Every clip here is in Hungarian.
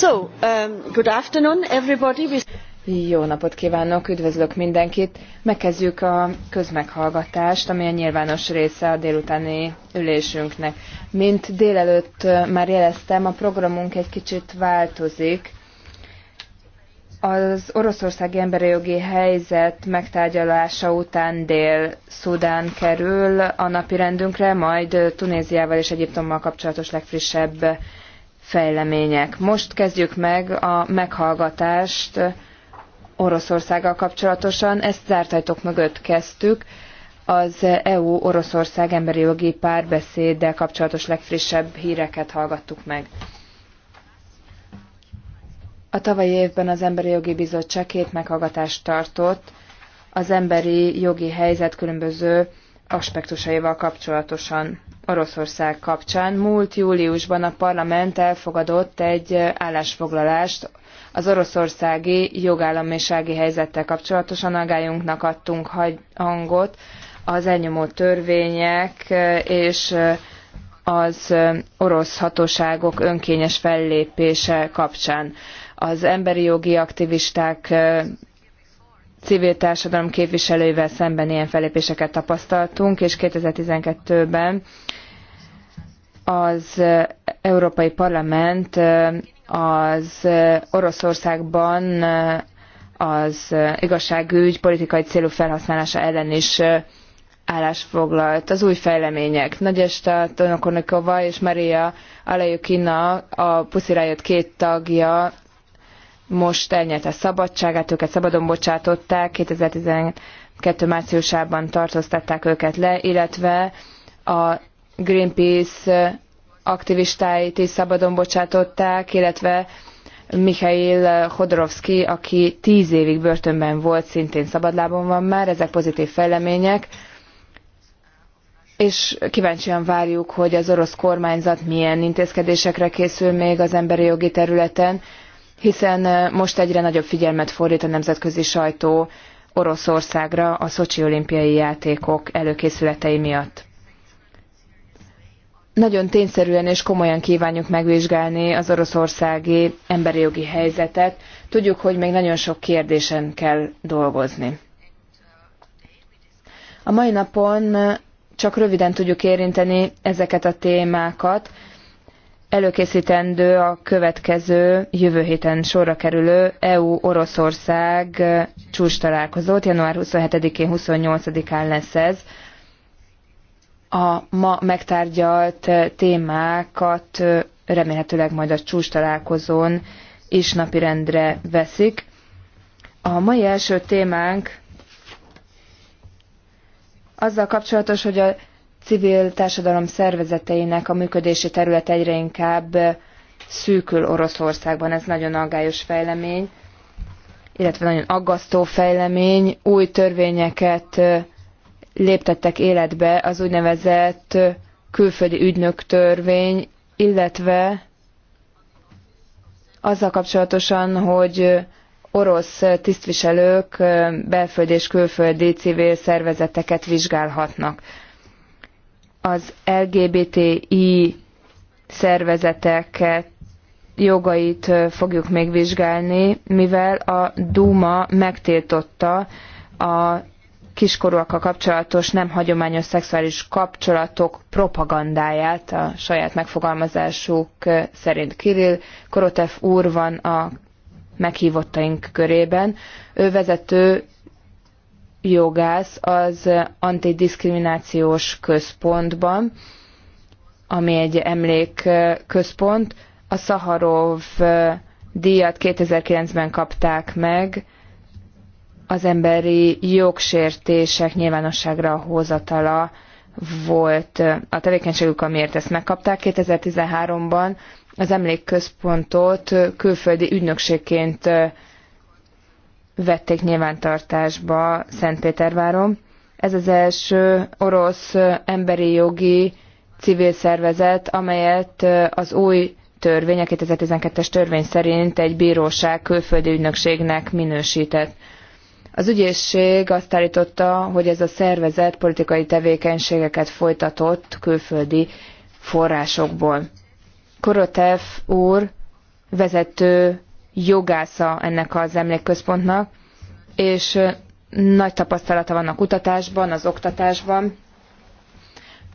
Um, Jó napot kívánok, üdvözlök mindenkit. Megkezdjük a közmeghallgatást, ami a nyilvános része a délutáni ülésünknek. Mint délelőtt már jeleztem, a programunk egy kicsit változik. Az oroszországi emberi jogi helyzet megtárgyalása után Dél-Szudán kerül a napirendünkre, majd Tunéziával és Egyiptommal kapcsolatos legfrissebb fejlemények. Most kezdjük meg a meghallgatást Oroszországgal kapcsolatosan. Ezt zárt ajtók mögött kezdtük. Az EU-Oroszország emberi jogi párbeszéddel kapcsolatos legfrissebb híreket hallgattuk meg. A tavalyi évben az Emberi Jogi Bizottság két meghallgatást tartott az emberi jogi helyzet különböző aspektusaival kapcsolatosan. Oroszország kapcsán. Múlt júliusban a parlament elfogadott egy állásfoglalást az oroszországi jogállamisági helyzettel kapcsolatosan Agályunknak adtunk hangot az elnyomó törvények eh, és eh, az eh, orosz hatóságok önkényes fellépése kapcsán. Az emberi jogi aktivisták civil társadalom képviselőivel szemben ilyen felépéseket tapasztaltunk, és 2012-ben az Európai Parlament az Oroszországban az igazságügy politikai célú felhasználása ellen is állásfoglalt. Az új fejlemények. este Tonokonikova és Maria Alejukina a Pussy Riot két tagja most elnyerte szabadságát, őket szabadon bocsátották, 2012. márciusában tartóztatták őket le, illetve a Greenpeace aktivistáit is szabadon bocsátották, illetve Mikhail Hodorovsky, aki tíz évig börtönben volt, szintén szabadlábon van már, ezek pozitív fejlemények, és kíváncsian várjuk, hogy az orosz kormányzat milyen intézkedésekre készül még az emberi jogi területen, hiszen most egyre nagyobb figyelmet fordít a nemzetközi sajtó Oroszországra a Szocsi olimpiai játékok előkészületei miatt. Nagyon tényszerűen és komolyan kívánjuk megvizsgálni az oroszországi emberi jogi helyzetet. Tudjuk, hogy még nagyon sok kérdésen kell dolgozni. A mai napon csak röviden tudjuk érinteni ezeket a témákat, előkészítendő a következő jövő héten sorra kerülő EU-Oroszország csúcs találkozót. Január 27-én, 28-án lesz ez. A ma megtárgyalt témákat remélhetőleg majd a csúcs találkozón is napirendre veszik. A mai első témánk azzal kapcsolatos, hogy a civil társadalom szervezeteinek a működési terület egyre inkább szűkül Oroszországban. Ez nagyon aggályos fejlemény, illetve nagyon aggasztó fejlemény. Új törvényeket léptettek életbe az úgynevezett külföldi ügynök törvény, illetve azzal kapcsolatosan, hogy orosz tisztviselők belföldi és külföldi civil szervezeteket vizsgálhatnak az LGBTI szervezeteket jogait fogjuk még vizsgálni, mivel a Duma megtiltotta a kiskorúakkal kapcsolatos nem hagyományos szexuális kapcsolatok propagandáját a saját megfogalmazásuk szerint. Kirill Korotev úr van a meghívottaink körében. Ő vezető jogász az antidiskriminációs központban, ami egy emlékközpont. A Szaharov díjat 2009-ben kapták meg az emberi jogsértések nyilvánosságra hozatala volt a tevékenységük, amiért ezt megkapták. 2013-ban az emlékközpontot külföldi ügynökségként vették nyilvántartásba Szentpéterváron. Ez az első orosz emberi jogi civil szervezet, amelyet az új törvény, a 2012-es törvény szerint egy bíróság külföldi ügynökségnek minősített. Az ügyészség azt állította, hogy ez a szervezet politikai tevékenységeket folytatott külföldi forrásokból. Korotev úr vezető jogásza ennek az emlékközpontnak, és nagy tapasztalata van a kutatásban, az oktatásban.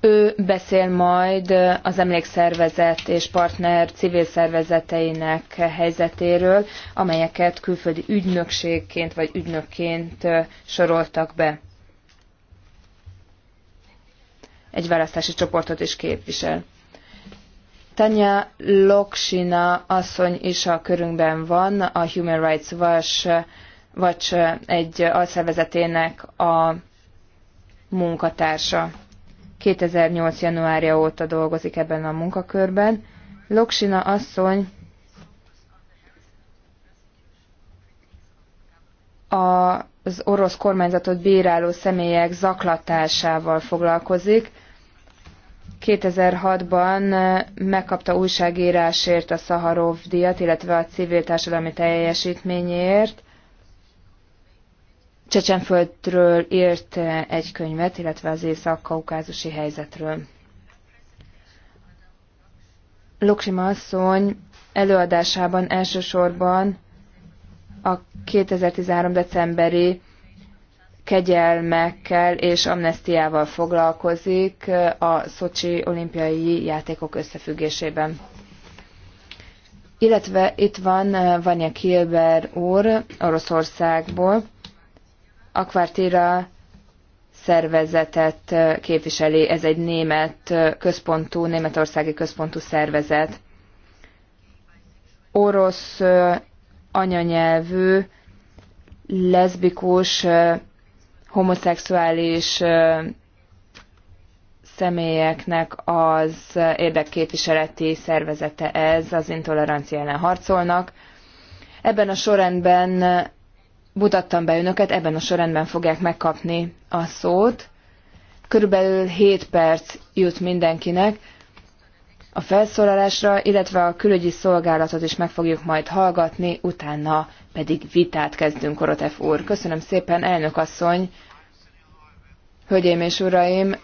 Ő beszél majd az emlékszervezet és partner civil szervezeteinek helyzetéről, amelyeket külföldi ügynökségként vagy ügynökként soroltak be. Egy választási csoportot is képvisel. Tanya Loksina asszony is a körünkben van, a Human Rights Watch, vagy eh, egy alszervezetének a munkatársa. 2008. januárja óta dolgozik ebben a munkakörben. Loksina asszony az orosz kormányzatot bíráló személyek zaklatásával foglalkozik, 2006-ban megkapta újságírásért a Szaharov díjat, illetve a civil társadalmi teljesítményért. Csecsenföldről írt egy könyvet, illetve az észak-kaukázusi helyzetről. Lokrima asszony előadásában elsősorban a 2013. decemberi kegyelmekkel és amnestiával foglalkozik a Szocsi olimpiai játékok összefüggésében. Illetve itt van eh, Vanya Kilber úr Oroszországból, Akvartira szervezetet eh, képviseli, ez egy német eh, központú, németországi központú szervezet. Orosz anyanyelvű, leszbikus homoszexuális személyeknek az érdekképviseleti szervezete ez, az intolerancia ellen harcolnak. Ebben a sorrendben mutattam be önöket, ebben a sorrendben fogják megkapni a szót. Körülbelül 7 perc jut mindenkinek a felszólalásra, illetve a külügyi szolgálatot is meg fogjuk majd hallgatni, utána pedig vitát kezdünk, Korotef úr. Köszönöm szépen, elnök asszony! Hölgyeim és uraim,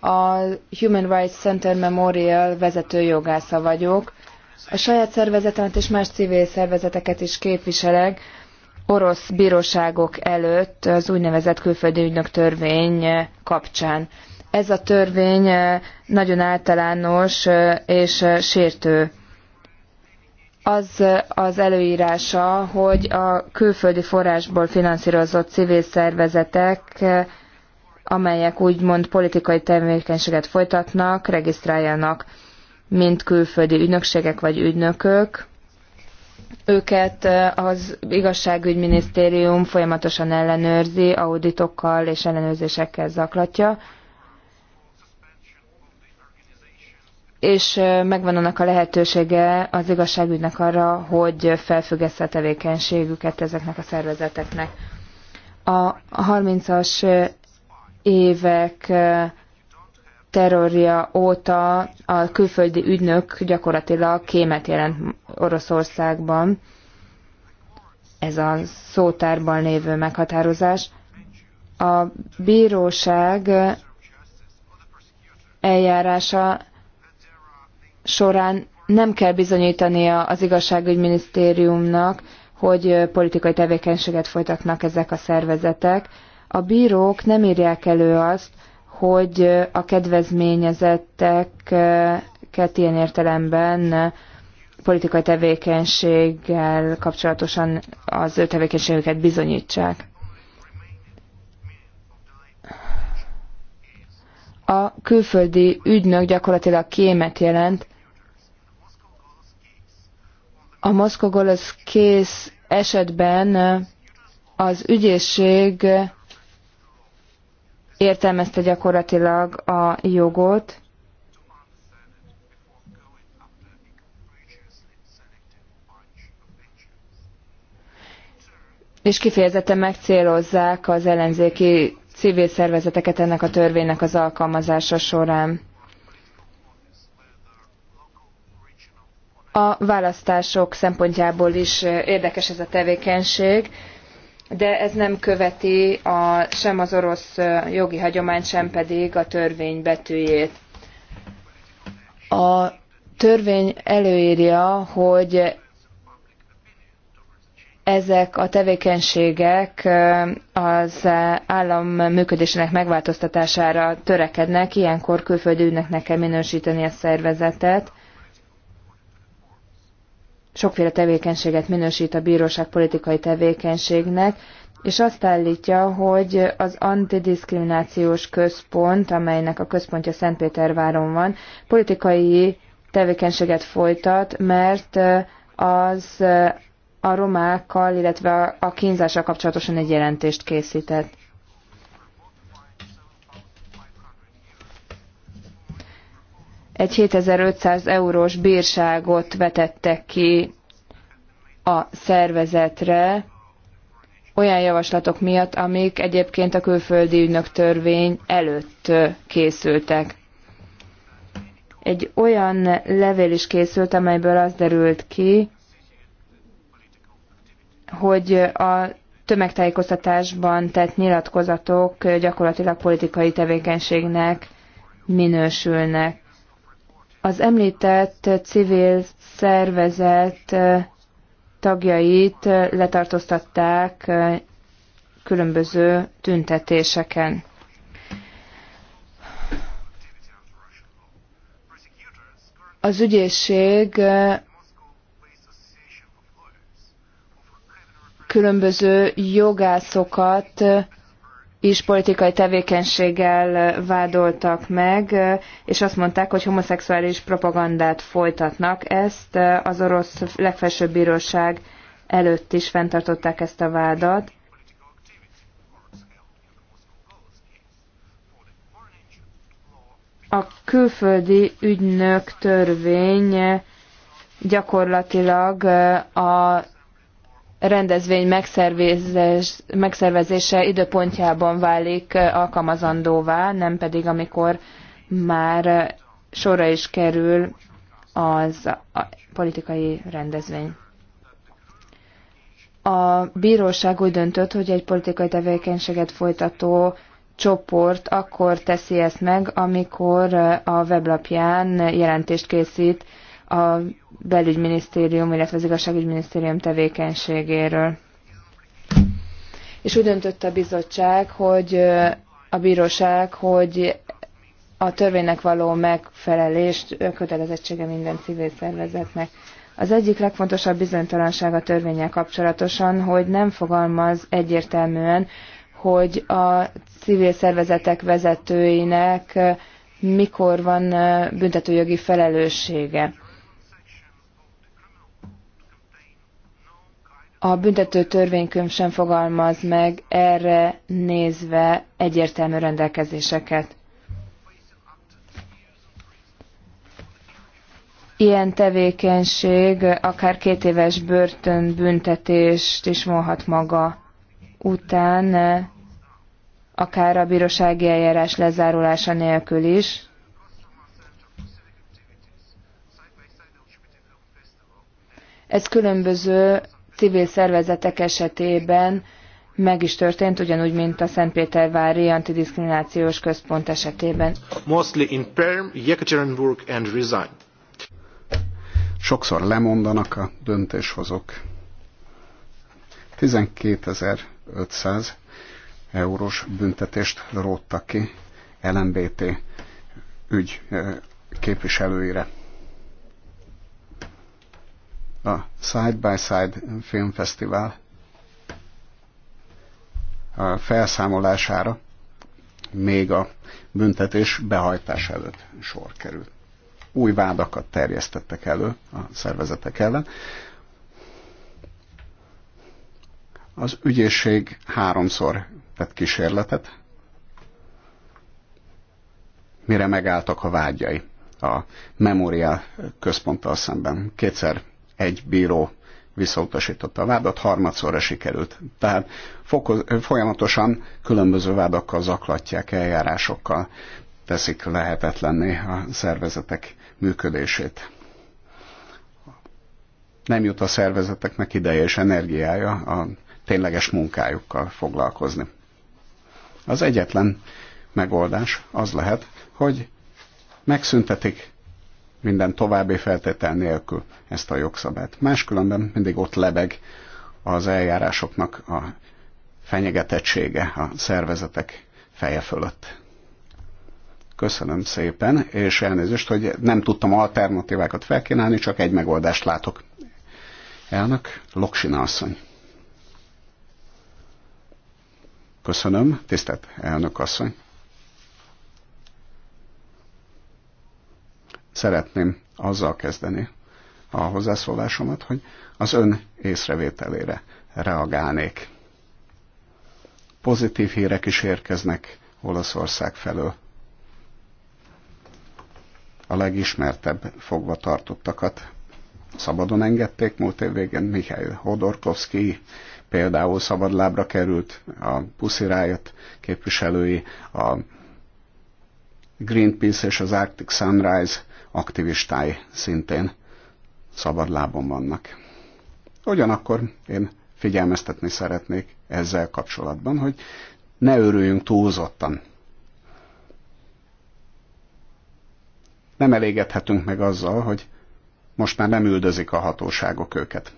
a Human Rights Center Memorial vezető jogásza vagyok. A saját szervezetemet és más civil szervezeteket is képviselek orosz bíróságok előtt az úgynevezett külföldi ügynök törvény kapcsán. Ez a törvény nagyon általános és sértő az az előírása, hogy a külföldi forrásból finanszírozott civil szervezetek amelyek úgymond politikai tevékenységet folytatnak, regisztráljanak, mint külföldi ügynökségek vagy ügynökök. Őket eh, az igazságügyminisztérium folyamatosan ellenőrzi, auditokkal és ellenőrzésekkel zaklatja. és eh, megvan annak a lehetősége az igazságügynek arra, hogy felfüggesse a tevékenységüket ezeknek a szervezeteknek. A 30-as évek terrorja óta a külföldi ügynök gyakorlatilag kémet jelent Oroszországban. Ez a szótárban lévő meghatározás. A bíróság eljárása során nem kell bizonyítania az igazságügyminisztériumnak, hogy politikai tevékenységet folytatnak ezek a szervezetek, a bírók nem írják elő azt, hogy a kedvezményezetteket ilyen értelemben politikai tevékenységgel kapcsolatosan az ő tevékenységüket bizonyítsák. A külföldi ügynök gyakorlatilag kémet jelent. A Moszkogolosz kész esetben az ügyészség értelmezte gyakorlatilag a jogot, és kifejezetten megcélozzák az ellenzéki civil szervezeteket ennek a törvénynek az alkalmazása során. A választások szempontjából is érdekes ez a tevékenység de ez nem követi a, sem az orosz jogi hagyományt, sem pedig a törvény betűjét. A törvény előírja, hogy ezek a tevékenységek az állam működésének megváltoztatására törekednek, ilyenkor külföldi ügynöknek kell minősíteni a szervezetet, sokféle tevékenységet minősít a bíróság politikai tevékenységnek, és azt állítja, hogy az antidiszkriminációs központ, amelynek a központja Szentpéterváron van, politikai tevékenységet folytat, mert az a romákkal, illetve a kínzással kapcsolatosan egy jelentést készített. egy 7500 eurós bírságot vetettek ki a szervezetre olyan javaslatok miatt, amik egyébként a külföldi ügynök törvény előtt készültek. Egy olyan levél is készült, amelyből az derült ki, hogy a tömegtájékoztatásban tett nyilatkozatok gyakorlatilag politikai tevékenységnek minősülnek. Az említett civil szervezet tagjait letartóztatták különböző tüntetéseken. Az ügyészség különböző jogászokat is politikai tevékenységgel vádoltak meg, és azt mondták, hogy homoszexuális propagandát folytatnak. Ezt az orosz legfelsőbb bíróság előtt is fenntartották ezt a vádat. A külföldi ügynök törvény gyakorlatilag a rendezvény megszervezése időpontjában válik alkalmazandóvá, nem pedig amikor már sorra is kerül az a politikai rendezvény. A bíróság úgy döntött, hogy egy politikai tevékenységet folytató csoport akkor teszi ezt meg, amikor a weblapján jelentést készít a belügyminisztérium, illetve az igazságügyminisztérium tevékenységéről. És úgy döntött a bizottság, hogy a bíróság, hogy a törvénynek való megfelelést kötelezettsége minden civil szervezetnek. Az egyik legfontosabb bizonytalanság a törvényel kapcsolatosan, hogy nem fogalmaz egyértelműen, hogy a civil szervezetek vezetőinek mikor van büntetőjogi felelőssége. a büntető törvénykönyv sem fogalmaz meg erre nézve egyértelmű rendelkezéseket. Ilyen tevékenység akár két éves börtönbüntetést is vonhat maga után, akár a bírósági eljárás lezárulása nélkül is. Ez különböző civil szervezetek esetében meg is történt, ugyanúgy, mint a Szentpétervári antidiszkriminációs központ esetében. Mostly in Perm, Yekaterinburg and resigned. Sokszor lemondanak a döntéshozók. 12.500 eurós büntetést róttak ki LMBT ügy eh, képviselőire a Side by Side Filmfesztivál a felszámolására még a büntetés behajtás előtt sor került. Új vádakat terjesztettek elő a szervezetek ellen. Az ügyészség háromszor tett kísérletet, mire megálltak a vágyai a Memorial központtal szemben. Kétszer egy bíró visszautasította a vádat, harmadszorra sikerült. Tehát fokoz, folyamatosan különböző vádakkal zaklatják, eljárásokkal teszik lehetetlenné a szervezetek működését. Nem jut a szervezeteknek ideje és energiája a tényleges munkájukkal foglalkozni. Az egyetlen megoldás az lehet, hogy megszüntetik minden további feltétel nélkül ezt a jogszabályt. Máskülönben mindig ott lebeg az eljárásoknak a fenyegetettsége a szervezetek feje fölött. Köszönöm szépen, és elnézést, hogy nem tudtam alternatívákat felkínálni, csak egy megoldást látok. Elnök, Loksina asszony. Köszönöm, tisztelt elnök asszony. szeretném azzal kezdeni a hozzászólásomat, hogy az ön észrevételére reagálnék. Pozitív hírek is érkeznek Olaszország felől. A legismertebb fogva tartottakat szabadon engedték múlt év végén. Mihály Hodorkovszki például szabadlábra került, a Pussy Riot képviselői, a Greenpeace és az Arctic Sunrise aktivistái szintén lábon vannak. Ugyanakkor én figyelmeztetni szeretnék ezzel kapcsolatban, hogy ne örüljünk túlzottan. Nem elégedhetünk meg azzal, hogy most már nem üldözik a hatóságok őket.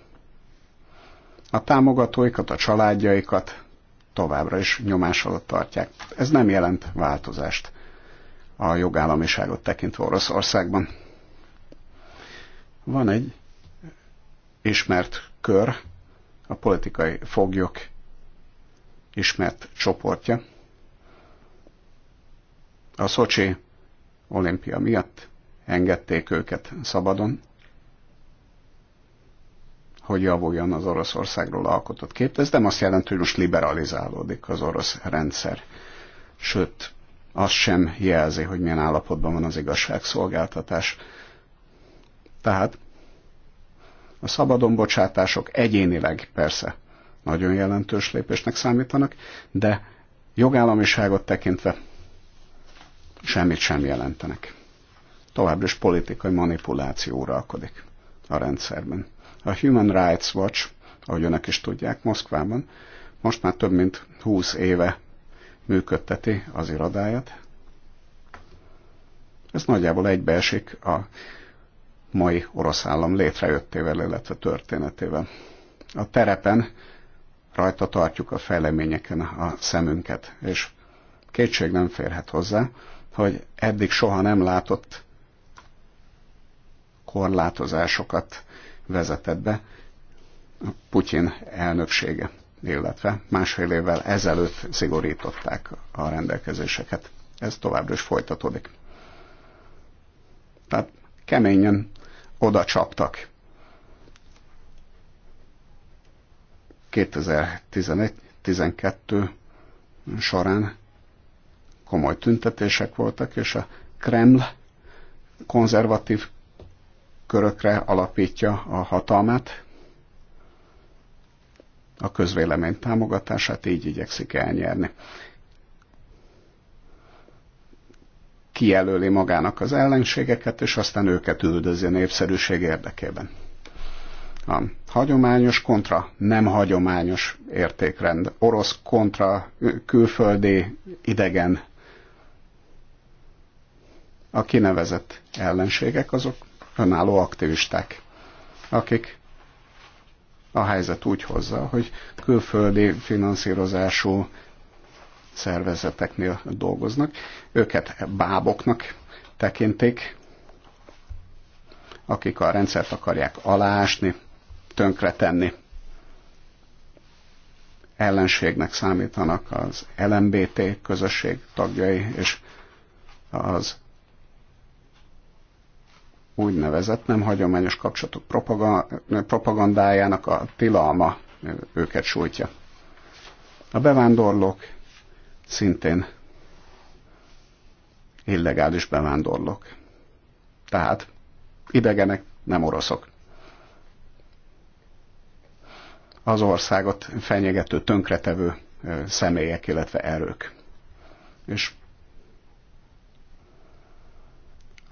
A támogatóikat, a családjaikat továbbra is nyomás alatt tartják. Ez nem jelent változást a jogállamiságot tekintve Oroszországban. Van egy ismert kör, a politikai foglyok ismert csoportja. A Szocsi olimpia miatt engedték őket szabadon, hogy javuljon az Oroszországról alkotott kép. Ez nem azt jelenti, hogy most liberalizálódik az orosz rendszer. Sőt, az sem jelzi, hogy milyen állapotban van az igazságszolgáltatás. Tehát a szabadonbocsátások egyénileg persze nagyon jelentős lépésnek számítanak, de jogállamiságot tekintve semmit sem jelentenek. Továbbra is politikai manipuláció uralkodik a rendszerben. A Human Rights Watch, ahogy önök is tudják, Moszkvában most már több mint 20 éve működteti az irodáját. Ez nagyjából egybeesik a mai orosz állam létrejöttével, illetve történetével. A terepen rajta tartjuk a fejleményeken a szemünket, és kétség nem férhet hozzá, hogy eddig soha nem látott korlátozásokat vezetett be Putyin elnöksége illetve másfél évvel ezelőtt szigorították a rendelkezéseket. Ez továbbra is folytatódik. Tehát keményen oda csaptak 2011-12 során komoly tüntetések voltak, és a Kreml konzervatív körökre alapítja a hatalmát, a közvélemény támogatását így igyekszik elnyerni. Kijelöli magának az ellenségeket, és aztán őket üldözi a népszerűség érdekében. A hagyományos kontra nem hagyományos értékrend, orosz kontra külföldi idegen a kinevezett ellenségek azok önálló aktivisták, akik a helyzet úgy hozza, hogy külföldi finanszírozású szervezeteknél dolgoznak. Őket báboknak tekintik, akik a rendszert akarják alásni, tönkretenni. Ellenségnek számítanak az LMBT közösség tagjai és az úgynevezett nem hagyományos kapcsolatok propagandájának a tilalma őket sújtja. A bevándorlók szintén illegális bevándorlók. Tehát idegenek, nem oroszok. Az országot fenyegető, tönkretevő személyek, illetve erők. És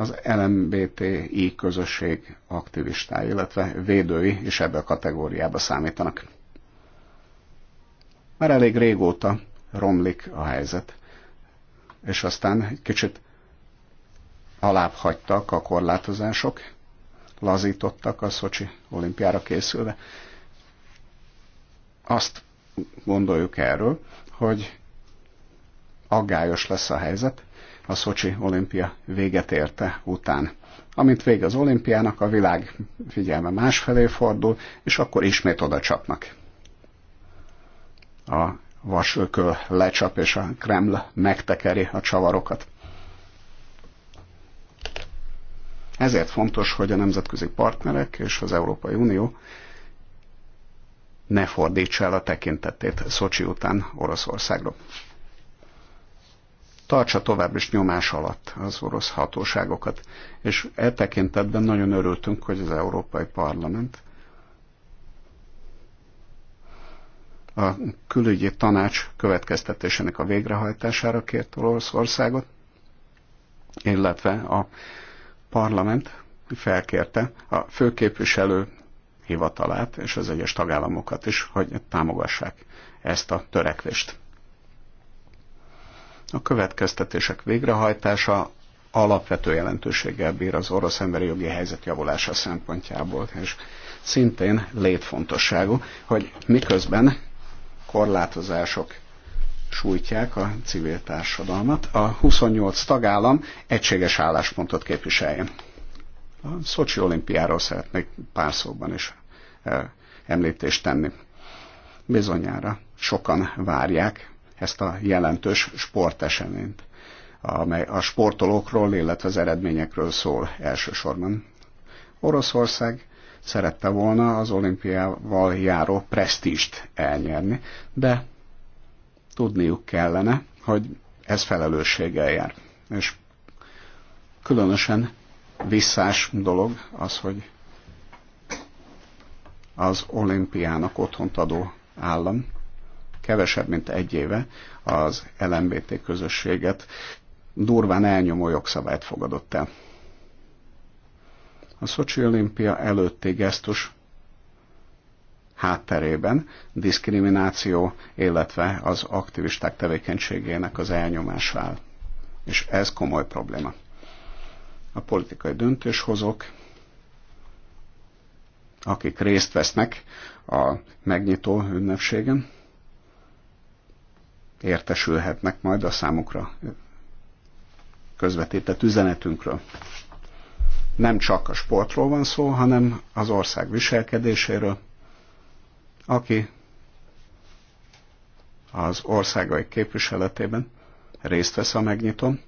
az LMBTI közösség aktivistái, illetve védői is ebbe a kategóriába számítanak. Már elég régóta romlik a helyzet, és aztán egy kicsit alább hagytak a korlátozások, lazítottak a Szocsi olimpiára készülve. Azt gondoljuk erről, hogy aggályos lesz a helyzet, a Szocsi olimpia véget érte után. Amint vége az olimpiának, a világ figyelme másfelé fordul, és akkor ismét oda csapnak. A vasököl lecsap, és a Kreml megtekeri a csavarokat. Ezért fontos, hogy a nemzetközi partnerek és az Európai Unió ne fordítsa el a tekintetét Szocsi után Oroszországról tartsa tovább is nyomás alatt az orosz hatóságokat. És e tekintetben nagyon örültünk, hogy az Európai Parlament a külügyi tanács következtetésének a végrehajtására kért Oroszországot, illetve a parlament felkérte a főképviselő hivatalát és az egyes tagállamokat is, hogy támogassák ezt a törekvést. A következtetések végrehajtása alapvető jelentőséggel bír az orosz emberi jogi helyzet javulása szempontjából, és szintén létfontosságú, hogy miközben korlátozások sújtják a civil társadalmat, a 28 tagállam egységes álláspontot képviseljen. A Szocsi olimpiáról szeretnék pár szóban is eh, említést tenni. Bizonyára sokan várják ezt a jelentős sporteseményt, amely a sportolókról, illetve az eredményekről szól elsősorban. Oroszország szerette volna az olimpiával járó presztíst elnyerni, de tudniuk kellene, hogy ez felelősséggel jár. És különösen visszás dolog az, hogy az olimpiának otthont adó állam kevesebb, mint egy éve az LMBT közösséget durván elnyomó jogszabályt fogadott el. A Szocsi olimpia előtti gesztus hátterében diszkrimináció, illetve az aktivisták tevékenységének az elnyomás áll. És ez komoly probléma. A politikai döntéshozók, akik részt vesznek a megnyitó ünnepségen, értesülhetnek majd a számukra közvetített üzenetünkről. Nem csak a sportról van szó, hanem az ország viselkedéséről. Aki az országai képviseletében részt vesz a megnyitón,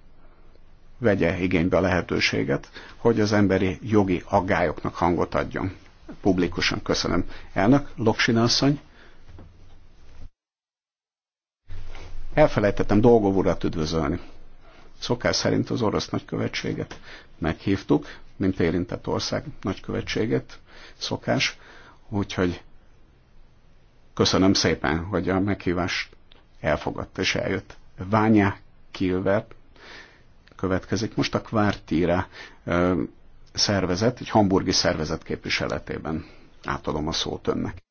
vegye igénybe a lehetőséget, hogy az emberi jogi aggályoknak hangot adjon. Publikusan köszönöm. Elnök, Loksina asszony. Elfelejtettem Dolgov urat üdvözölni. Szokás szerint az orosz nagykövetséget meghívtuk, mint érintett ország nagykövetséget, szokás. Úgyhogy köszönöm szépen, hogy a meghívást elfogadta és eljött. Ványá Kilver következik most a Kvártíra szervezet, egy hamburgi szervezet képviseletében. Átadom a szót önnek.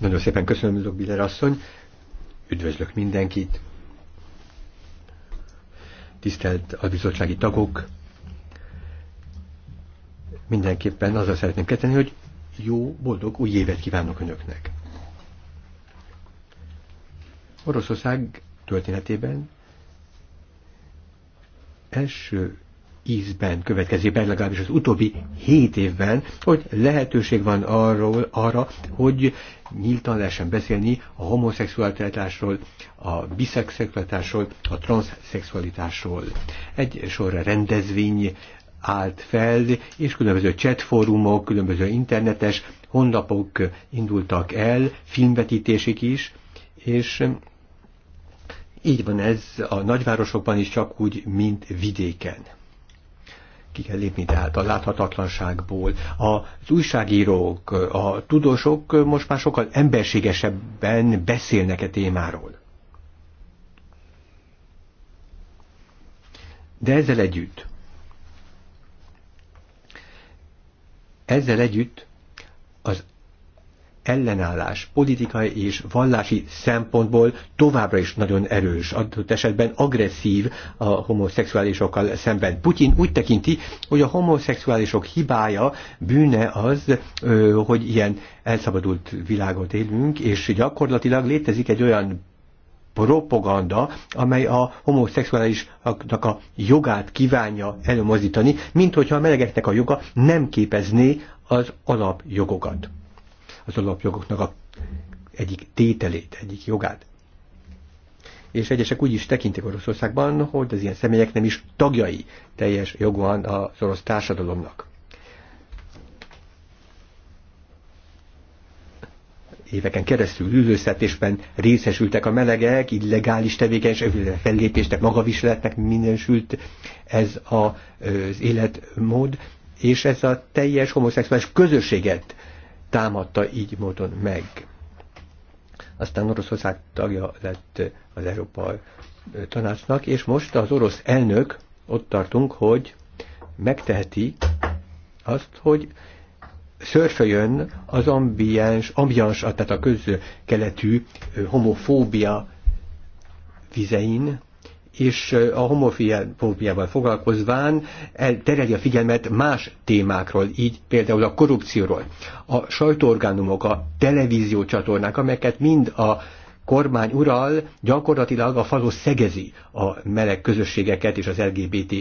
Nagyon szépen köszönöm, Biller asszony. Üdvözlök mindenkit. Tisztelt a bizottsági tagok. Mindenképpen azzal szeretném kezdeni, hogy jó, boldog új évet kívánok Önöknek. Oroszország történetében első ízben következik be, legalábbis az utóbbi hét évben, hogy lehetőség van arról, arra, hogy nyíltan lehessen beszélni a homoszexualitásról, a biszexualitásról, a transzexualitásról. Egy sorra rendezvény állt fel, és különböző chatfórumok, különböző internetes honlapok indultak el, filmvetítésig is, és így van ez a nagyvárosokban is csak úgy, mint vidéken ki kell lépni tehát a láthatatlanságból. Az újságírók, a tudósok most már sokkal emberségesebben beszélnek a e témáról. De ezzel együtt, ezzel együtt az ellenállás politikai és vallási szempontból továbbra is nagyon erős, adott esetben agresszív a homoszexuálisokkal szemben. Putyin úgy tekinti, hogy a homoszexuálisok hibája, bűne az, hogy ilyen elszabadult világot élünk, és gyakorlatilag létezik egy olyan propaganda, amely a homoszexuálisnak a jogát kívánja előmozdítani, mint hogyha a melegeknek a joga nem képezné az alapjogokat az alapjogoknak a egyik tételét, egyik jogát. És egyesek úgy is tekintik Oroszországban, hogy az ilyen személyek nem is tagjai teljes jogúan az orosz társadalomnak. éveken keresztül üldöztetésben részesültek a melegek, illegális tevékenységek, fellépéstek, magaviseletnek minősült ez a, az életmód, és ez a teljes homoszexuális közösséget támadta így módon meg. Aztán Oroszország tagja lett az Európa Tanácsnak, és most az orosz elnök ott tartunk, hogy megteheti azt, hogy szörföljön az ambiens, ambiens, tehát a közkeletű homofóbia vizein, és a homofóbiával foglalkozván e, terelje a figyelmet más témákról, így például a korrupcióról. A sajtóorgánumok, a televízió csatornák, amelyeket mind a kormány ural, gyakorlatilag a falu szegezi a meleg közösségeket és az LGBT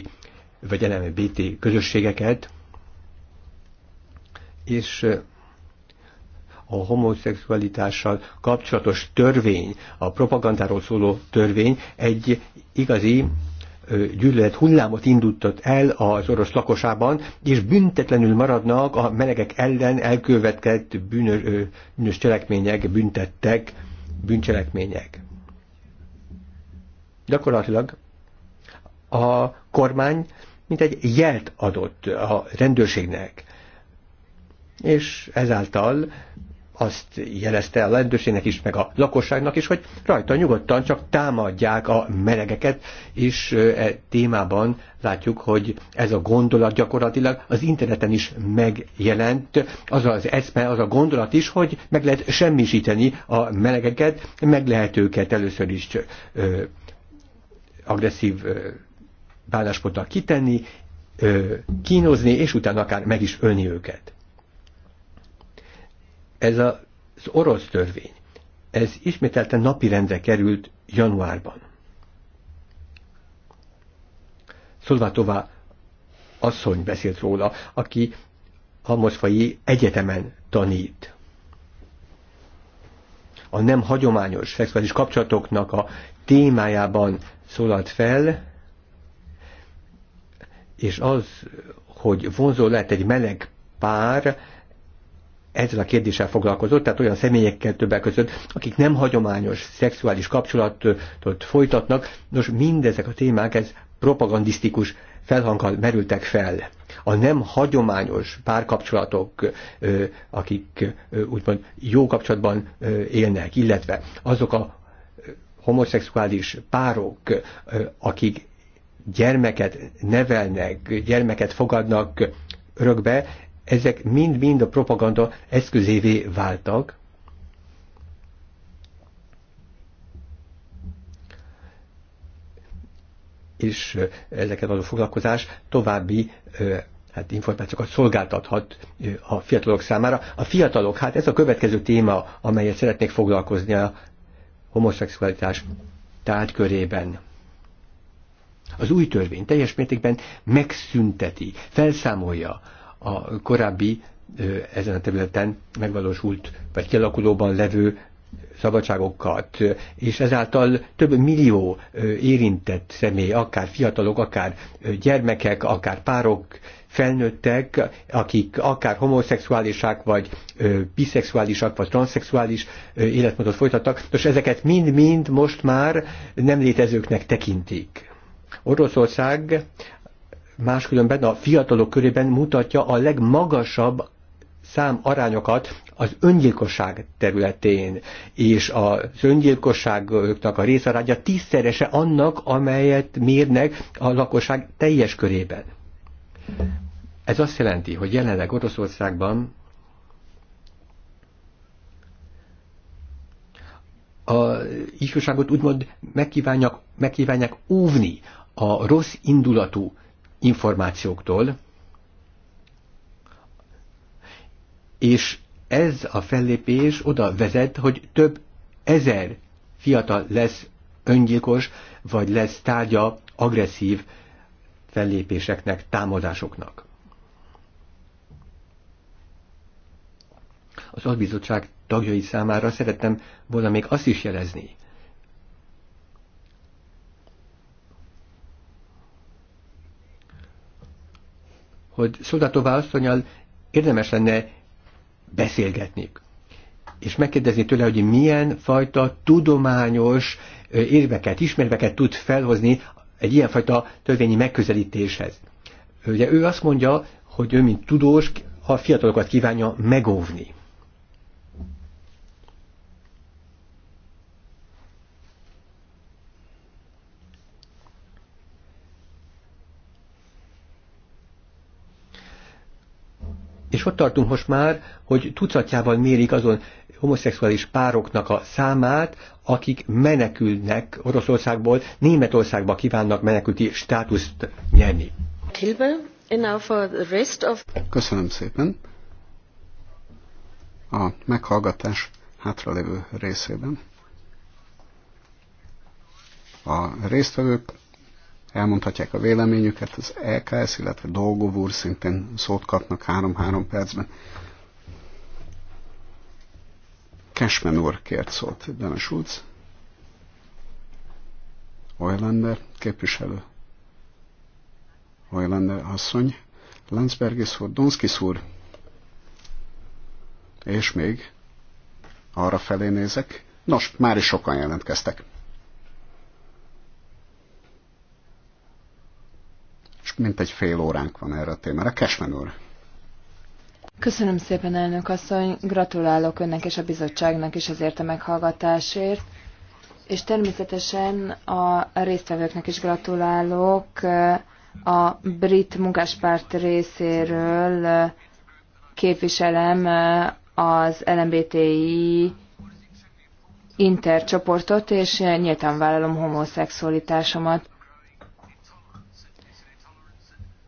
vagy LMBT közösségeket, és a homoszexualitással kapcsolatos törvény, a propagandáról szóló törvény egy igazi gyűlölet hullámot indultott el az orosz lakosában, és büntetlenül maradnak a melegek ellen elkövetett bűnös, bűnös cselekmények, büntettek, bűncselekmények. Gyakorlatilag a kormány mint egy jelt adott a rendőrségnek, és ezáltal azt jelezte a rendőrségnek is, meg a lakosságnak is, hogy rajta nyugodtan csak támadják a melegeket, és e témában látjuk, hogy ez a gondolat gyakorlatilag az interneten is megjelent, az az eszme, az a gondolat is, hogy meg lehet semmisíteni a melegeket, meg lehet őket először is ö, agresszív ö, kitenni, ö, kínozni, és utána akár meg is ölni őket ez az orosz törvény. Ez ismételten napirendre került januárban. Szolvátová asszony beszélt róla, aki a moszfai Egyetemen tanít. A nem hagyományos szexuális kapcsolatoknak a témájában szólalt fel, és az, hogy vonzó lehet egy meleg pár, ezzel a kérdéssel foglalkozott, tehát olyan személyekkel többek között, akik nem hagyományos szexuális kapcsolatot folytatnak. Nos, mindezek a témák, ez propagandisztikus felhanggal merültek fel. A nem hagyományos párkapcsolatok, akik úgymond jó kapcsolatban élnek, illetve azok a homoszexuális párok, akik gyermeket nevelnek, gyermeket fogadnak örökbe, ezek mind-mind a propaganda eszközévé váltak, és ezeket a foglalkozás további hát információkat szolgáltathat a fiatalok számára. A fiatalok, hát ez a következő téma, amelyet szeretnék foglalkozni a homoszexualitás tárgykörében. Az új törvény teljes mértékben megszünteti, felszámolja a korábbi ezen a területen megvalósult, vagy kialakulóban levő szabadságokat, és ezáltal több millió érintett személy, akár fiatalok, akár gyermekek, akár párok, felnőttek, akik akár homoszexuálisak, vagy biszexuálisak, vagy transzexuális életmódot folytattak, és ezeket mind-mind most már nem létezőknek tekintik. Oroszország máskülönben a fiatalok körében mutatja a legmagasabb szám arányokat az öngyilkosság területén, és az öngyilkosságoknak a részaránya tízszerese annak, amelyet mérnek a lakosság teljes körében. Ez azt jelenti, hogy jelenleg Oroszországban a ifjúságot úgymond megkívánják, megkívánják óvni a rossz indulatú információktól, és ez a fellépés oda vezet, hogy több ezer fiatal lesz öngyilkos, vagy lesz tárgya agresszív fellépéseknek, támadásoknak. Az albizottság tagjai számára szerettem volna még azt is jelezni, hogy Szoldatová asszonyal érdemes lenne beszélgetni, és megkérdezni tőle, hogy milyen fajta tudományos érveket, ismerveket tud felhozni egy ilyenfajta törvényi megközelítéshez. Ugye ő azt mondja, hogy ő, mint tudós, a fiatalokat kívánja megóvni. És ott tartunk most már, hogy tucatjával mérik azon homoszexuális pároknak a számát, akik menekülnek Oroszországból, Németországba kívánnak menekülti státuszt nyerni. Köszönöm szépen. A meghallgatás hátralévő részében a résztvevők elmondhatják a véleményüket, az LKS, e illetve Dolgov úr szintén szót kapnak 3-3 percben. Kesmen úr kért szót, Dana Schulz, Oylander, képviselő, Oylander asszony, Landsbergis úr, Donskis úr, és még arra felé nézek. Nos, már is sokan jelentkeztek. és egy fél óránk van erre a témára. Kesmen úr! Köszönöm szépen, elnök asszony, gratulálok önnek és a bizottságnak is ezért a meghallgatásért, és természetesen a résztvevőknek is gratulálok eh, a brit munkáspárt részéről eh, képviselem eh, az LMBTI intercsoportot, és nyíltan vállalom homoszexualitásomat.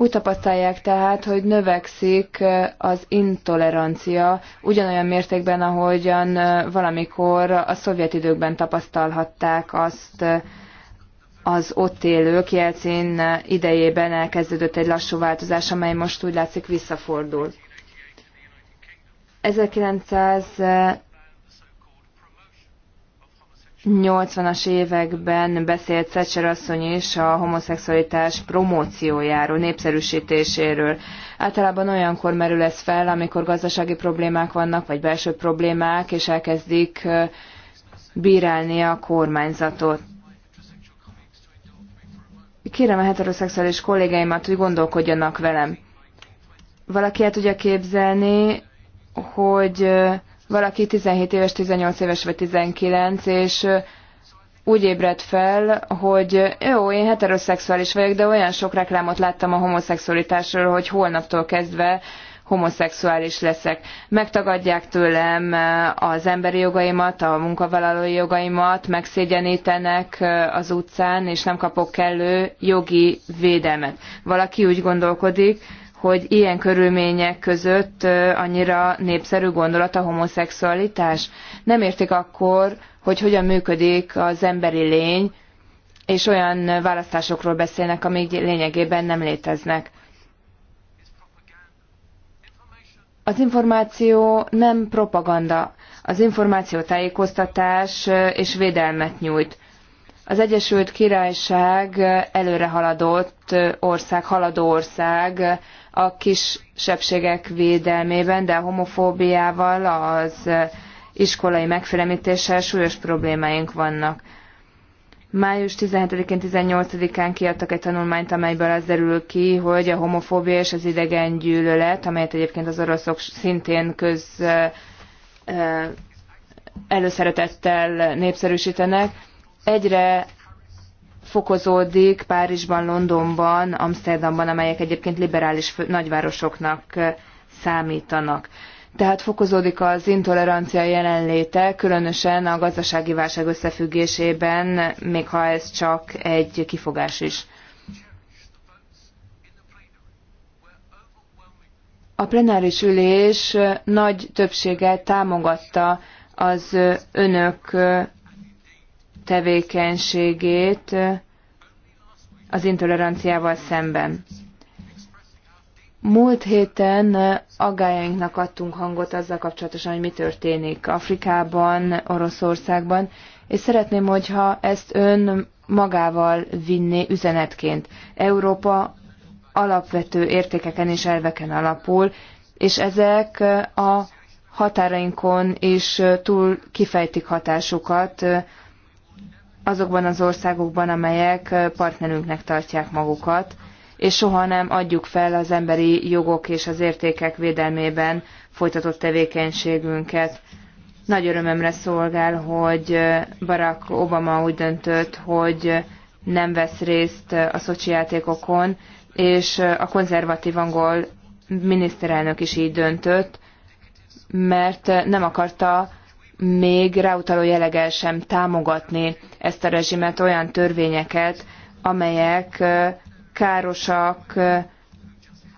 Úgy tapasztalják tehát, hogy növekszik az intolerancia ugyanolyan mértékben, ahogyan valamikor a szovjet időkben tapasztalhatták azt az ott élők. Jelcin idejében elkezdődött egy lassú változás, amely most úgy látszik visszafordul. 1900 80-as években beszélt Szecser asszony is a homoszexualitás promóciójáról, népszerűsítéséről. Általában olyankor merül ez fel, amikor gazdasági problémák vannak, vagy belső problémák, és elkezdik bírálni a kormányzatot. Kérem a heteroszexuális kollégáimat, hogy gondolkodjanak velem. Valaki el tudja képzelni, hogy valaki 17 éves, 18 éves vagy 19, és úgy ébredt fel, hogy jó, én heteroszexuális vagyok, de olyan sok reklámot láttam a homoszexualitásról, hogy holnaptól kezdve homoszexuális leszek. Megtagadják tőlem az emberi jogaimat, a munkavállalói jogaimat, megszégyenítenek az utcán, és nem kapok kellő jogi védelmet. Valaki úgy gondolkodik, hogy ilyen körülmények között annyira népszerű gondolat a homoszexualitás. Nem értik akkor, hogy hogyan működik az emberi lény, és olyan választásokról beszélnek, amik lényegében nem léteznek. Az információ nem propaganda, az információ tájékoztatás és védelmet nyújt. Az Egyesült Királyság előre haladott ország, haladó ország a kisebbségek védelmében, de a homofóbiával, az iskolai megfélemítéssel súlyos problémáink vannak. Május 17-én, 18-án kiadtak egy tanulmányt, amelyből az derül ki, hogy a homofóbia és az idegen gyűlölet, amelyet egyébként az oroszok szintén köz előszeretettel népszerűsítenek, egyre fokozódik Párizsban, Londonban, Amsterdamban, amelyek egyébként liberális nagyvárosoknak számítanak. Tehát fokozódik az intolerancia jelenléte, különösen a gazdasági válság összefüggésében, még ha ez csak egy kifogás is. A plenáris ülés nagy többséggel támogatta az önök tevékenységét az intoleranciával szemben. Múlt héten aggájainknak adtunk hangot azzal kapcsolatosan, hogy mi történik Afrikában, Oroszországban, és szeretném, hogyha ezt ön magával vinné üzenetként. Európa alapvető értékeken és elveken alapul, és ezek a határainkon is túl kifejtik hatásukat azokban az országokban, amelyek partnerünknek tartják magukat, és soha nem adjuk fel az emberi jogok és az értékek védelmében folytatott tevékenységünket. Nagy örömömre szolgál, hogy Barack Obama úgy döntött, hogy nem vesz részt a szocsi játékokon, és a konzervatív angol miniszterelnök is így döntött, mert nem akarta még ráutaló jeleggel sem támogatni ezt a rezsimet, olyan törvényeket, amelyek károsak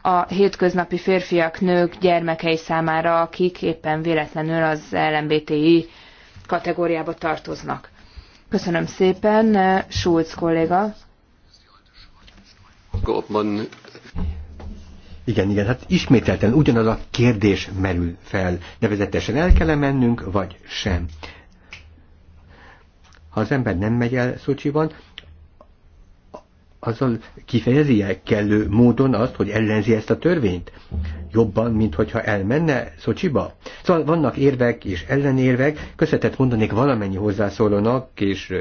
a hétköznapi férfiak, nők, gyermekei számára, akik éppen véletlenül az LMBTI kategóriába tartoznak. Köszönöm szépen, Schulz kolléga. Igen, igen, hát ismételten ugyanaz a kérdés merül fel. Nevezetesen el kell -e mennünk, vagy sem. Ha az ember nem megy el Szocsiban, azzal kifejezi -e kellő módon azt, hogy ellenzi ezt a törvényt? Jobban, mint hogyha elmenne Szocsiba? Szóval vannak érvek és ellenérvek, köszönetet mondanék valamennyi hozzászólónak, és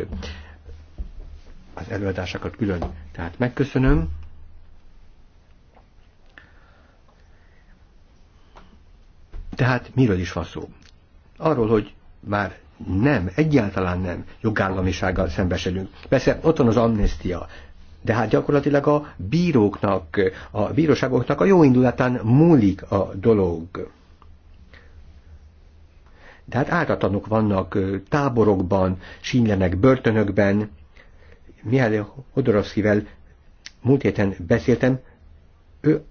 az előadásokat külön. Tehát megköszönöm. Tehát miről is van szó? Arról, hogy már nem, egyáltalán nem jogállamisággal szembesülünk. Persze ott van az amnestia, de hát gyakorlatilag a bíróknak, a bíróságoknak a jó indulatán múlik a dolog. De hát áltatlanok vannak táborokban, sínlenek börtönökben. Mihály Hodorovszkivel múlt héten beszéltem, ő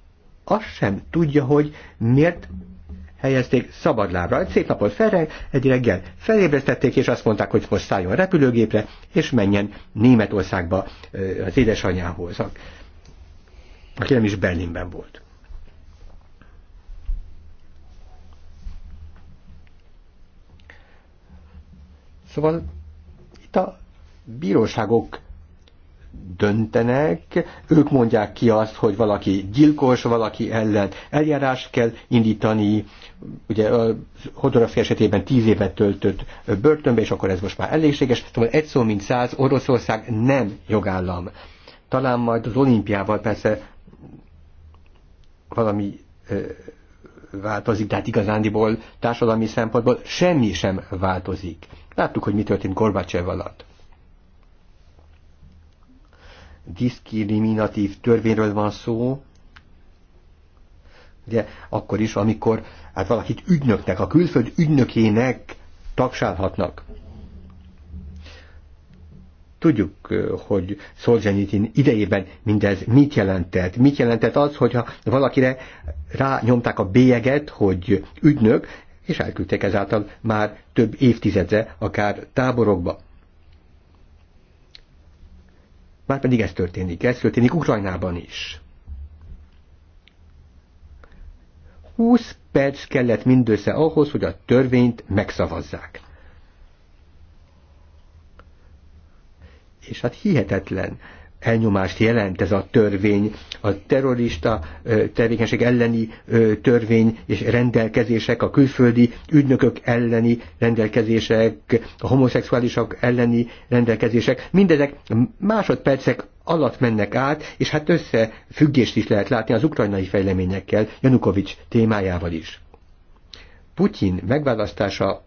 azt sem tudja, hogy miért helyezték szabadlábra. egy Szép napon felreg, egy reggel felébresztették, és azt mondták, hogy most szálljon a repülőgépre, és menjen Németországba az édesanyjához, aki nem is Berlinben volt. Szóval itt a bíróságok döntenek, ők mondják ki azt, hogy valaki gyilkos, valaki ellen eljárás kell indítani, ugye a Hodorovszki esetében tíz évet töltött börtönbe, és akkor ez most már elégséges, szóval egy szó mint száz, Oroszország nem jogállam. Talán majd az olimpiával persze valami ö, változik, de hát igazándiból társadalmi szempontból semmi sem változik. Láttuk, hogy mi történt Gorbacsev alatt diszkriminatív törvényről van szó, ugye akkor is, amikor hát valakit ügynöknek, a külföld ügynökének tagsálhatnak. Tudjuk, hogy Szolzsenyitin idejében mindez mit jelentett. Mit jelentett az, hogyha valakire rányomták a bélyeget, hogy ügynök, és elküldték ezáltal már több évtizedre, akár táborokba pedig ez történik, ez történik Ukrajnában is. 20 perc kellett mindössze ahhoz, hogy a törvényt megszavazzák. És hát hihetetlen elnyomást jelent ez a törvény, a terrorista tevékenység elleni törvény és rendelkezések, a külföldi ügynökök elleni rendelkezések, a homoszexuálisok elleni rendelkezések, mindezek másodpercek alatt mennek át, és hát összefüggést is lehet látni az ukrajnai fejleményekkel, Janukovics témájával is. Putyin megválasztása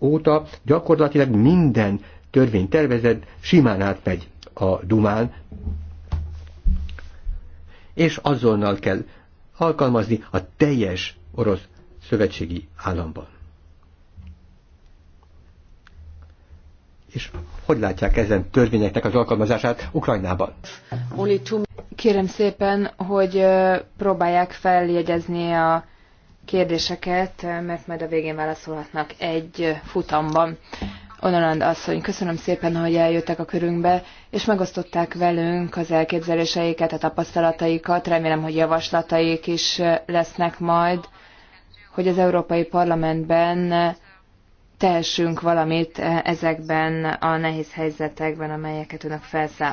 óta gyakorlatilag minden törvénytervezet simán átmegy a Dumán, és azonnal kell alkalmazni a teljes orosz szövetségi államban. És hogy látják ezen törvényeknek az alkalmazását Ukrajnában? Kérem szépen, hogy próbálják feljegyezni a kérdéseket, mert majd a végén válaszolhatnak egy futamban. Onaland asszony, köszönöm szépen, hogy eljöttek a körünkbe, és megosztották velünk az elképzeléseiket, a tapasztalataikat. Remélem, hogy javaslataik is lesznek majd, hogy az Európai Parlamentben tehessünk valamit ezekben a nehéz helyzetekben, amelyeket önök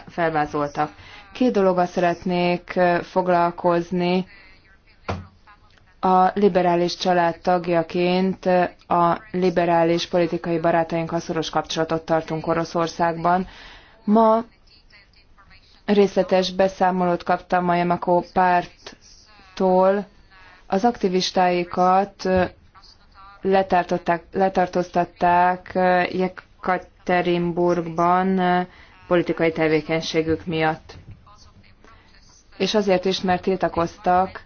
felvázoltak. Két dologgal szeretnék foglalkozni, a liberális család tagjaként a liberális politikai barátainkkal szoros kapcsolatot tartunk Oroszországban. Ma részletes beszámolót kaptam a Yamako párttól. Az aktivistáikat letartóztatták Jekaterinburgban politikai tevékenységük miatt. És azért is, mert tiltakoztak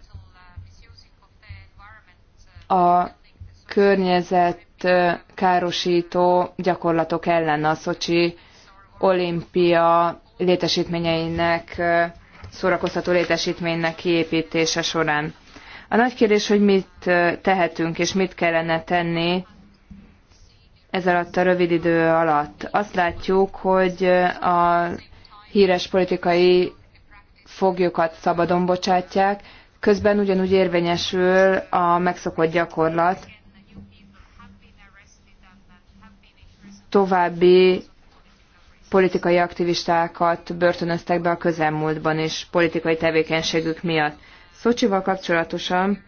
a környezet károsító gyakorlatok ellen a Szocsi olimpia létesítményeinek, szórakoztató létesítménynek kiépítése során. A nagy kérdés, hogy mit tehetünk és mit kellene tenni ez alatt a rövid idő alatt. Azt látjuk, hogy a híres politikai foglyokat szabadon bocsátják, közben ugyanúgy érvényesül a megszokott gyakorlat. További politikai aktivistákat börtönöztek be a közelmúltban és politikai tevékenységük miatt. Szocsival kapcsolatosan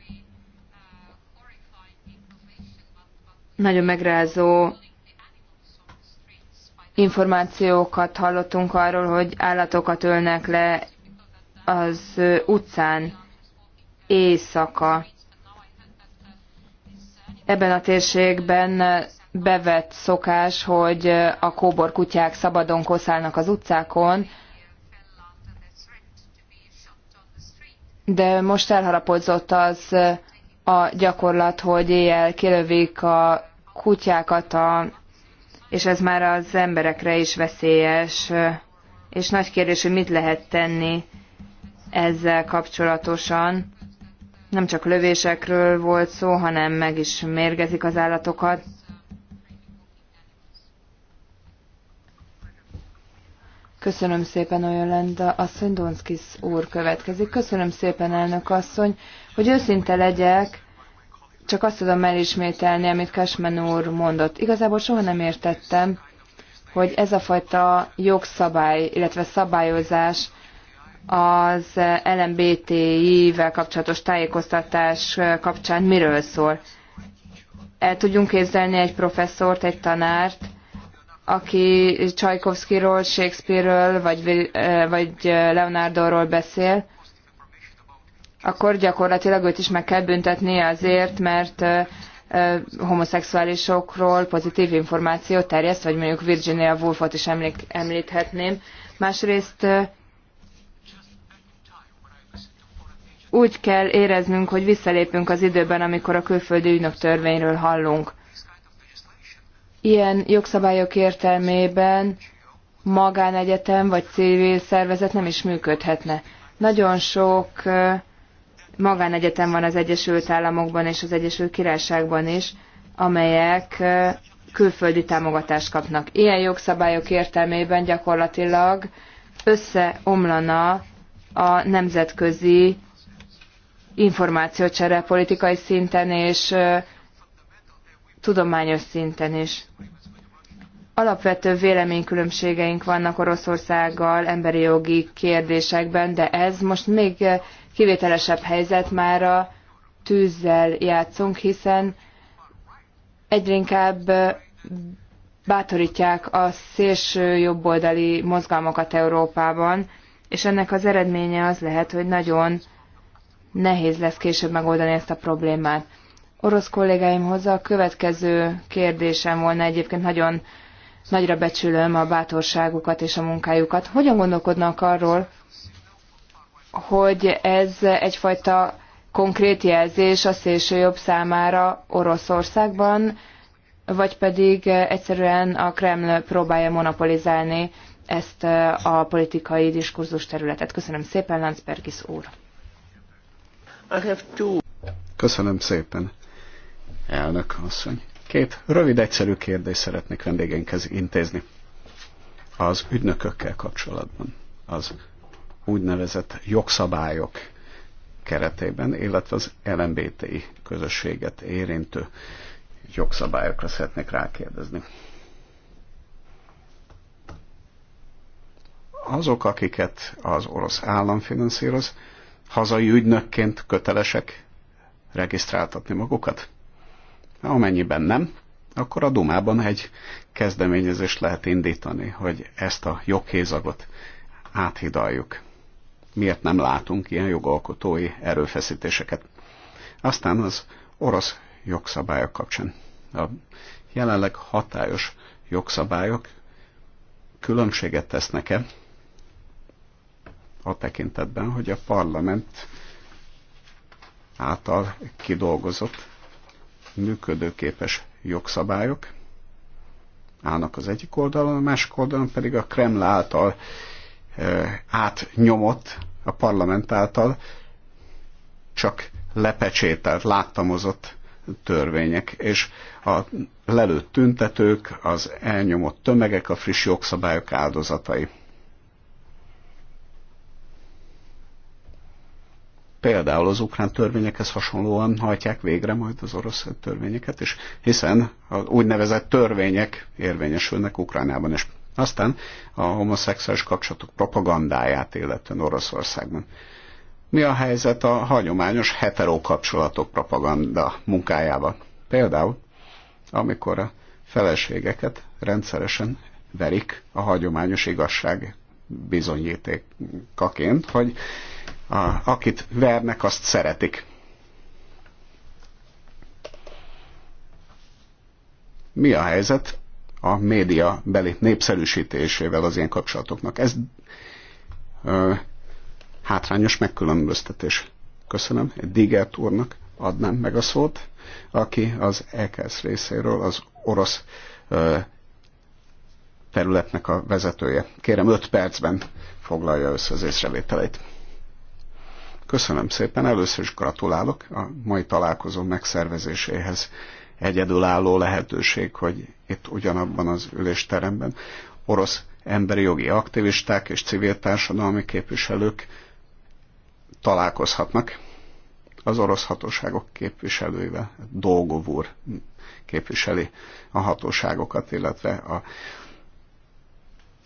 nagyon megrázó információkat hallottunk arról, hogy állatokat ölnek le az utcán éjszaka. Ebben a térségben bevett szokás, hogy a kóbor kutyák szabadon koszálnak az utcákon, de most elharapozott az a gyakorlat, hogy éjjel kilövik a kutyákat, a, és ez már az emberekre is veszélyes, és nagy kérdés, hogy mit lehet tenni ezzel kapcsolatosan. Nem csak lövésekről volt szó, hanem meg is mérgezik az állatokat. Köszönöm szépen, olyan Lenda. Asszony Donskis úr következik. Köszönöm szépen, elnök asszony, hogy őszinte legyek, csak azt tudom elismételni, amit Kasmen úr mondott. Igazából soha nem értettem, hogy ez a fajta jogszabály, illetve szabályozás az LMBTI-vel kapcsolatos tájékoztatás kapcsán miről szól. El tudjunk képzelni egy professzort, egy tanárt, aki Csajkovszkiról, Shakespeare-ről, vagy, eh, vagy Leonardo-ról beszél, akkor gyakorlatilag őt is meg kell büntetni azért, mert eh, homoszexuálisokról pozitív információt terjeszt, vagy mondjuk Virginia Woolfot is említhetném. Másrészt eh, úgy kell éreznünk, hogy visszalépünk az időben, amikor a külföldi ügynök törvényről hallunk. Ilyen jogszabályok értelmében magánegyetem vagy civil szervezet nem is működhetne. Nagyon sok magánegyetem van az Egyesült Államokban és az Egyesült Királyságban is, amelyek külföldi támogatást kapnak. Ilyen jogszabályok értelmében gyakorlatilag összeomlana a nemzetközi információcsere politikai szinten és tudományos szinten is. Alapvető véleménykülönbségeink vannak Oroszországgal emberi jogi kérdésekben, de ez most még kivételesebb helyzet már a tűzzel játszunk, hiszen egyre inkább bátorítják a szélső jobboldali mozgalmakat Európában, és ennek az eredménye az lehet, hogy nagyon nehéz lesz később megoldani ezt a problémát. Orosz kollégáimhoz a következő kérdésem volna egyébként nagyon nagyra becsülöm a bátorságukat és a munkájukat. Hogyan gondolkodnak arról, hogy ez egyfajta konkrét jelzés a szélsőjobb számára Oroszországban, vagy pedig egyszerűen a Kreml próbálja monopolizálni ezt a politikai diskurzus területet. Köszönöm szépen, Lanzbergis úr. I have two. Köszönöm szépen, elnök asszony. Két rövid, egyszerű kérdést szeretnék vendégeinkhez intézni. Az ügynökökkel kapcsolatban, az úgynevezett jogszabályok keretében, illetve az LMBTI közösséget érintő jogszabályokra szeretnék rákérdezni. Azok, akiket az orosz állam finanszíroz, hazai ügynökként kötelesek regisztráltatni magukat? Amennyiben nem, akkor a Dumában egy kezdeményezést lehet indítani, hogy ezt a joghézagot áthidaljuk. Miért nem látunk ilyen jogalkotói erőfeszítéseket? Aztán az orosz jogszabályok kapcsán. A jelenleg hatályos jogszabályok különbséget tesznek-e a tekintetben, hogy a parlament által kidolgozott működőképes jogszabályok állnak az egyik oldalon, a másik oldalon pedig a Kreml által eh, átnyomott, a parlament által csak lepecsételt, láttamozott törvények, és a lelőtt tüntetők, az elnyomott tömegek, a friss jogszabályok áldozatai. például az ukrán törvényekhez hasonlóan hajtják végre majd az orosz törvényeket is, hiszen az úgynevezett törvények érvényesülnek Ukránában is. Aztán a homoszexuális kapcsolatok propagandáját, illetően Oroszországban. Mi a helyzet a hagyományos kapcsolatok propaganda munkájával? Például, amikor a feleségeket rendszeresen verik a hagyományos igazság bizonyítékaként, hogy a, akit vernek, azt szeretik. Mi a helyzet a média beli népszerűsítésével az ilyen kapcsolatoknak? Ez ö, hátrányos megkülönböztetés. Köszönöm. Digert úrnak adnám meg a szót, aki az EKS e részéről az orosz ö, területnek a vezetője. Kérem, 5 percben foglalja össze az észrevételeit. Köszönöm szépen, először is gratulálok a mai találkozó megszervezéséhez. Egyedülálló lehetőség, hogy itt ugyanabban az ülésteremben orosz emberi jogi aktivisták és civil társadalmi képviselők találkozhatnak az orosz hatóságok képviselőivel. Dolgov úr képviseli a hatóságokat, illetve a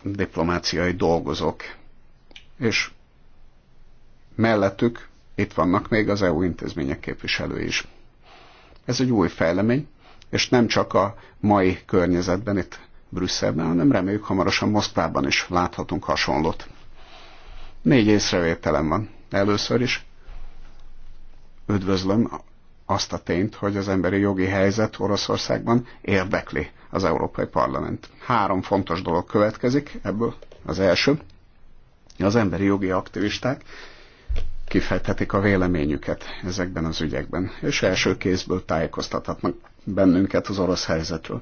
diplomáciai dolgozók. És mellettük itt vannak még az EU intézmények képviselői is. Ez egy új fejlemény, és nem csak a mai környezetben itt Brüsszelben, hanem reméljük hamarosan Moszkvában is láthatunk hasonlót. Négy észrevételem van. Először is üdvözlöm azt a tényt, hogy az emberi jogi helyzet Oroszországban érdekli az Európai Parlament. Három fontos dolog következik ebből. Az első, az emberi jogi aktivisták kifejthetik a véleményüket ezekben az ügyekben, és első kézből tájékoztathatnak bennünket az orosz helyzetről.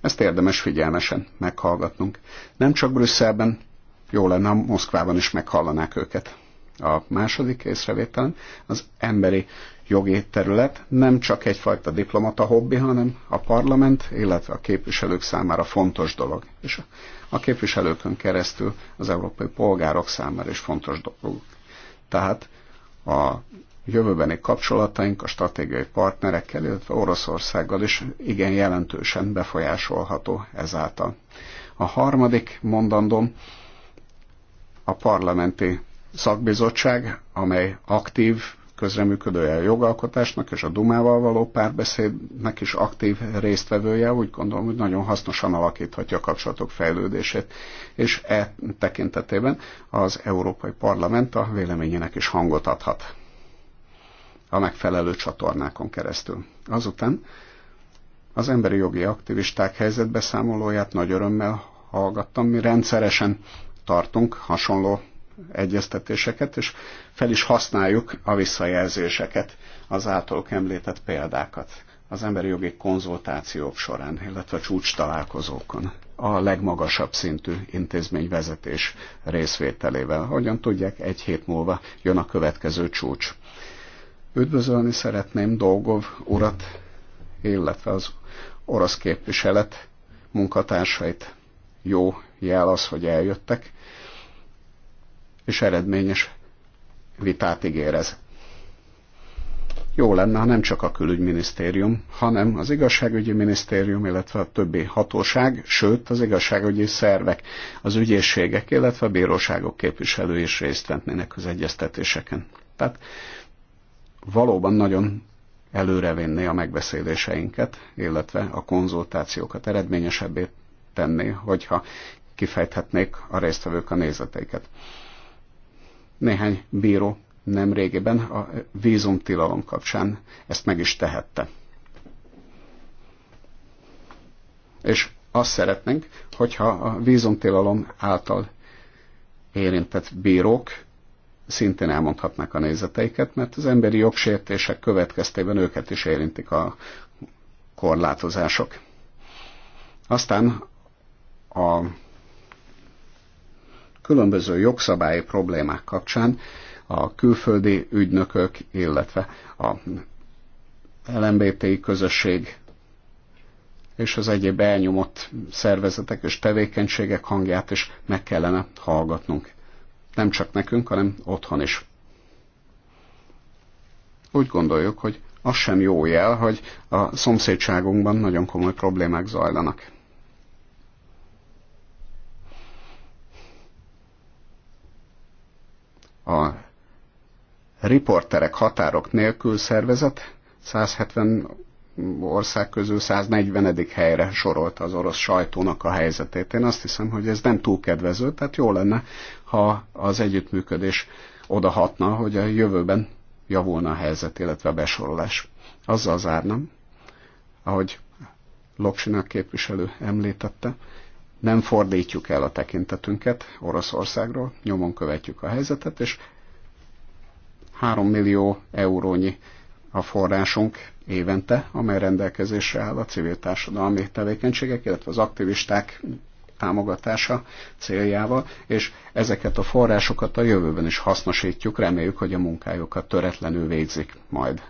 Ezt érdemes figyelmesen meghallgatnunk. Nem csak Brüsszelben, jó lenne, ha Moszkvában is meghallanák őket. A második észrevételen az emberi jogi terület nem csak egyfajta diplomata hobbi, hanem a parlament, illetve a képviselők számára fontos dolog. És a képviselőkön keresztül az európai polgárok számára is fontos dolgok. Tehát a jövőbeni kapcsolataink a stratégiai partnerekkel, illetve Oroszországgal is igen jelentősen befolyásolható ezáltal. A harmadik mondandom a parlamenti szakbizottság, amely aktív közreműködője a jogalkotásnak és a Dumával való párbeszédnek is aktív résztvevője, úgy gondolom, hogy nagyon hasznosan alakíthatja a kapcsolatok fejlődését, és e tekintetében az Európai Parlament a véleményének is hangot adhat a megfelelő csatornákon keresztül. Azután az emberi jogi aktivisták helyzetbeszámolóját nagy örömmel hallgattam, mi rendszeresen tartunk hasonló egyeztetéseket, és fel is használjuk a visszajelzéseket, az általuk említett példákat az emberi jogi konzultációk során, illetve csúcs találkozókon a legmagasabb szintű intézményvezetés részvételével. Hogyan tudják, egy hét múlva jön a következő csúcs. Üdvözölni szeretném Dolgov urat, illetve az orosz képviselet munkatársait. Jó jel az, hogy eljöttek és eredményes vitát ígérez. Jó lenne, ha nem csak a külügyminisztérium, hanem az igazságügyi minisztérium, illetve a többi hatóság, sőt az igazságügyi szervek, az ügyészségek, illetve a bíróságok képviselői is részt vennének az egyeztetéseken. Tehát valóban nagyon előrevinné a megbeszéléseinket, illetve a konzultációkat eredményesebbé tenni, hogyha kifejthetnék a résztvevők a nézeteiket. Néhány bíró nem régiben a vízumtilalom kapcsán ezt meg is tehette. És azt szeretnénk, hogyha a vízumtilalom által érintett bírók szintén elmondhatnak a nézeteiket, mert az emberi jogsértések következtében őket is érintik a korlátozások. Aztán a különböző jogszabályi problémák kapcsán a külföldi ügynökök, illetve a LMBT közösség és az egyéb elnyomott szervezetek és tevékenységek hangját is meg kellene hallgatnunk. Nem csak nekünk, hanem otthon is. Úgy gondoljuk, hogy az sem jó jel, hogy a szomszédságunkban nagyon komoly problémák zajlanak. a riporterek határok nélkül szervezet 170 ország közül 140. helyre sorolta az orosz sajtónak a helyzetét. Én azt hiszem, hogy ez nem túl kedvező, tehát jó lenne, ha az együttműködés odahatna, hogy a jövőben javulna a helyzet, illetve a besorolás. Azzal zárnám, ahogy Loksinak képviselő említette, nem fordítjuk el a tekintetünket Oroszországról, nyomon követjük a helyzetet, és 3 millió eurónyi a forrásunk évente, amely rendelkezésre áll a civil társadalmi tevékenységek, illetve az aktivisták támogatása céljával, és ezeket a forrásokat a jövőben is hasznosítjuk, reméljük, hogy a munkájukat töretlenül végzik majd.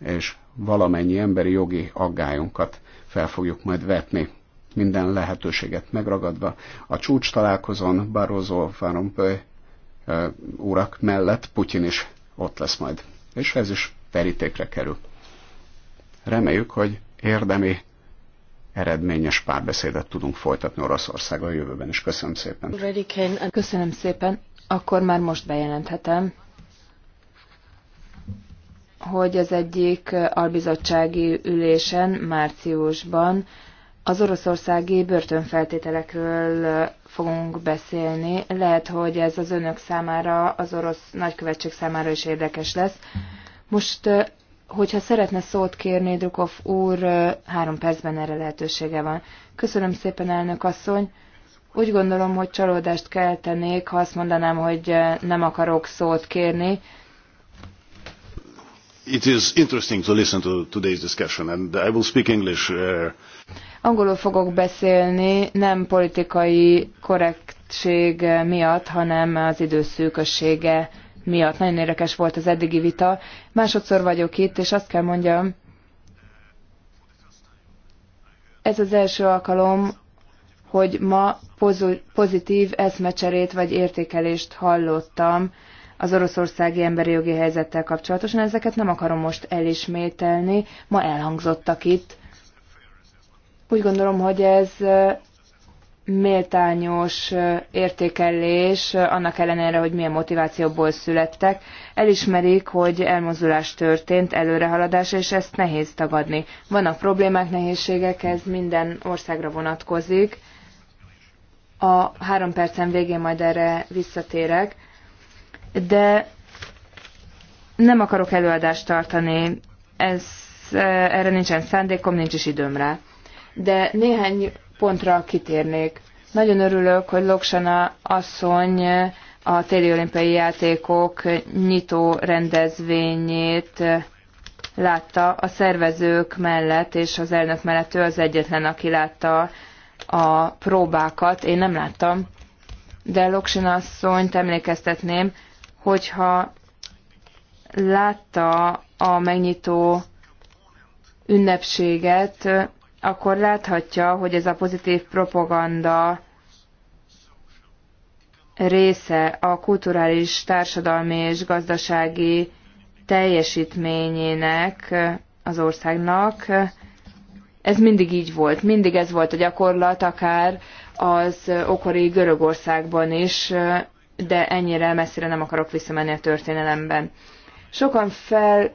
És valamennyi emberi jogi aggályunkat fel fogjuk majd vetni minden lehetőséget megragadva. A csúcs találkozón Barroso, Van Rompuy urak mellett Putyin is ott lesz majd. És ez is terítékre kerül. Reméljük, hogy érdemi eredményes párbeszédet tudunk folytatni Oroszországgal a jövőben is. Köszönöm szépen. Köszönöm szépen. Akkor már most bejelenthetem, hogy az egyik albizottsági ülésen márciusban az oroszországi börtönfeltételekről fogunk beszélni. Lehet, hogy ez az önök számára, az orosz nagykövetség számára is érdekes lesz. Most, hogyha szeretne szót kérni, Drukov úr, három percben erre lehetősége van. Köszönöm szépen, elnök asszony. Úgy gondolom, hogy csalódást kell tennék, ha azt mondanám, hogy nem akarok szót kérni. It is interesting to listen to today's discussion, and I will speak English. Uh... Angolul fogok beszélni, nem politikai korrektség miatt, hanem az időszűkössége miatt. Nagyon érdekes volt az eddigi vita. Másodszor vagyok itt, és azt kell mondjam, ez az első alkalom, hogy ma pozitív eszmecserét vagy értékelést hallottam az oroszországi emberi jogi helyzettel kapcsolatosan. Ezeket nem akarom most elismételni, ma elhangzottak itt úgy gondolom, hogy ez méltányos értékelés, annak ellenére, hogy milyen motivációból születtek. Elismerik, hogy elmozdulás történt, előrehaladás, és ezt nehéz tagadni. Vannak problémák, nehézségek, ez minden országra vonatkozik. A három percen végén majd erre visszatérek, de nem akarok előadást tartani, ez, erre nincsen szándékom, nincs is időm rá de néhány pontra kitérnék. Nagyon örülök, hogy Loksana asszony a téli olimpiai játékok nyitó rendezvényét látta a szervezők mellett, és az elnök mellett ő az egyetlen, aki látta a próbákat. Én nem láttam, de Loksana asszonyt emlékeztetném, hogyha látta a megnyitó ünnepséget, akkor láthatja, hogy ez a pozitív propaganda része a kulturális, társadalmi és gazdasági teljesítményének az országnak. Ez mindig így volt, mindig ez volt a gyakorlat, akár az okori Görögországban is, de ennyire messzire nem akarok visszamenni a történelemben. Sokan fel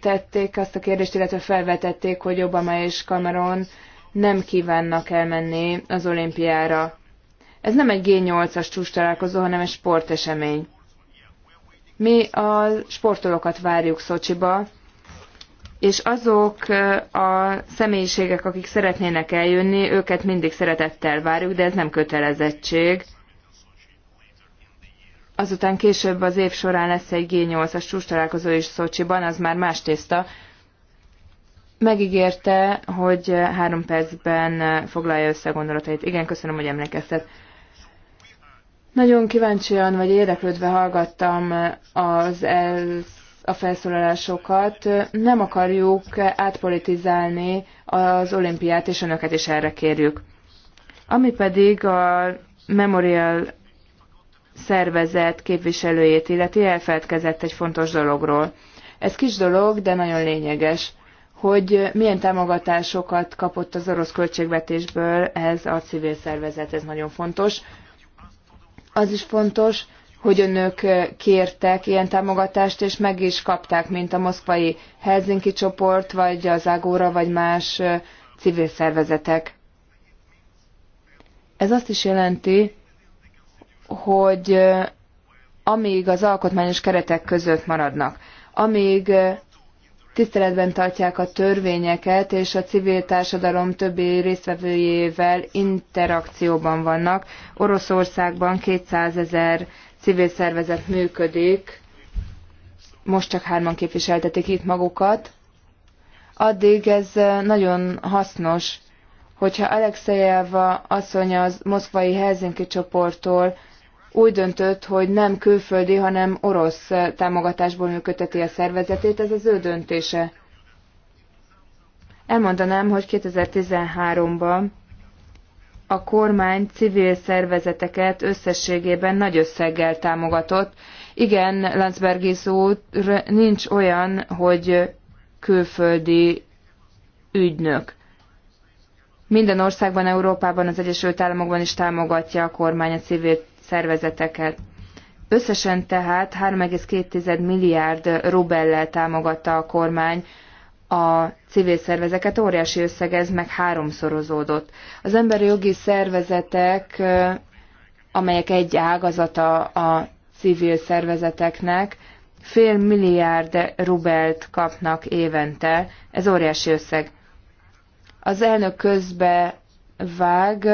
tették azt a kérdést, illetve felvetették, hogy Obama és Cameron nem kívánnak elmenni az olimpiára. Ez nem egy G8-as csúcs találkozó, hanem egy sportesemény. Mi a sportolókat várjuk Szocsiba, és azok a személyiségek, akik szeretnének eljönni, őket mindig szeretettel várjuk, de ez nem kötelezettség. Azután később az év során lesz egy G8-as csúcs találkozó is Szocsiban, az már más tészta. Megígérte, hogy három percben foglalja össze a gondolatait. Igen, köszönöm, hogy emlékeztet. Nagyon kíváncsian vagy érdeklődve hallgattam az el, a felszólalásokat. Nem akarjuk átpolitizálni az olimpiát, és önöket is erre kérjük. Ami pedig a Memorial szervezet képviselőjét illeti, elfeledkezett egy fontos dologról. Ez kis dolog, de nagyon lényeges, hogy milyen támogatásokat kapott az orosz költségvetésből ez a civil szervezet, ez nagyon fontos. Az is fontos, hogy önök kértek ilyen támogatást, és meg is kapták, mint a moszkvai Helsinki csoport, vagy az Ágóra, vagy más civil szervezetek. Ez azt is jelenti, hogy amíg az alkotmányos keretek között maradnak, amíg tiszteletben tartják a törvényeket, és a civil társadalom többi résztvevőjével interakcióban vannak. Oroszországban 200 ezer civil szervezet működik, most csak hárman képviseltetik itt magukat. Addig ez nagyon hasznos, hogyha Alexejeva asszony az moszkvai Helsinki csoporttól úgy döntött, hogy nem külföldi, hanem orosz támogatásból működteti a szervezetét, ez az ő döntése. Elmondanám, hogy 2013-ban a kormány civil szervezeteket összességében nagy összeggel támogatott. Igen, Landsbergis úr, nincs olyan, hogy külföldi ügynök. Minden országban, Európában, az Egyesült Államokban is támogatja a kormány a civil szervezeteket. Összesen tehát 3,2 milliárd rubellel támogatta a kormány a civil szervezeket, óriási összeg ez meg háromszorozódott. Az emberi jogi szervezetek, amelyek egy ágazata a civil szervezeteknek, fél milliárd rubelt kapnak évente. Ez óriási összeg. Az elnök közbe vág,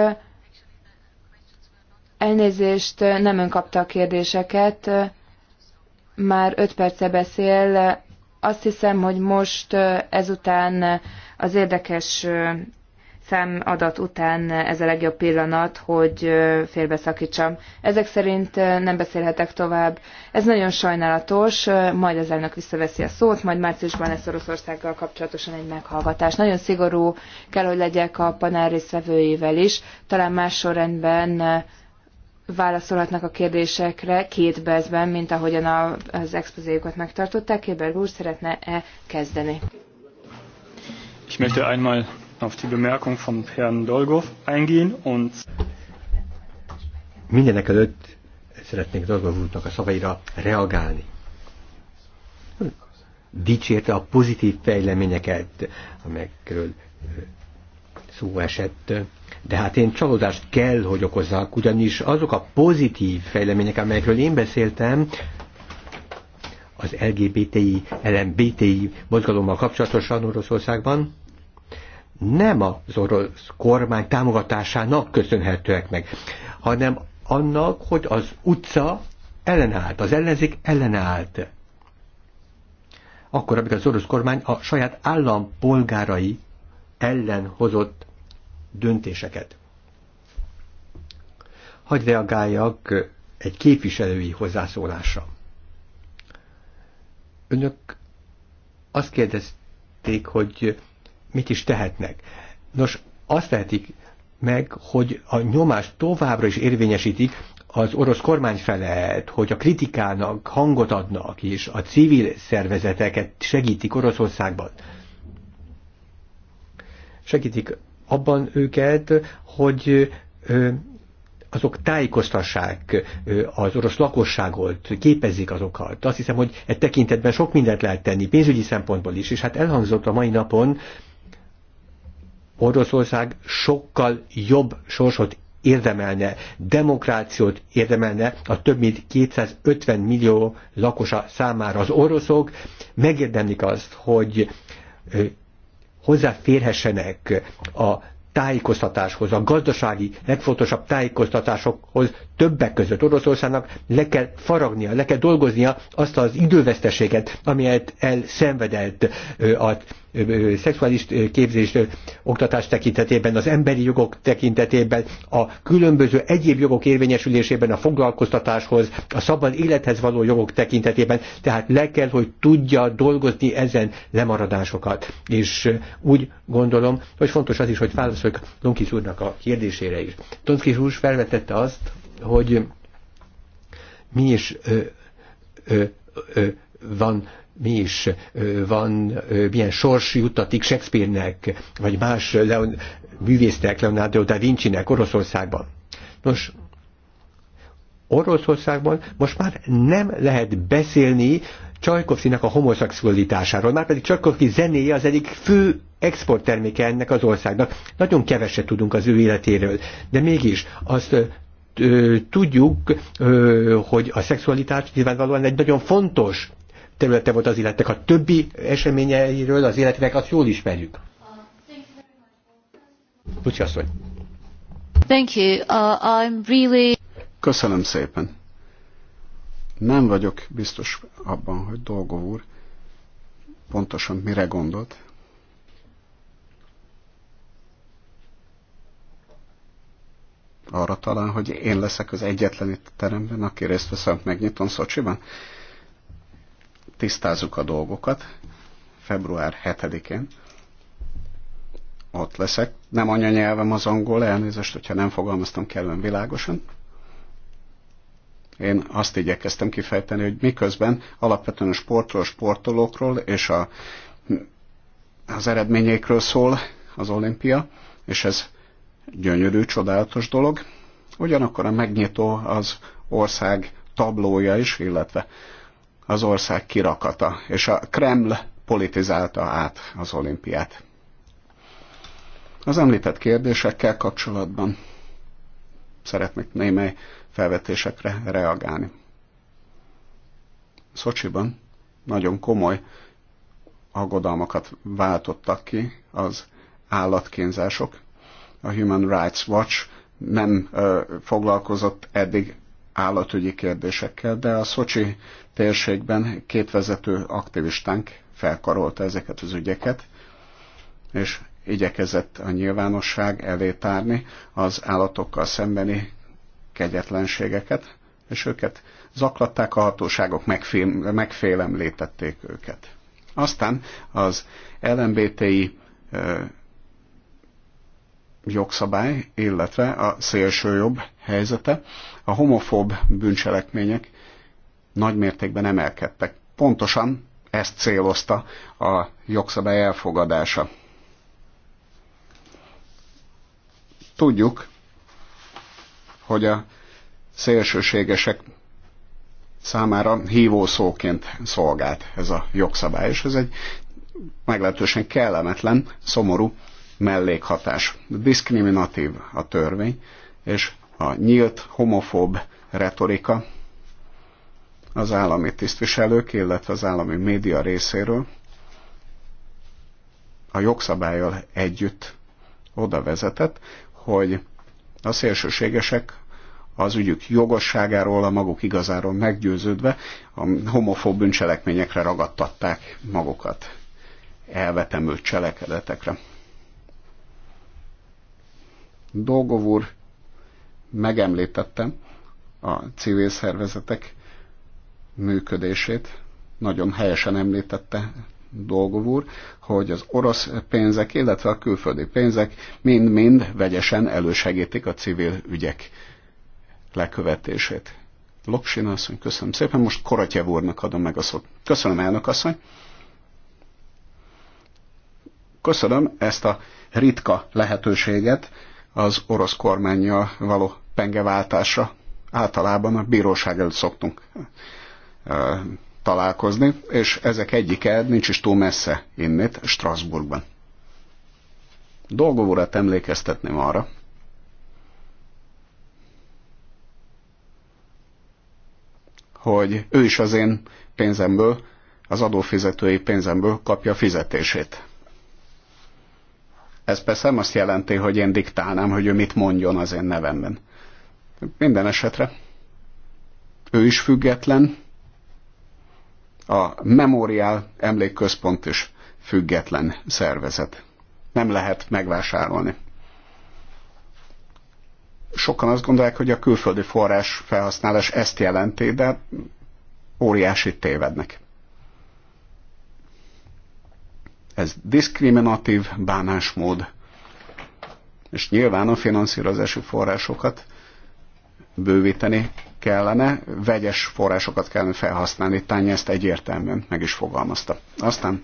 Elnézést, nem ön kapta a kérdéseket. Már öt perce beszél. Azt hiszem, hogy most ezután az érdekes számadat után ez a legjobb pillanat, hogy félbeszakítsam. Ezek szerint nem beszélhetek tovább. Ez nagyon sajnálatos, majd az elnök visszaveszi a szót, majd márciusban lesz Oroszországgal kapcsolatosan egy meghallgatás. Nagyon szigorú kell, hogy legyek a panel részvevőivel is, talán más sorrendben válaszolhatnak a kérdésekre két bezben, mint ahogyan az expozéjukat megtartották. Kéber úr szeretne-e kezdeni? Ich möchte einmal auf die Bemerkung von Herrn Dolgov eingehen und Mindenek előtt szeretnék Dolgov úrnak a szavaira reagálni. Dicsérte a pozitív fejleményeket, amelyekről szó esett de hát én csalódást kell, hogy okozzak, ugyanis azok a pozitív fejlemények, amelyekről én beszéltem, az LGBTI, LMBTI mozgalommal kapcsolatosan Oroszországban, nem az orosz kormány támogatásának köszönhetőek meg, hanem annak, hogy az utca ellenállt, az ellenzék ellenállt. Akkor, amikor az orosz kormány a saját állampolgárai ellen hozott döntéseket. Hagy reagáljak egy képviselői hozzászólásra. Önök azt kérdezték, hogy mit is tehetnek. Nos, azt tehetik meg, hogy a nyomást továbbra is érvényesítik az orosz kormány felett, hogy a kritikának hangot adnak, és a civil szervezeteket segítik Oroszországban. Segítik abban őket, hogy azok tájékoztassák az orosz lakosságot, képezik azokat. Azt hiszem, hogy e tekintetben sok mindent lehet tenni, pénzügyi szempontból is, és hát elhangzott a mai napon, Oroszország sokkal jobb sorsot érdemelne, demokrációt érdemelne a több mint 250 millió lakosa számára. Az oroszok megérdemlik azt, hogy hozzáférhessenek a tájékoztatáshoz, a gazdasági legfontosabb tájékoztatásokhoz többek között Oroszországnak le kell faragnia, le kell dolgoznia azt az időveszteséget, amelyet elszenvedett a szexuális képzés, oktatás tekintetében, az emberi jogok tekintetében, a különböző egyéb jogok érvényesülésében, a foglalkoztatáshoz, a szabad élethez való jogok tekintetében, tehát le kell, hogy tudja dolgozni ezen lemaradásokat. És úgy gondolom, hogy fontos az is, hogy válaszoljuk Donkis úrnak a kérdésére is. Donkis úr felvetette azt, hogy mi is ö, ö, ö, van mi is van, milyen sors juttatik Shakespeare-nek, vagy más Leon, művésznek, Leonardo da Vinci-nek Oroszországban. Nos, Oroszországban most már nem lehet beszélni Csajkovszínak a homoszexualitásáról, már pedig Csajkovszki zenéje az egyik fő exportterméke ennek az országnak. Nagyon keveset tudunk az ő életéről, de mégis azt tudjuk, hogy a szexualitás nyilvánvalóan egy nagyon fontos területe volt az életnek. A többi eseményeiről az életnek azt jól ismerjük. Lucsi asszony. Thank you. Uh, I'm really... Köszönöm szépen. Nem vagyok biztos abban, hogy Dolgov úr pontosan mire gondolt, arra talán, hogy én leszek az egyetlen itt a teremben, aki részt vesz a megnyitón Szocsiban. Tisztázzuk a dolgokat. Február 7-én ott leszek. Nem anyanyelvem az angol, elnézést, hogyha nem fogalmaztam kellően világosan. Én azt igyekeztem kifejteni, hogy miközben alapvetően a sportról, sportolókról és a, az eredményekről szól az olimpia, és ez gyönyörű, csodálatos dolog. Ugyanakkor a megnyitó az ország tablója is, illetve az ország kirakata, és a Kreml politizálta át az olimpiát. Az említett kérdésekkel kapcsolatban szeretnék némely felvetésekre reagálni. Szocsiban nagyon komoly aggodalmakat váltottak ki az állatkínzások, a Human Rights Watch nem foglalkozott eddig állatügyi kérdésekkel, de a Szocsi térségben két vezető aktivistánk felkarolta ezeket az ügyeket, és igyekezett a nyilvánosság elé tárni az állatokkal szembeni kegyetlenségeket, és őket zaklatták, a hatóságok megfélemlítették őket. Aztán az LMBTI jogszabály, illetve a szélsőjobb helyzete, a homofób bűncselekmények nagy mértékben emelkedtek. Pontosan ezt célozta a jogszabály elfogadása. Tudjuk, hogy a szélsőségesek számára szóként szolgált ez a jogszabály, és ez egy meglehetősen kellemetlen, szomorú mellékhatás. Diszkriminatív a törvény, és a nyílt homofób retorika az állami tisztviselők, illetve az állami média részéről a jogszabályjal együtt oda vezetett, hogy a szélsőségesek az ügyük jogosságáról, a maguk igazáról meggyőződve a homofób bűncselekményekre ragadtatták magukat elvetemült cselekedetekre. Dolgov úr megemlítettem a civil szervezetek működését, nagyon helyesen említette Dolgov úr, hogy az orosz pénzek, illetve a külföldi pénzek mind-mind vegyesen elősegítik a civil ügyek lekövetését. Loksin asszony, köszönöm szépen, most Koratyev úrnak adom meg a szót. Köszönöm, elnök asszony. Köszönöm ezt a ritka lehetőséget, az orosz kormányjal való pengeváltásra általában a bíróság előtt szoktunk találkozni, és ezek egyike nincs is túl messze innét, Strasbourgban. Dolgov emlékeztetném arra, hogy ő is az én pénzemből, az adófizetői pénzemből kapja fizetését. Ez persze nem azt jelenti, hogy én diktálnám, hogy ő mit mondjon az én nevemben. Minden esetre ő is független, a Memorial Emlékközpont is független szervezet. Nem lehet megvásárolni. Sokan azt gondolják, hogy a külföldi forrás felhasználás ezt jelenti, de óriási tévednek. Ez diszkriminatív bánásmód, és nyilván a finanszírozási forrásokat bővíteni kellene, vegyes forrásokat kellene felhasználni, Tánya ezt egyértelműen meg is fogalmazta. Aztán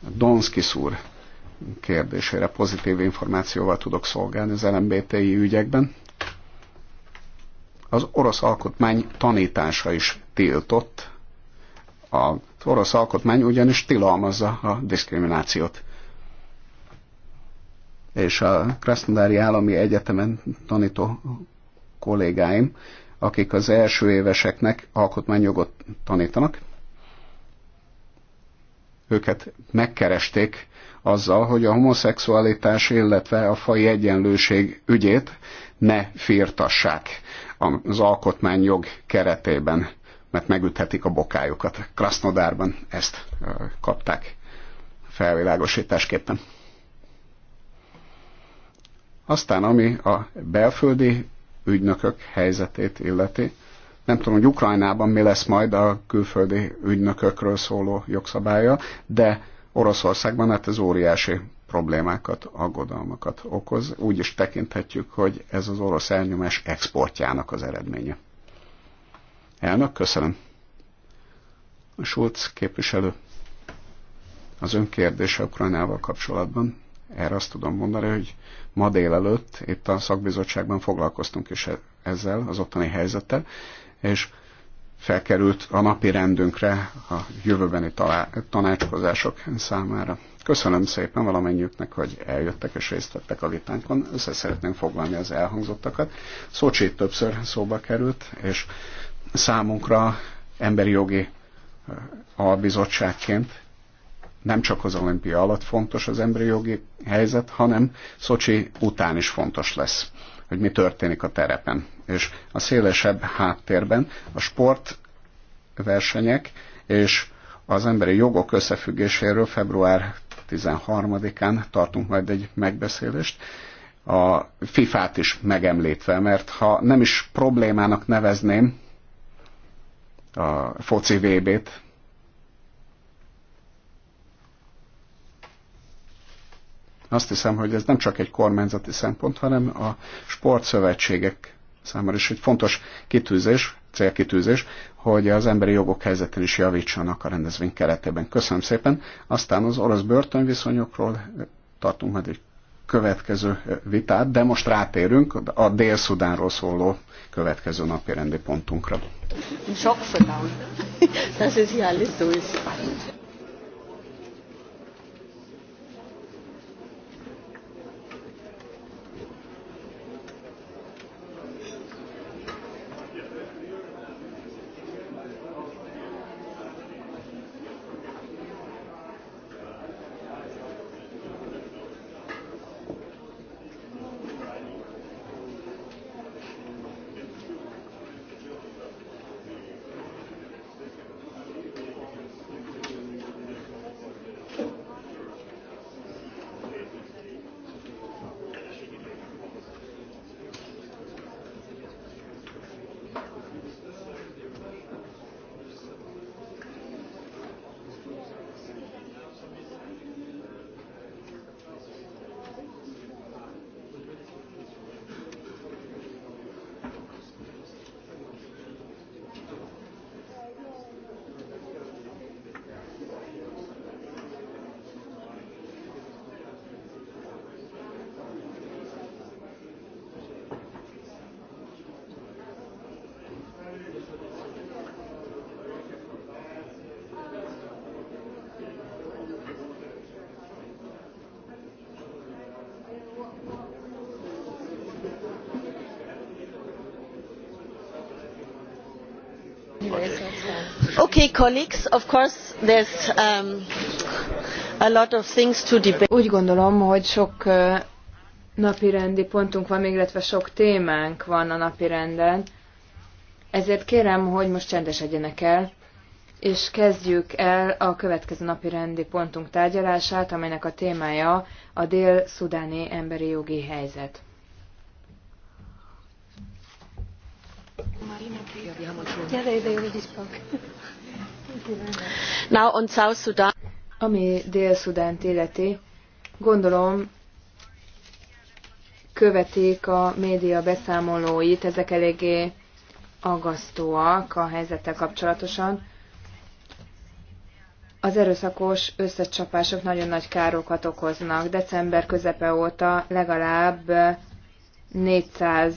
Donski szúr kérdésére pozitív információval tudok szolgálni az LMBTI ügyekben. Az orosz alkotmány tanítása is tiltott a orosz alkotmány ugyanis tilalmazza a diszkriminációt. És a Krasnodári Állami Egyetemen tanító kollégáim, akik az első éveseknek alkotmányjogot tanítanak, őket megkeresték azzal, hogy a homoszexualitás, illetve a fai egyenlőség ügyét ne firtassák az alkotmányjog keretében mert megüthetik a bokájukat. Krasznodárban ezt kapták felvilágosításképpen. Aztán, ami a belföldi ügynökök helyzetét illeti, nem tudom, hogy Ukrajnában mi lesz majd a külföldi ügynökökről szóló jogszabálya, de Oroszországban hát ez óriási problémákat, aggodalmakat okoz. Úgy is tekinthetjük, hogy ez az orosz elnyomás exportjának az eredménye. Elnök, köszönöm. A Schulz képviselő az kérdése Ukrajnával kapcsolatban. Erre azt tudom mondani, hogy ma délelőtt itt a szakbizottságban foglalkoztunk is e- ezzel, az ottani helyzettel, és felkerült a napi rendünkre a jövőbeni tanácskozások számára. Köszönöm szépen valamennyiüknek, hogy eljöttek és részt vettek a vitánkon. Össze szeretném foglalni az elhangzottakat. Szocsi többször szóba került, és számunkra emberi jogi albizottságként nem csak az olimpia alatt fontos az emberi jogi helyzet, hanem Szocsi után is fontos lesz, hogy mi történik a terepen. És a szélesebb háttérben a sportversenyek és az emberi jogok összefüggéséről február 13-án tartunk majd egy megbeszélést, a FIFA-t is megemlítve, mert ha nem is problémának nevezném, a foci VB-t. Azt hiszem, hogy ez nem csak egy kormányzati szempont, hanem a sportszövetségek számára is egy fontos kitűzés, célkitűzés, hogy az emberi jogok helyzetén is javítsanak a rendezvény keretében. Köszönöm szépen. Aztán az orosz börtönviszonyokról tartunk majd egy következő vitát, de most rátérünk a Dél-Szudánról szóló következő napi rendi pontunkra. Sok Das ist ja alles Um, Úgy gondolom, hogy sok napirendi pontunk van, még, illetve sok témánk van a napirenden. Ezért kérem, hogy most csendesedjenek el, és kezdjük el a következő napirendi pontunk tárgyalását, amelynek a témája a dél-szudáni emberi jogi helyzet. Marina, please. Yeah, they, Now on South Sudan. Ami Dél-Szudánt illeti, gondolom követik a média beszámolóit, ezek eléggé aggasztóak a helyzettel kapcsolatosan. Az erőszakos összecsapások nagyon nagy károkat okoznak. December közepe óta legalább 400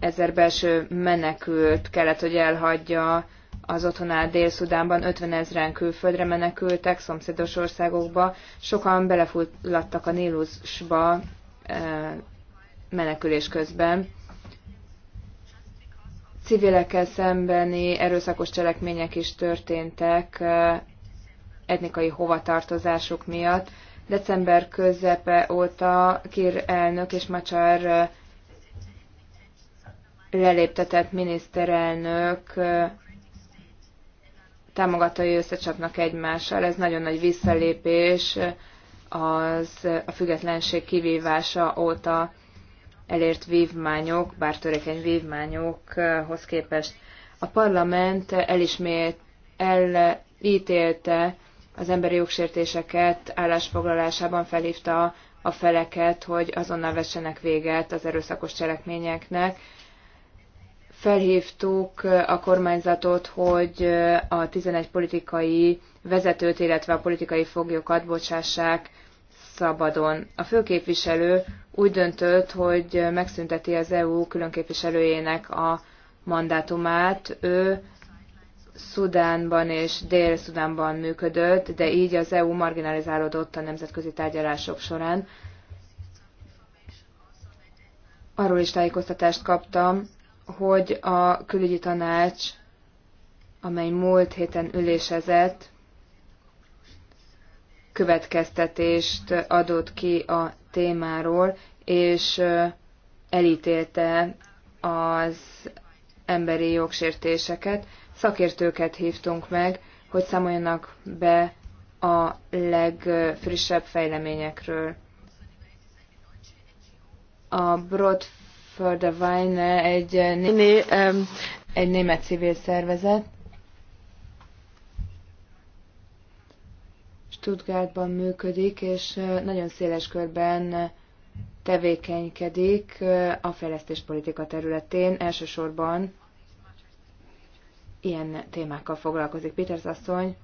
ezer belső menekült kellett, hogy elhagyja az otthonát Dél-Szudánban 50 ezeren külföldre menekültek, szomszédos országokba, sokan belefulladtak a Nílusba eh, menekülés közben. Civilekkel szembeni erőszakos cselekmények is történtek eh, etnikai hovatartozásuk miatt. December közepe óta Kir elnök és Macsár eh, leléptetett miniszterelnök támogatói összecsapnak egymással. Ez nagyon nagy visszalépés az a függetlenség kivívása óta elért vívmányok, bár törékeny vívmányokhoz képest. A parlament elismét, elítélte az emberi jogsértéseket, állásfoglalásában felhívta a feleket, hogy azonnal vessenek véget az erőszakos cselekményeknek, felhívtuk a kormányzatot, hogy a 11 politikai vezetőt, illetve a politikai foglyokat bocsássák szabadon. A főképviselő úgy döntött, hogy megszünteti az EU különképviselőjének a mandátumát. Ő Szudánban és Dél-Szudánban működött, de így az EU marginalizálódott a nemzetközi tárgyalások során. Arról is tájékoztatást kaptam, hogy a külügyi tanács, amely múlt héten ülésezett, következtetést adott ki a témáról, és elítélte az emberi jogsértéseket. Szakértőket hívtunk meg, hogy számoljanak be a legfrissebb fejleményekről. A Brod Förde Weine egy, né, egy német civil szervezet. Stuttgartban működik, és nagyon széles körben tevékenykedik a fejlesztéspolitika területén, elsősorban ilyen témákkal foglalkozik. Peters asszony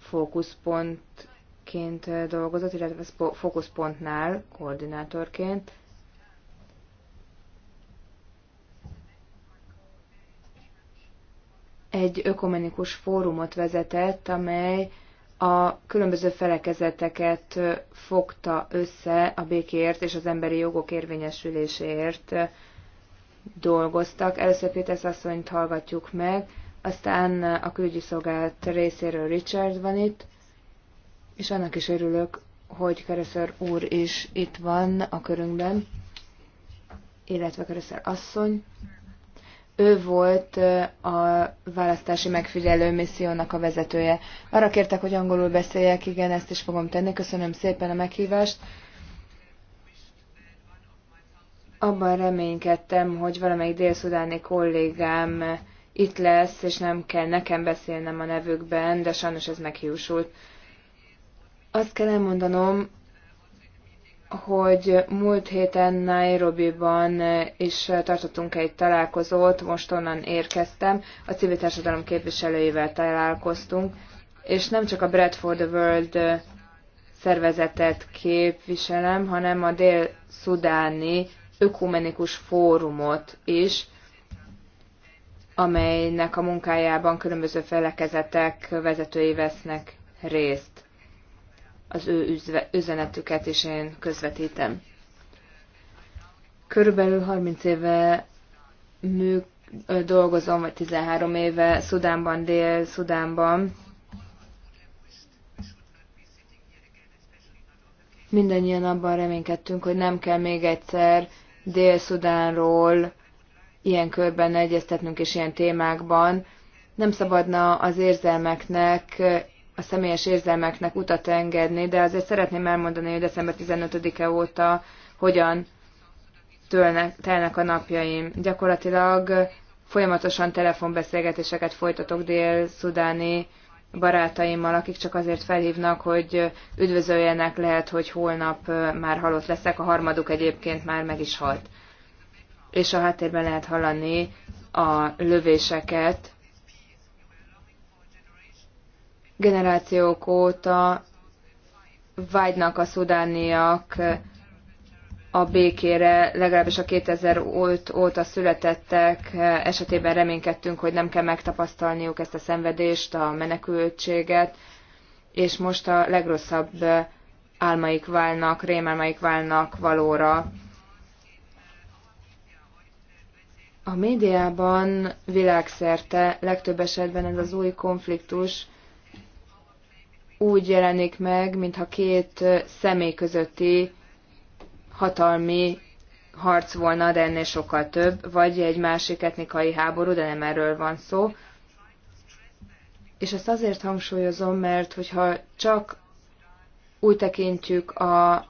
fókuszpontként dolgozott, illetve fókuszpontnál koordinátorként. egy ökumenikus fórumot vezetett, amely a különböző felekezeteket fogta össze a békért és az emberi jogok érvényesüléséért dolgoztak. Először Péter asszonyt hallgatjuk meg, aztán a külügyi szolgált részéről Richard van itt, és annak is örülök, hogy Kereszer úr is itt van a körünkben, illetve Kereszer asszony ő volt a választási megfigyelő missziónak a vezetője. Arra kértek, hogy angolul beszéljek, igen, ezt is fogom tenni. Köszönöm szépen a meghívást. Abban reménykedtem, hogy valamelyik délszudáni kollégám itt lesz, és nem kell nekem beszélnem a nevükben, de sajnos ez meghiúsult. Azt kell elmondanom, hogy múlt héten Nairobi-ban is tartottunk egy találkozót, most onnan érkeztem, a civil társadalom képviselőivel találkoztunk, és nem csak a Bread for the World szervezetet képviselem, hanem a dél-szudáni ökumenikus fórumot is, amelynek a munkájában különböző felekezetek vezetői vesznek részt az ő üzenetüket, és én közvetítem. Körülbelül 30 éve mű, dolgozom, vagy 13 éve Szudánban, Dél-Szudánban. Mindennyian abban reménykedtünk, hogy nem kell még egyszer Dél-Szudánról ilyen körben egyeztetnünk és ilyen témákban. Nem szabadna az érzelmeknek a személyes érzelmeknek utat engedni, de azért szeretném elmondani, hogy december 15-e óta hogyan tölnek, telnek a napjaim. Gyakorlatilag folyamatosan telefonbeszélgetéseket folytatok dél-szudáni barátaimmal, akik csak azért felhívnak, hogy üdvözöljenek, lehet, hogy holnap már halott leszek, a harmaduk egyébként már meg is halt. És a háttérben lehet hallani a lövéseket, generációk óta vágynak a szudániak a békére, legalábbis a 2000 óta születettek esetében reménykedtünk, hogy nem kell megtapasztalniuk ezt a szenvedést, a menekültséget, és most a legrosszabb álmaik válnak, rémálmaik válnak valóra. A médiában világszerte legtöbb esetben ez az új konfliktus úgy jelenik meg, mintha két személy közötti hatalmi harc volna, de ennél sokkal több, vagy egy másik etnikai háború, de nem erről van szó. És ezt azért hangsúlyozom, mert hogyha csak úgy tekintjük a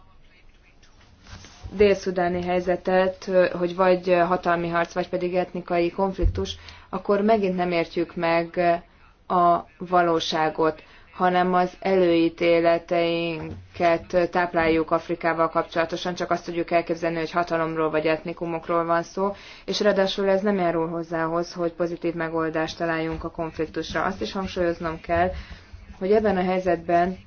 dél-szudáni helyzetet, hogy vagy hatalmi harc, vagy pedig etnikai konfliktus, akkor megint nem értjük meg a valóságot hanem az előítéleteinket tápláljuk Afrikával kapcsolatosan, csak azt tudjuk elképzelni, hogy hatalomról vagy etnikumokról van szó, és ráadásul ez nem járul hozzához, hogy pozitív megoldást találjunk a konfliktusra. Azt is hangsúlyoznom kell, hogy ebben a helyzetben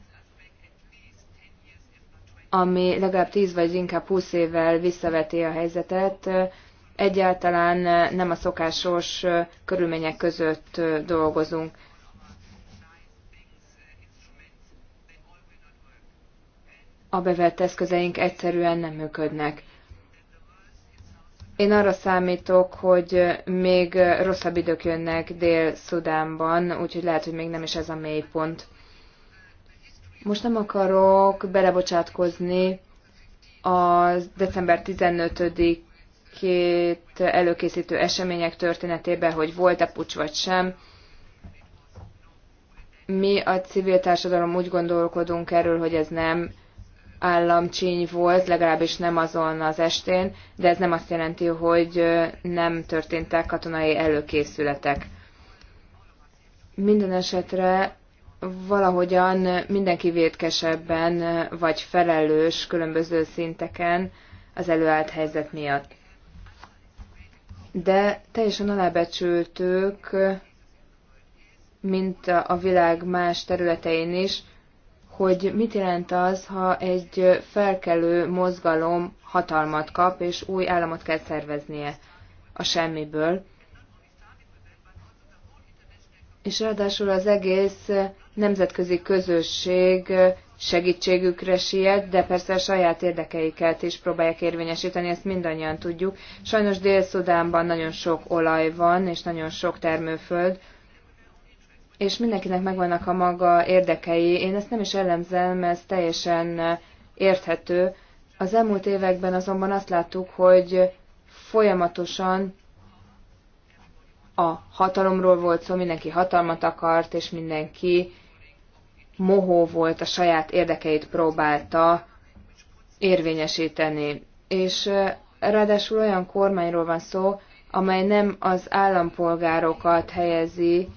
ami legalább 10 vagy inkább 20 évvel visszaveti a helyzetet, egyáltalán nem a szokásos körülmények között dolgozunk. a bevett eszközeink egyszerűen nem működnek. Én arra számítok, hogy még rosszabb idők jönnek Dél-Szudánban, úgyhogy lehet, hogy még nem is ez a mélypont. Most nem akarok belebocsátkozni a december 15-ét előkészítő események történetébe, hogy volt-e pucs vagy sem. Mi a civil társadalom úgy gondolkodunk erről, hogy ez nem államcsíny volt, legalábbis nem azon az estén, de ez nem azt jelenti, hogy nem történtek katonai előkészületek. Minden esetre valahogyan mindenki védkesebben vagy felelős különböző szinteken az előállt helyzet miatt. De teljesen alábecsültük, mint a világ más területein is, hogy mit jelent az, ha egy felkelő mozgalom hatalmat kap, és új államot kell szerveznie a semmiből. És ráadásul az egész nemzetközi közösség segítségükre siet, de persze a saját érdekeiket is próbálják érvényesíteni, ezt mindannyian tudjuk. Sajnos Dél-Szudánban nagyon sok olaj van, és nagyon sok termőföld, és mindenkinek megvannak a maga érdekei. Én ezt nem is ellenzem, ez teljesen érthető. Az elmúlt években azonban azt láttuk, hogy folyamatosan a hatalomról volt szó, mindenki hatalmat akart, és mindenki mohó volt, a saját érdekeit próbálta érvényesíteni. És eh, ráadásul olyan kormányról van szó, amely nem az állampolgárokat helyezi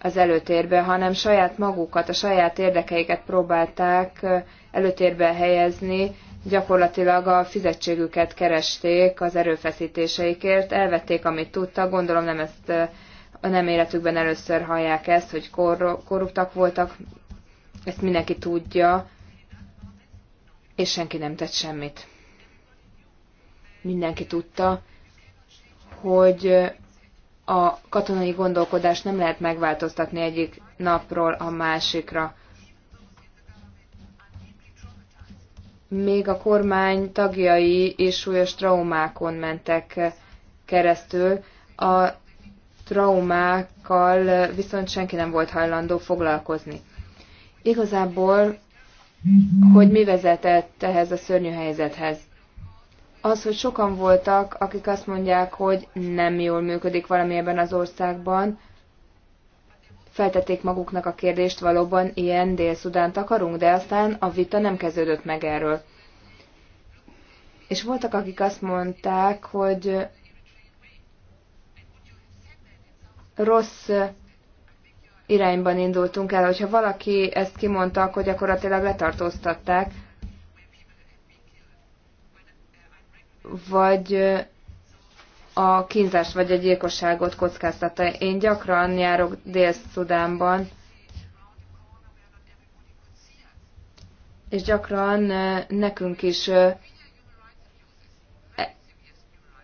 az előtérbe, hanem saját magukat, a saját érdekeiket próbálták előtérbe helyezni, gyakorlatilag a fizetségüket keresték az erőfeszítéseikért, elvették, amit tudtak, gondolom nem ezt nem életükben először hallják ezt, hogy korruptak voltak, ezt mindenki tudja, és senki nem tett semmit. Mindenki tudta, hogy a katonai gondolkodást nem lehet megváltoztatni egyik napról a másikra. Még a kormány tagjai és súlyos traumákon mentek keresztül. A traumákkal viszont senki nem volt hajlandó foglalkozni. Igazából, hogy mi vezetett ehhez a szörnyű helyzethez? az, hogy sokan voltak, akik azt mondják, hogy nem jól működik valami ebben az országban, feltették maguknak a kérdést, valóban ilyen Dél-Szudánt akarunk, de aztán a vita nem kezdődött meg erről. És voltak, akik azt mondták, hogy rossz irányban indultunk el. Hogyha valaki ezt kimondta, akkor gyakorlatilag letartóztatták. vagy a kínzást vagy a gyilkosságot kockáztatta. Én gyakran járok Dél-Szudánban, és gyakran nekünk is e,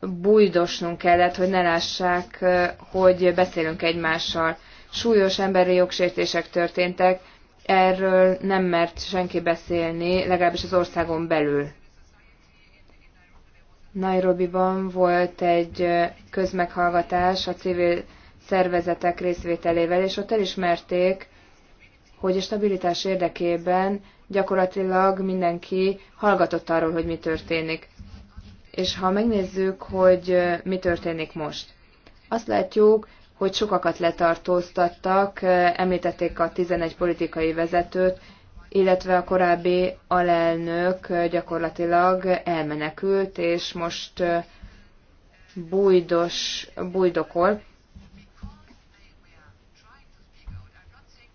bújdosnunk kellett, hogy ne lássák, hogy beszélünk egymással. Súlyos emberi jogsértések történtek, erről nem mert senki beszélni, legalábbis az országon belül. Nairobiban volt egy közmeghallgatás a civil szervezetek részvételével, és ott elismerték, hogy a stabilitás érdekében gyakorlatilag mindenki hallgatott arról, hogy mi történik. És ha megnézzük, hogy mi történik most, azt látjuk, hogy sokakat letartóztattak, említették a 11 politikai vezetőt, illetve a korábbi alelnök gyakorlatilag elmenekült, és most bújdos, bújdokol.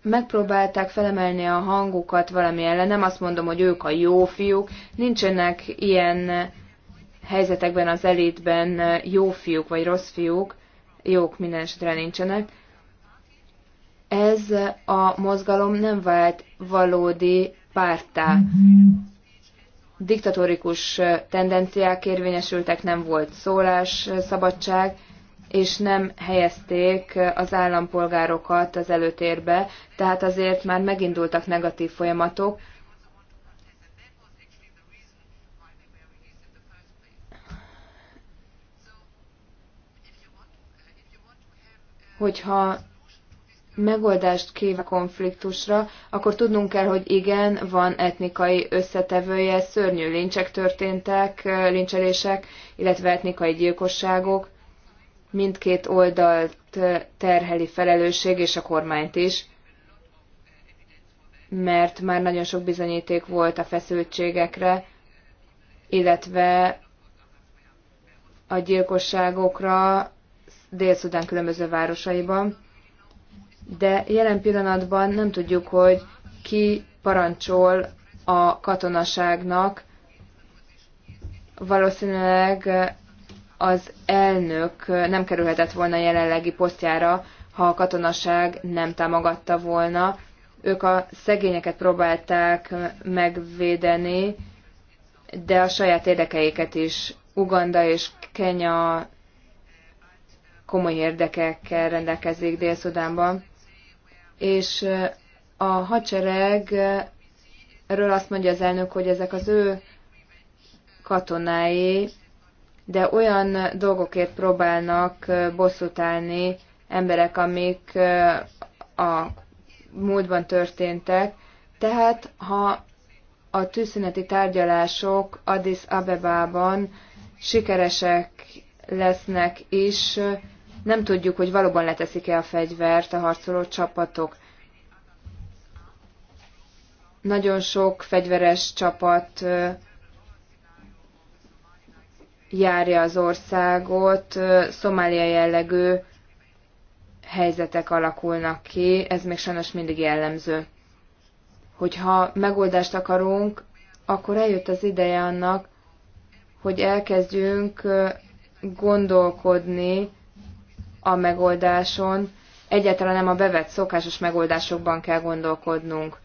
Megpróbálták felemelni a hangukat valami ellen, nem azt mondom, hogy ők a jó fiúk, nincsenek ilyen helyzetekben az elitben jó fiúk vagy rossz fiúk, jók minden nincsenek, ez a mozgalom nem vált valódi pártá. Diktatórikus tendenciák érvényesültek, nem volt szólás, szabadság, és nem helyezték az állampolgárokat az előtérbe, tehát azért már megindultak negatív folyamatok. Hogyha megoldást a konfliktusra, akkor tudnunk kell, hogy igen, van etnikai összetevője, szörnyű lincsek történtek, lincselések, illetve etnikai gyilkosságok. Mindkét oldalt terheli felelősség, és a kormányt is, mert már nagyon sok bizonyíték volt a feszültségekre, illetve a gyilkosságokra Dél-Szudán különböző városaiban de jelen pillanatban nem tudjuk, hogy ki parancsol a katonaságnak. Valószínűleg az elnök nem kerülhetett volna jelenlegi posztjára, ha a katonaság nem támogatta volna. Ők a szegényeket próbálták megvédeni, de a saját érdekeiket is. Uganda és Kenya komoly érdekekkel rendelkezik Dél-Szudánban és a erről azt mondja az elnök, hogy ezek az ő katonái, de olyan dolgokért próbálnak bosszút állni emberek, amik a múltban történtek. Tehát, ha a tűzszüneti tárgyalások Addis Abebában sikeresek lesznek is, nem tudjuk, hogy valóban leteszik-e a fegyvert a harcoló csapatok. Nagyon sok fegyveres csapat járja az országot, Szomália jellegű helyzetek alakulnak ki, ez még sajnos mindig jellemző. Hogyha megoldást akarunk, akkor eljött az ideje annak, hogy elkezdjünk gondolkodni a megoldáson, egyáltalán nem a bevett szokásos megoldásokban kell gondolkodnunk.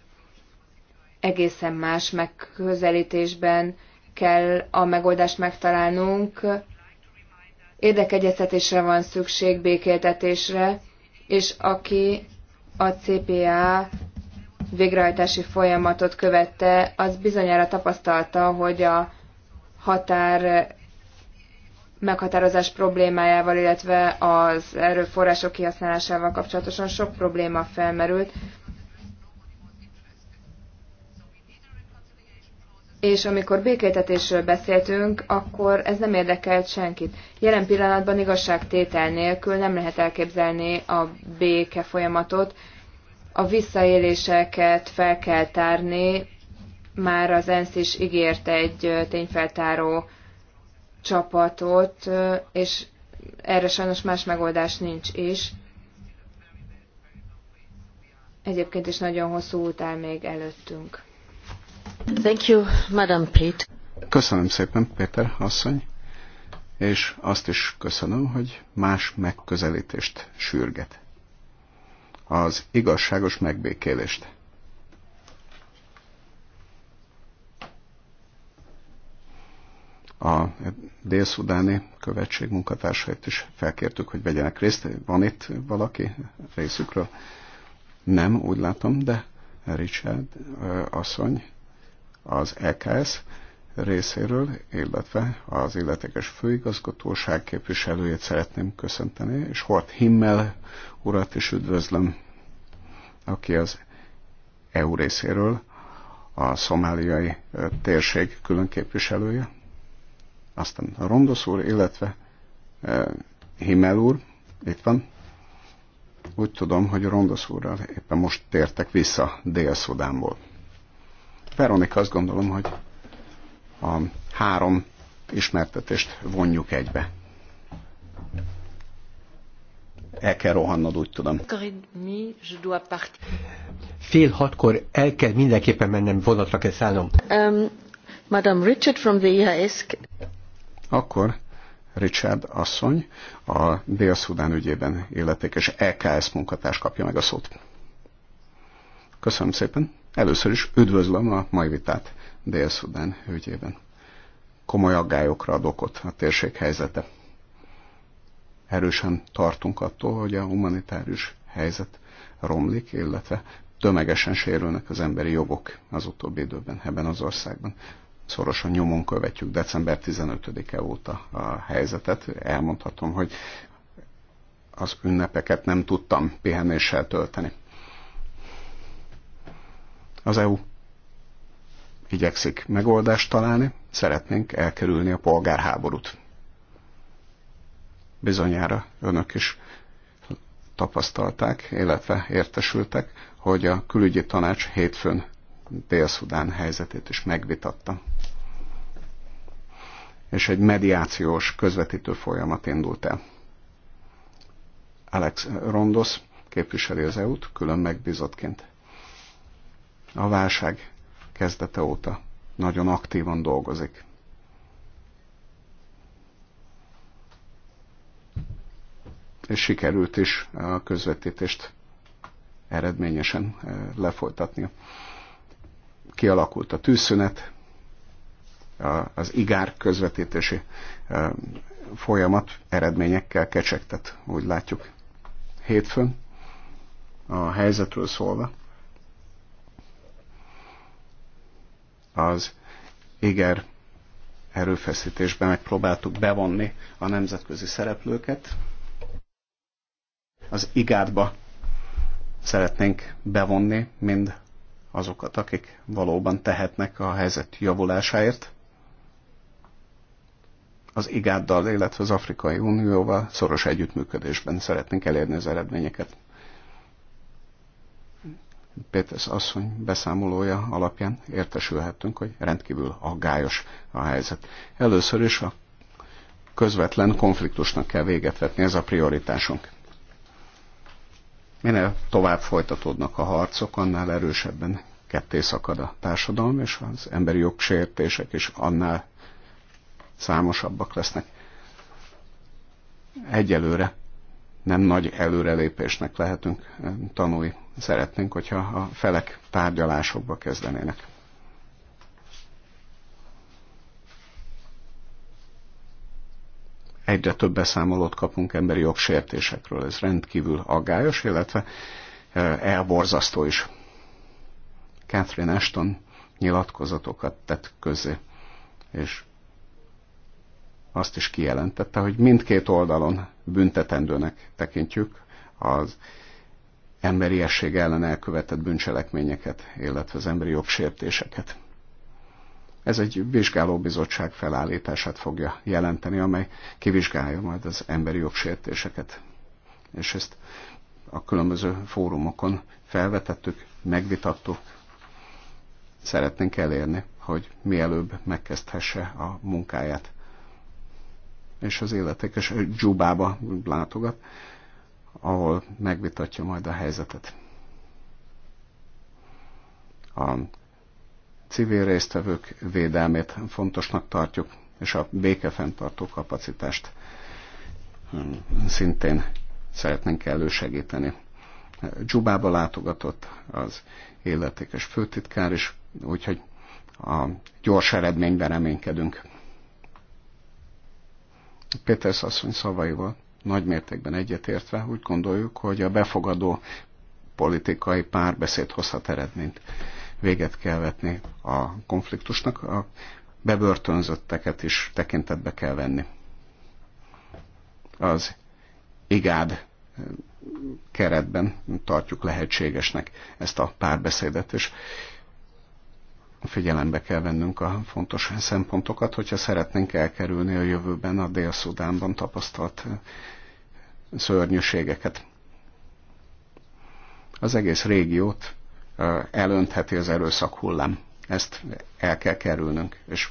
Egészen más megközelítésben kell a megoldást megtalálnunk. Érdekegyeztetésre van szükség, békéltetésre, és aki a CPA végrehajtási folyamatot követte, az bizonyára tapasztalta, hogy a határ meghatározás problémájával, illetve az erőforrások kihasználásával kapcsolatosan sok probléma felmerült. És amikor békéltetésről beszéltünk, akkor ez nem érdekelt senkit. Jelen pillanatban igazságtétel nélkül nem lehet elképzelni a béke folyamatot. A visszaéléseket fel kell tárni, már az ENSZ is ígért egy tényfeltáró csapatot, és erre sajnos más megoldás nincs is. Egyébként is nagyon hosszú út áll még előttünk. Thank you, Madam Pete. Köszönöm szépen, Péter asszony, és azt is köszönöm, hogy más megközelítést sürget. Az igazságos megbékélést. a dél-szudáni követség munkatársait is felkértük, hogy vegyenek részt. Van itt valaki részükről? Nem, úgy látom, de Richard asszony az EKS részéről, illetve az illetékes főigazgatóság képviselőjét szeretném köszönteni, és Hort Himmel urat is üdvözlöm, aki az EU részéről a szomáliai térség külön képviselője, aztán a Rondos úr, illetve e, Himmel úr, itt van. Úgy tudom, hogy a Rondos úrral éppen most tértek vissza Dél-Szudánból. Veronika, azt gondolom, hogy a három ismertetést vonjuk egybe. El kell rohannod, úgy tudom. Fél hatkor el kell mindenképpen mennem, vonatra kell szállnom. Um, Madame Richard from the IAS. E akkor Richard asszony a Dél-Szudán ügyében életékes EKS munkatárs kapja meg a szót. Köszönöm szépen. Először is üdvözlöm a mai vitát Dél-Szudán ügyében. Komoly aggályokra ad okot a térség helyzete. Erősen tartunk attól, hogy a humanitárius helyzet romlik, illetve tömegesen sérülnek az emberi jogok az utóbbi időben ebben az országban szorosan nyomon követjük december 15-e óta a helyzetet. Elmondhatom, hogy az ünnepeket nem tudtam pihenéssel tölteni. Az EU igyekszik megoldást találni, szeretnénk elkerülni a polgárháborút. Bizonyára önök is tapasztalták, illetve értesültek, hogy a külügyi tanács hétfőn Dél-Szudán helyzetét is megvitatta és egy mediációs közvetítő folyamat indult el. Alex Rondos képviseli az EU-t külön megbízottként. A válság kezdete óta nagyon aktívan dolgozik. És sikerült is a közvetítést eredményesen eh, lefolytatnia. Kialakult a tűzszünet, az igár közvetítési folyamat eredményekkel kecsegtet, úgy látjuk. Hétfőn a helyzetről szólva az igár erőfeszítésben megpróbáltuk bevonni a nemzetközi szereplőket. Az igárba szeretnénk bevonni mind azokat, akik valóban tehetnek a helyzet javulásáért, az IGÁD-dal, illetve az Afrikai Unióval szoros együttműködésben szeretnénk elérni az eredményeket. Péter asszony beszámolója alapján értesülhettünk, hogy rendkívül aggályos a helyzet. Először is a közvetlen konfliktusnak kell véget vetni, ez a prioritásunk. Minél tovább folytatódnak a harcok, annál erősebben ketté szakad a társadalom, és az emberi jogsértések is annál számosabbak lesznek. Egyelőre nem nagy előrelépésnek lehetünk tanulni. Szeretnénk, hogyha a felek tárgyalásokba kezdenének. Egyre több beszámolót kapunk emberi jogsértésekről. Ez rendkívül aggályos, illetve elborzasztó is. Catherine Ashton nyilatkozatokat tett közé, és azt is kijelentette, hogy mindkét oldalon büntetendőnek tekintjük az emberiesség ellen elkövetett bűncselekményeket, illetve az emberi jogsértéseket. Ez egy vizsgálóbizottság felállítását fogja jelenteni, amely kivizsgálja majd az emberi jogsértéseket. És ezt a különböző fórumokon felvetettük, megvitattuk, szeretnénk elérni, hogy mielőbb megkezdhesse a munkáját és az életekes Dzsubába látogat, ahol megvitatja majd a helyzetet. A civil résztvevők védelmét fontosnak tartjuk, és a békefenntartó kapacitást hm, szintén szeretnénk elősegíteni. Dzsubába látogatott az életékes főtitkár is, úgyhogy a gyors eredményben reménykedünk. Péter asszony szavaival nagy mértékben egyetértve úgy gondoljuk, hogy a befogadó politikai párbeszéd hozhat eredményt. Véget kell vetni a konfliktusnak, a bebörtönzötteket is tekintetbe kell venni. Az igád eh, keretben tartjuk lehetségesnek ezt a párbeszédet, és figyelembe kell vennünk a fontos szempontokat, hogyha szeretnénk elkerülni a jövőben a Dél-Szudánban tapasztalt szörnyűségeket. Az egész régiót elöntheti az erőszak hullám. Ezt el kell kerülnünk, és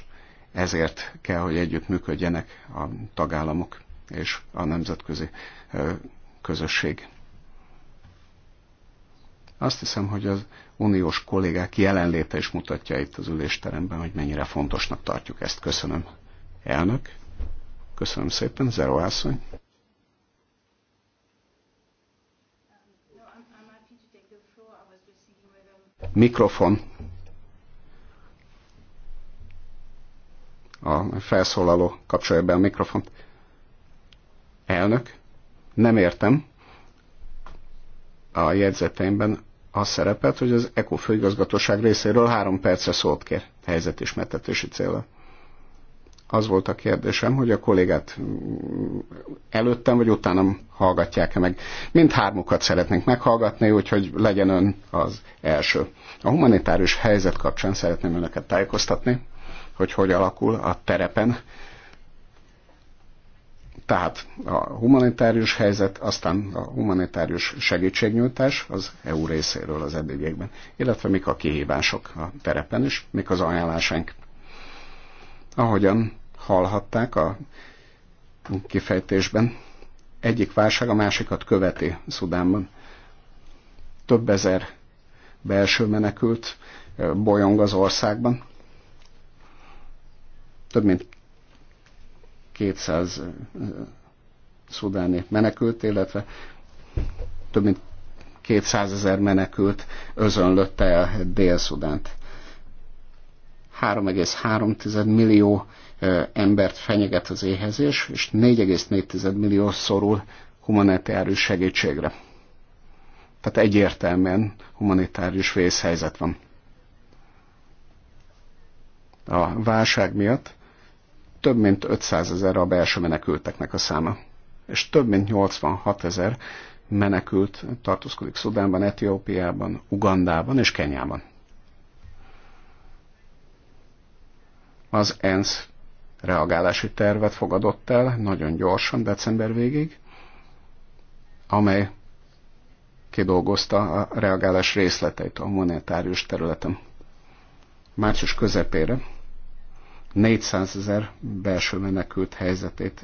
ezért kell, hogy együtt működjenek a tagállamok és a nemzetközi közösség. Azt hiszem, hogy az uniós kollégák jelenléte is mutatja itt az ülésteremben, hogy mennyire fontosnak tartjuk ezt. Köszönöm. Elnök, köszönöm szépen, Zero Ászony. Mikrofon. A felszólaló kapcsolja be a mikrofont. Elnök, nem értem. A jegyzeteimben a szerepet, hogy az ECO főigazgatóság részéről három percre szólt kér helyzetismertetési célra. Az volt a kérdésem, hogy a kollégát előttem vagy utánam hallgatják-e meg. Mind hármukat szeretnénk meghallgatni, úgyhogy legyen ön az első. A humanitárius helyzet kapcsán szeretném önöket tájékoztatni, hogy hogy alakul a terepen tehát a humanitárius helyzet, aztán a humanitárius segítségnyújtás az EU részéről az eddigiekben, illetve mik a kihívások a terepen is, mik az ajánlásánk. Ahogyan hallhatták a kifejtésben, egyik válság a másikat követi Szudánban. Több ezer belső menekült bolyong az országban. Több mint 200 szudáni menekült, illetve több mint 200 ezer menekült özönlötte el Dél-Szudánt. 3,3 millió embert fenyeget az éhezés, és 4,4 millió szorul humanitárius segítségre. Tehát egyértelműen humanitárius vészhelyzet van. A válság miatt több mint 500 ezer a belső menekülteknek a száma, és több mint 86 ezer menekült tartózkodik Szudánban, Etiópiában, Ugandában és Kenyában. Az ENSZ reagálási tervet fogadott el nagyon gyorsan december végig, amely kidolgozta a reagálás részleteit a monetárius területen. Március közepére 400 ezer belső menekült helyzetét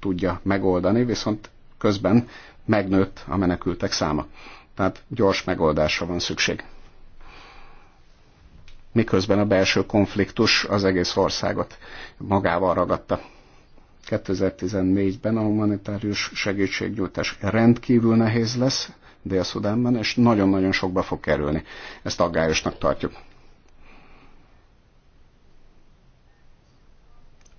tudja megoldani, viszont közben megnőtt a menekültek száma. Tehát gyors megoldásra van szükség. Miközben a belső konfliktus az egész országot magával ragadta. 2014-ben a humanitárius segítségnyújtás rendkívül nehéz lesz Dél-Szudánban, és nagyon-nagyon sokba fog kerülni. Ezt aggályosnak tartjuk.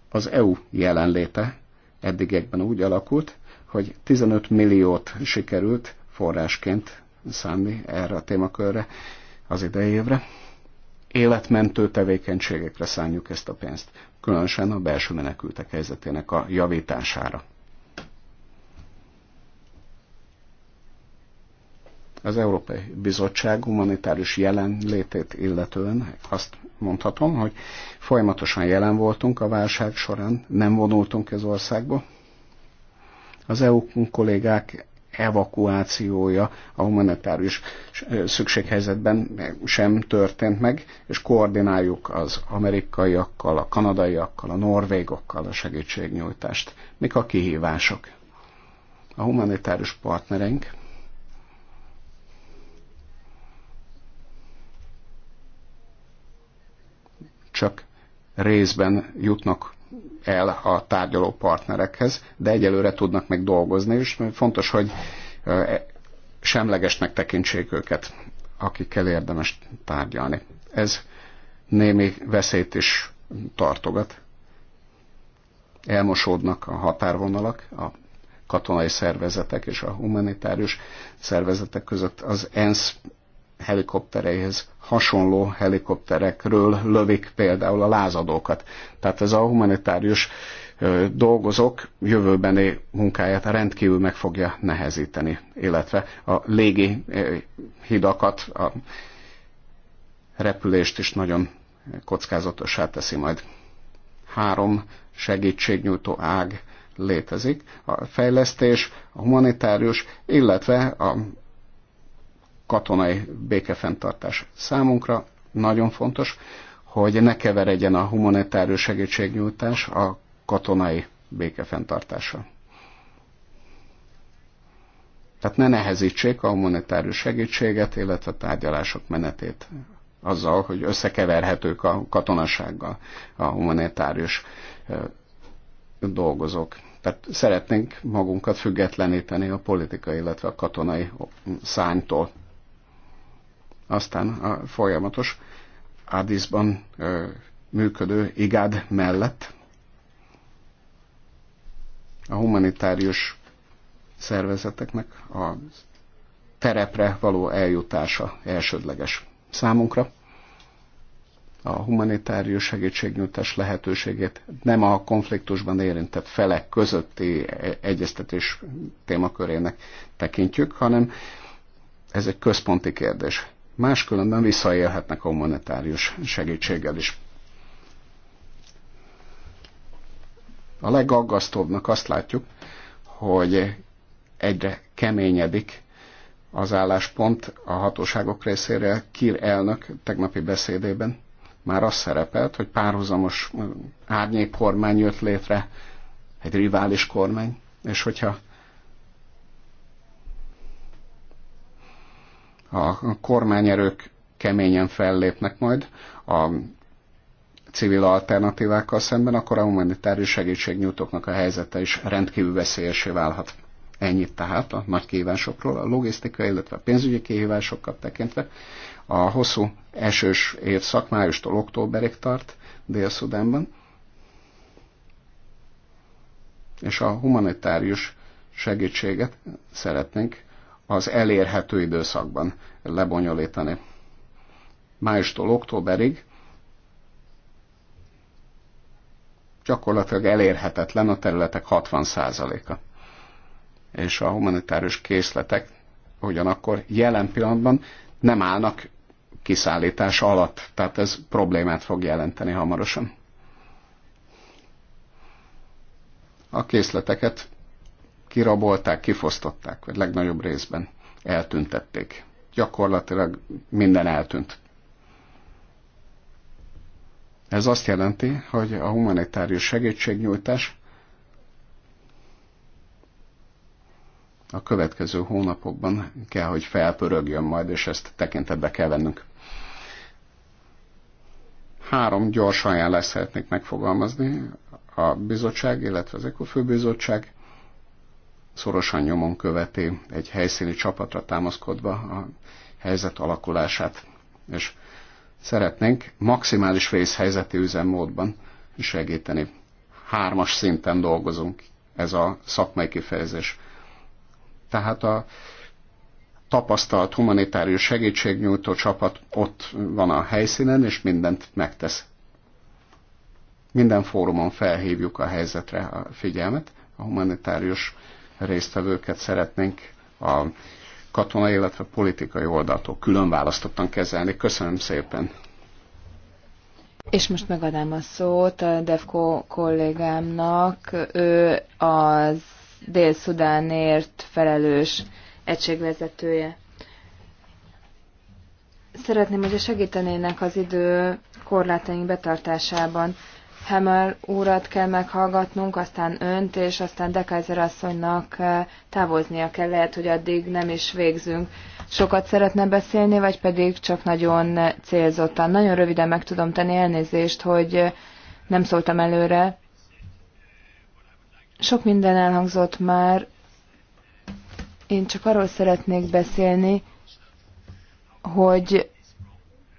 az EU jelenléte eddigekben úgy alakult, hogy 15 milliót sikerült forrásként szánni erre a témakörre az idei évre. Életmentő tevékenységekre szánjuk ezt a pénzt, különösen a belső menekültek helyzetének a javítására. Az Európai Bizottság humanitárius jelenlétét illetően azt mondhatom, hogy folyamatosan jelen voltunk a válság során, nem vonultunk az országba. Az EU kollégák evakuációja a humanitárius szükséghelyzetben sem történt meg, és koordináljuk az amerikaiakkal, a kanadaiakkal, a norvégokkal a segítségnyújtást. Mik a kihívások? A humanitárius partnereink csak részben jutnak el a tárgyaló partnerekhez, de egyelőre tudnak meg dolgozni, és fontos, hogy e, semlegesnek tekintsék őket, akikkel érdemes tárgyalni. Ez némi veszélyt is tartogat. Elmosódnak a határvonalak, a katonai szervezetek és a humanitárius szervezetek között. Az ENSZ helikoptereihez hasonló helikopterekről lövik például a lázadókat. Tehát ez a humanitárius dolgozók jövőbeni munkáját rendkívül meg fogja nehezíteni, illetve a légi hidakat, a repülést is nagyon kockázatosá teszi majd. Három segítségnyújtó ág létezik, a fejlesztés, a humanitárius, illetve a katonai békefenntartás. Számunkra nagyon fontos, hogy ne keveredjen a humanitárius segítségnyújtás a katonai békefenntartása. Tehát ne nehezítsék a humanitárius segítséget, illetve a tárgyalások menetét azzal, hogy összekeverhetők a katonasággal a humanitárius dolgozók. Tehát szeretnénk magunkat függetleníteni a politikai, illetve a katonai szánytól. Aztán a folyamatos Addisban működő igád mellett a humanitárius szervezeteknek a terepre való eljutása elsődleges számunkra. A humanitárius segítségnyújtás lehetőségét nem a konfliktusban érintett felek közötti e-, egyeztetés témakörének tekintjük, hanem ez egy központi kérdés Máskülönben visszaélhetnek a monetárius segítséggel is. A legaggasztóbbnak azt látjuk, hogy egyre keményedik az álláspont a hatóságok részére. Kir elnök tegnapi beszédében már az szerepelt, hogy párhuzamos árnyék kormány jött létre, egy rivális kormány, és hogyha a kormányerők keményen fellépnek majd a civil alternatívákkal szemben, akkor a humanitárius segítségnyújtóknak a helyzete is rendkívül veszélyesé válhat. Ennyit tehát a nagy kihívásokról, a logisztikai, illetve a pénzügyi kihívásokat tekintve. A hosszú esős évszak májustól októberig tart Dél-Szudánban, és a humanitárius segítséget szeretnénk az elérhető időszakban lebonyolítani. Májustól októberig gyakorlatilag elérhetetlen a területek 60%-a. És a humanitárius készletek ugyanakkor jelen pillanatban nem állnak kiszállítás alatt, tehát ez problémát fog jelenteni hamarosan. A készleteket kirabolták, kifosztották, vagy legnagyobb részben eltüntették. Gyakorlatilag minden eltűnt. Ez azt jelenti, hogy a humanitárius segítségnyújtás a következő hónapokban kell, hogy felpörögjön majd, és ezt tekintetbe kell vennünk. Három gyors ajánlást szeretnék megfogalmazni a bizottság, illetve az Ekofőbizottság szorosan nyomon követi egy helyszíni csapatra támaszkodva a helyzet alakulását. És szeretnénk maximális vészhelyzeti üzemmódban segíteni. Hármas szinten dolgozunk, ez a szakmai kifejezés. Tehát a tapasztalt humanitárius segítségnyújtó csapat ott van a helyszínen, és mindent megtesz. Minden fórumon felhívjuk a helyzetre a figyelmet, a humanitárius résztvevőket szeretnénk a katonai, illetve politikai oldaltól külön választottan kezelni. Köszönöm szépen! És most megadám a szót a Devko kollégámnak. Ő az Dél-Szudánért felelős egységvezetője. Szeretném, hogy segítenének az idő korlátaink betartásában. Hemel úrat kell meghallgatnunk, aztán önt, és aztán dekázer asszonynak eh, távoznia kell. Lehet, hogy addig nem is végzünk. Sokat szeretne beszélni, vagy pedig csak nagyon célzottan. Nagyon röviden meg tudom tenni elnézést, hogy eh, nem szóltam előre. Sok minden elhangzott már. Én csak arról szeretnék beszélni, hogy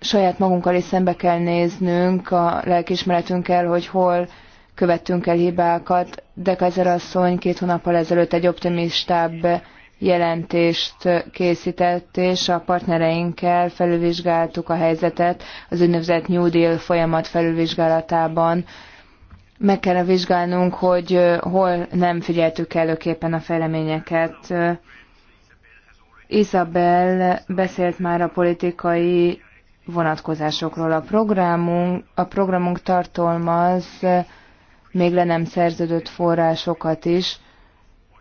saját magunkkal is szembe kell néznünk a lelkismeretünkkel, hogy hol követtünk el hibákat, de Kazer asszony két hónappal ezelőtt egy optimistább jelentést készített, és a partnereinkkel felülvizsgáltuk a helyzetet az úgynevezett New Deal folyamat felülvizsgálatában. Meg kell vizsgálnunk, hogy hol nem figyeltük előképpen a fejleményeket. Isabel beszélt már a politikai vonatkozásokról. A programunk, a programunk tartalmaz eh, még le nem szerződött forrásokat is,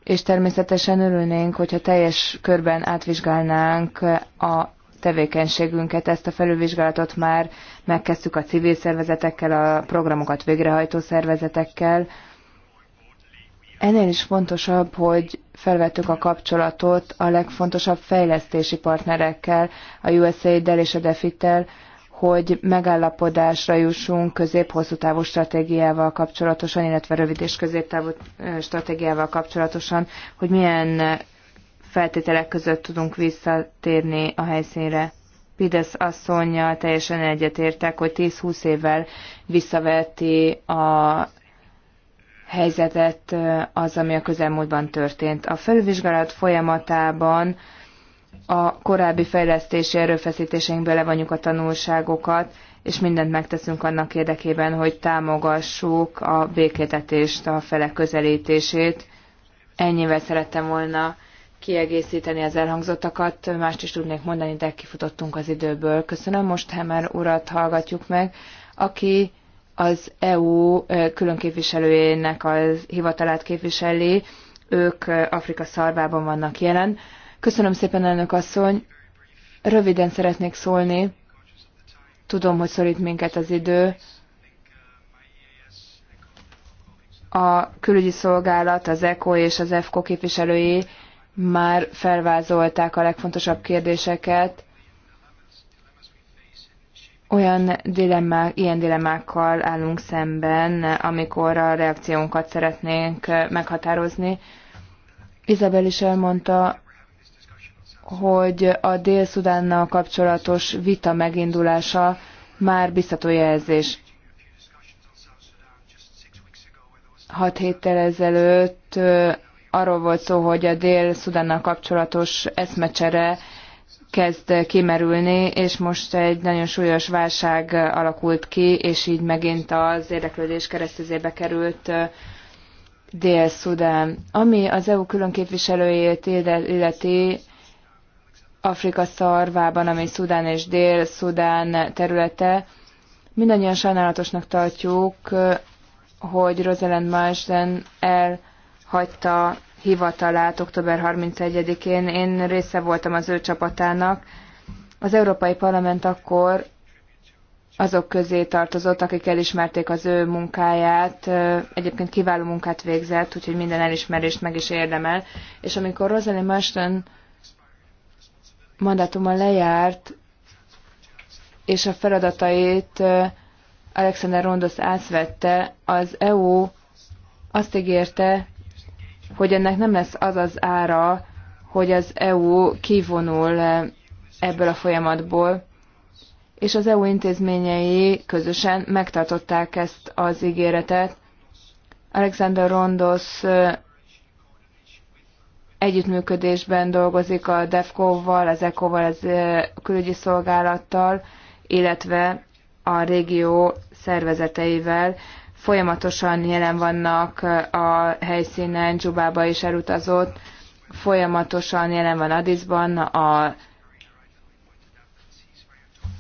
és természetesen örülnénk, hogyha teljes körben átvizsgálnánk eh, a tevékenységünket. Ezt a felülvizsgálatot már megkezdtük a civil szervezetekkel, a programokat végrehajtó szervezetekkel, Ennél is fontosabb, hogy felvettük a kapcsolatot a legfontosabb fejlesztési partnerekkel, a USAID-del és a DEFIT-tel, hogy megállapodásra jussunk közép-hosszú távú stratégiával kapcsolatosan, illetve rövid és középtávú stratégiával kapcsolatosan, hogy milyen feltételek között tudunk visszatérni a helyszínre. Pides asszonynal teljesen egyetértek, hogy 10-20 évvel visszaveti a helyzetet az, ami a közelmúltban történt. A felvizsgálat folyamatában a korábbi fejlesztési erőfeszítéseinkből levonjuk a tanulságokat, és mindent megteszünk annak érdekében, hogy támogassuk a békétetést, a felek közelítését. Ennyivel szerettem volna kiegészíteni az elhangzottakat, mást is tudnék mondani, de kifutottunk az időből. Köszönöm, most Hemer urat hallgatjuk meg, aki az EU különképviselőjének az hivatalát képviseli, ők Afrika szarvában vannak jelen. Köszönöm szépen, elnök asszony. Röviden szeretnék szólni. Tudom, hogy szorít minket az idő. A külügyi szolgálat, az ECO és az EFCO képviselői már felvázolták a legfontosabb kérdéseket, olyan dilemmák, ilyen dilemmákkal állunk szemben, amikor a reakciónkat szeretnénk meghatározni. Izabel is elmondta, hogy a Dél-Szudánnal kapcsolatos vita megindulása már biztató jelzés. Hat héttel ezelőtt arról volt szó, hogy a Dél-Szudánnal kapcsolatos eszmecsere kezd kimerülni, és most egy nagyon súlyos válság alakult ki, és így megint az érdeklődés keresztüzébe került Dél-Szudán. Ami az EU külön képviselőjét illeti, Afrika szarvában, ami Szudán és Dél-Szudán területe, mindannyian sajnálatosnak tartjuk, hogy Rosalind Marsden elhagyta hivatalát október 31-én. Én része voltam az ő csapatának. Az Európai Parlament akkor azok közé tartozott, akik elismerték az ő munkáját. Egyébként kiváló munkát végzett, úgyhogy minden elismerést meg is érdemel. És amikor Rosalind Marston mandátuma lejárt, és a feladatait Alexander Rondos átvette, az EU azt ígérte, hogy ennek nem lesz az az ára, hogy az EU kivonul eh, ebből a folyamatból, és az EU intézményei közösen megtartották ezt az ígéretet. Alexander Rondos eh, együttműködésben dolgozik a DEFCO-val, az ECO-val, az eh, külügyi szolgálattal, illetve a régió szervezeteivel folyamatosan jelen vannak a helyszínen, Dzsubába is elutazott, folyamatosan jelen van adizban a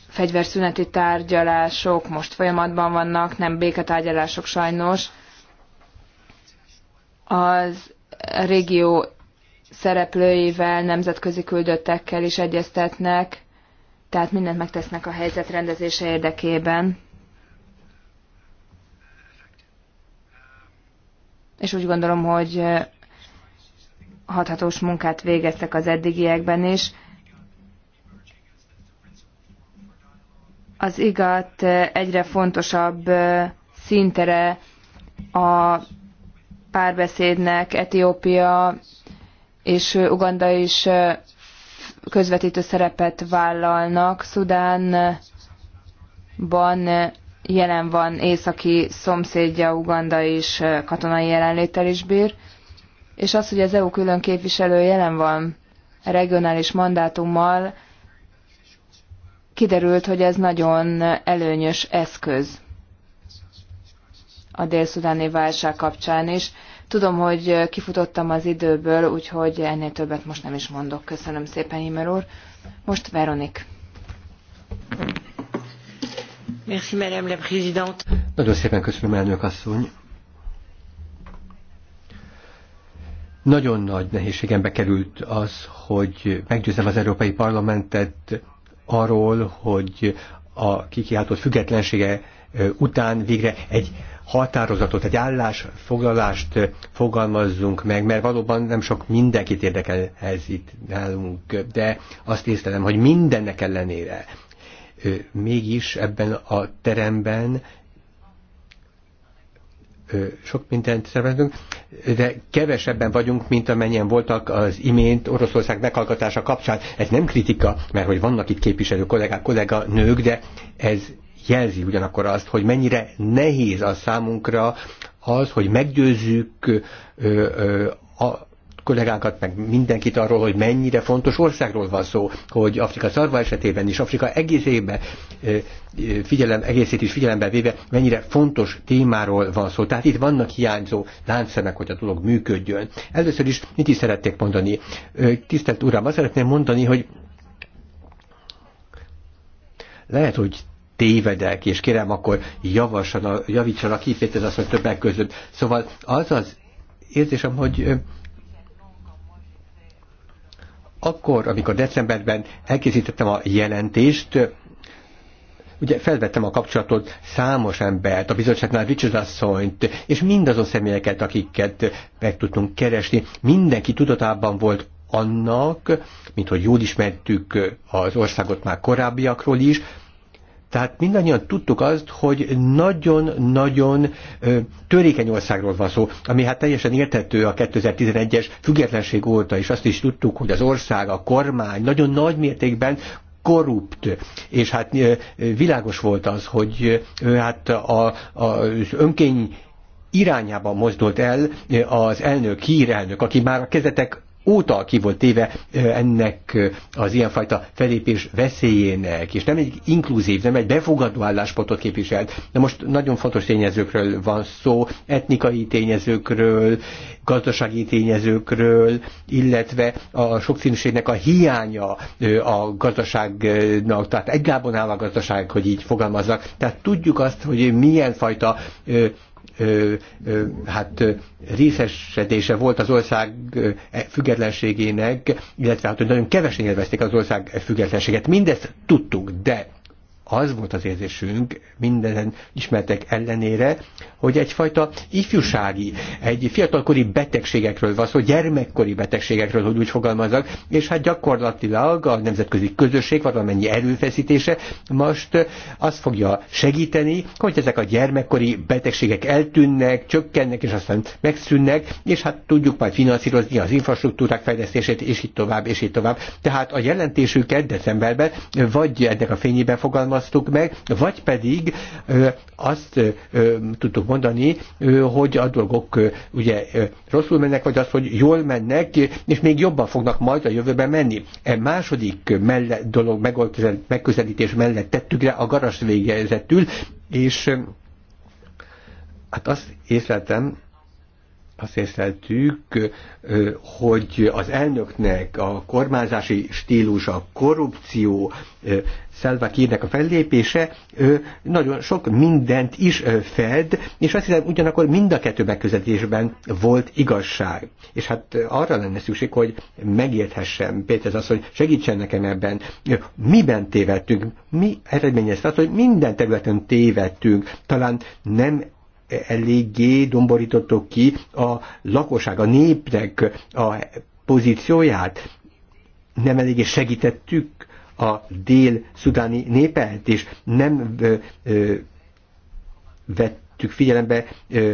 fegyverszüneti tárgyalások most folyamatban vannak, nem béketárgyalások sajnos. Az régió szereplőivel, nemzetközi küldöttekkel is egyeztetnek, tehát mindent megtesznek a helyzet rendezése érdekében. és úgy gondolom, hogy hathatós munkát végeztek az eddigiekben is. Az igat egyre fontosabb szintere a párbeszédnek Etiópia és Uganda is közvetítő szerepet vállalnak. Szudánban jelen van északi szomszédja Uganda is katonai jelenléttel is bír, és az, hogy az EU külön képviselő jelen van regionális mandátummal, kiderült, hogy ez nagyon előnyös eszköz a dél-szudáni válság kapcsán is. Tudom, hogy kifutottam az időből, úgyhogy ennél többet most nem is mondok. Köszönöm szépen, Himer úr. Most Veronik. Merci, Madame la Présidente. Nagyon szépen köszönöm, elnök asszony. Nagyon nagy nehézségembe került az, hogy meggyőzzem az Európai Parlamentet arról, hogy a kikiáltott függetlensége után végre egy határozatot, egy állásfoglalást fogalmazzunk meg, mert valóban nem sok mindenkit érdekel ez itt nálunk, de azt észlelem, hogy mindennek ellenére mégis ebben a teremben sok mindent szervezünk, de kevesebben vagyunk, mint amennyien voltak az imént Oroszország meghallgatása kapcsán. Ez nem kritika, mert hogy vannak itt képviselő kollégák, kollega nők, de ez jelzi ugyanakkor azt, hogy mennyire nehéz a számunkra az, hogy meggyőzzük ö, ö, a, kollégánkat, meg mindenkit arról, hogy mennyire fontos országról van szó, hogy Afrika szarva esetében is, Afrika egészében figyelem, egészét is figyelembe véve, mennyire fontos témáról van szó. Tehát itt vannak hiányzó láncszemek, hogy a dolog működjön. Először is mit is szerették mondani? Tisztelt Uram, azt szeretném mondani, hogy lehet, hogy tévedek, és kérem, akkor a javítsanak kifejteni azt, hogy többek között. Szóval az az érzésem, hogy akkor, amikor decemberben elkészítettem a jelentést, ugye felvettem a kapcsolatot számos embert, a bizottságnál Vicsozasszonyt, és mindazon személyeket, akiket meg tudtunk keresni, mindenki tudatában volt annak, mint hogy jól ismertük az országot már korábbiakról is, tehát mindannyian tudtuk azt, hogy nagyon-nagyon törékeny országról van szó, ami hát teljesen érthető a 2011-es függetlenség óta, és azt is tudtuk, hogy az ország, a kormány nagyon nagy mértékben korrupt, és hát világos volt az, hogy hát a, az önkény irányába mozdult el az elnök, hírelnök, aki már a kezetek óta ki volt téve ennek az ilyenfajta felépés veszélyének, és nem egy inkluzív, nem egy befogadó álláspontot képviselt. De most nagyon fontos tényezőkről van szó, etnikai tényezőkről, gazdasági tényezőkről, illetve a sokszínűségnek a hiánya a gazdaságnak, tehát egy lábon áll a gazdaság, hogy így fogalmazzak. Tehát tudjuk azt, hogy milyen fajta hát részesedése volt az ország e, függetlenségének, illetve hát, hogy nagyon kevesen élvezték az ország függetlenséget. Mindezt tudtuk, de az volt az érzésünk minden ismertek ellenére, hogy egyfajta ifjúsági, egy fiatalkori betegségekről van szó, gyermekkori betegségekről, hogy úgy fogalmazzak, és hát gyakorlatilag a nemzetközi közösség valamennyi erőfeszítése most azt fogja segíteni, hogy ezek a gyermekkori betegségek eltűnnek, csökkennek, és aztán megszűnnek, és hát tudjuk majd finanszírozni az infrastruktúrák fejlesztését, és így tovább, és így tovább. Tehát a jelentésüket decemberben, vagy ennek a fényében fogalmaz, fogalmaztuk meg, vagy pedig azt tudtuk mondani, hogy a dolgok ugye rosszul mennek, vagy az, hogy jól mennek, és még jobban fognak majd a jövőben menni. E második melle, dolog megközelítés mellett tettük rá a garas végezetül, és hát azt észleltem, azt észleltük, hogy az elnöknek a kormányzási stílus, a korrupció Szelva Kírnek a fellépése ő nagyon sok mindent is fed, és azt hiszem ugyanakkor mind a kettő megközelítésben volt igazság. És hát arra lenne szükség, hogy megérthessem, Péter, az, hogy segítsen nekem ebben, miben tévedtünk, mi eredményezte azt, hogy minden területen tévedtünk, talán nem eléggé domborítottuk ki a lakosság, a népnek a pozícióját, nem eléggé segítettük a dél-szudáni népet, és nem ö, ö, vettük figyelembe ö,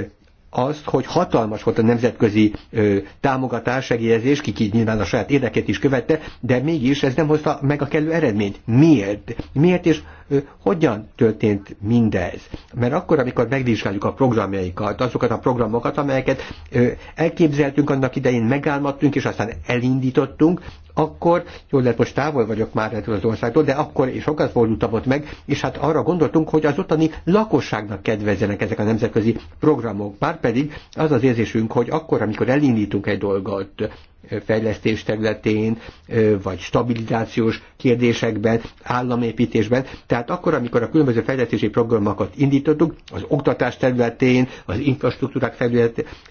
azt, hogy hatalmas volt a nemzetközi ö, támogatás, segélyezés, ki, ki nyilván a saját érdeket is követte, de mégis ez nem hozta meg a kellő eredményt. Miért? Miért és hogyan történt mindez. Mert akkor, amikor megvizsgáljuk a programjaikat, azokat a programokat, amelyeket elképzeltünk annak idején, megálmadtunk, és aztán elindítottunk, akkor, jó, lehet most távol vagyok már ettől az országtól, de akkor és sokat fordultam ott meg, és hát arra gondoltunk, hogy az ottani lakosságnak kedvezzenek ezek a nemzetközi programok. Márpedig az az érzésünk, hogy akkor, amikor elindítunk egy dolgot, fejlesztés területén, vagy stabilizációs kérdésekben, államépítésben. Tehát akkor, amikor a különböző fejlesztési programokat indítottuk, az oktatás területén, az infrastruktúrák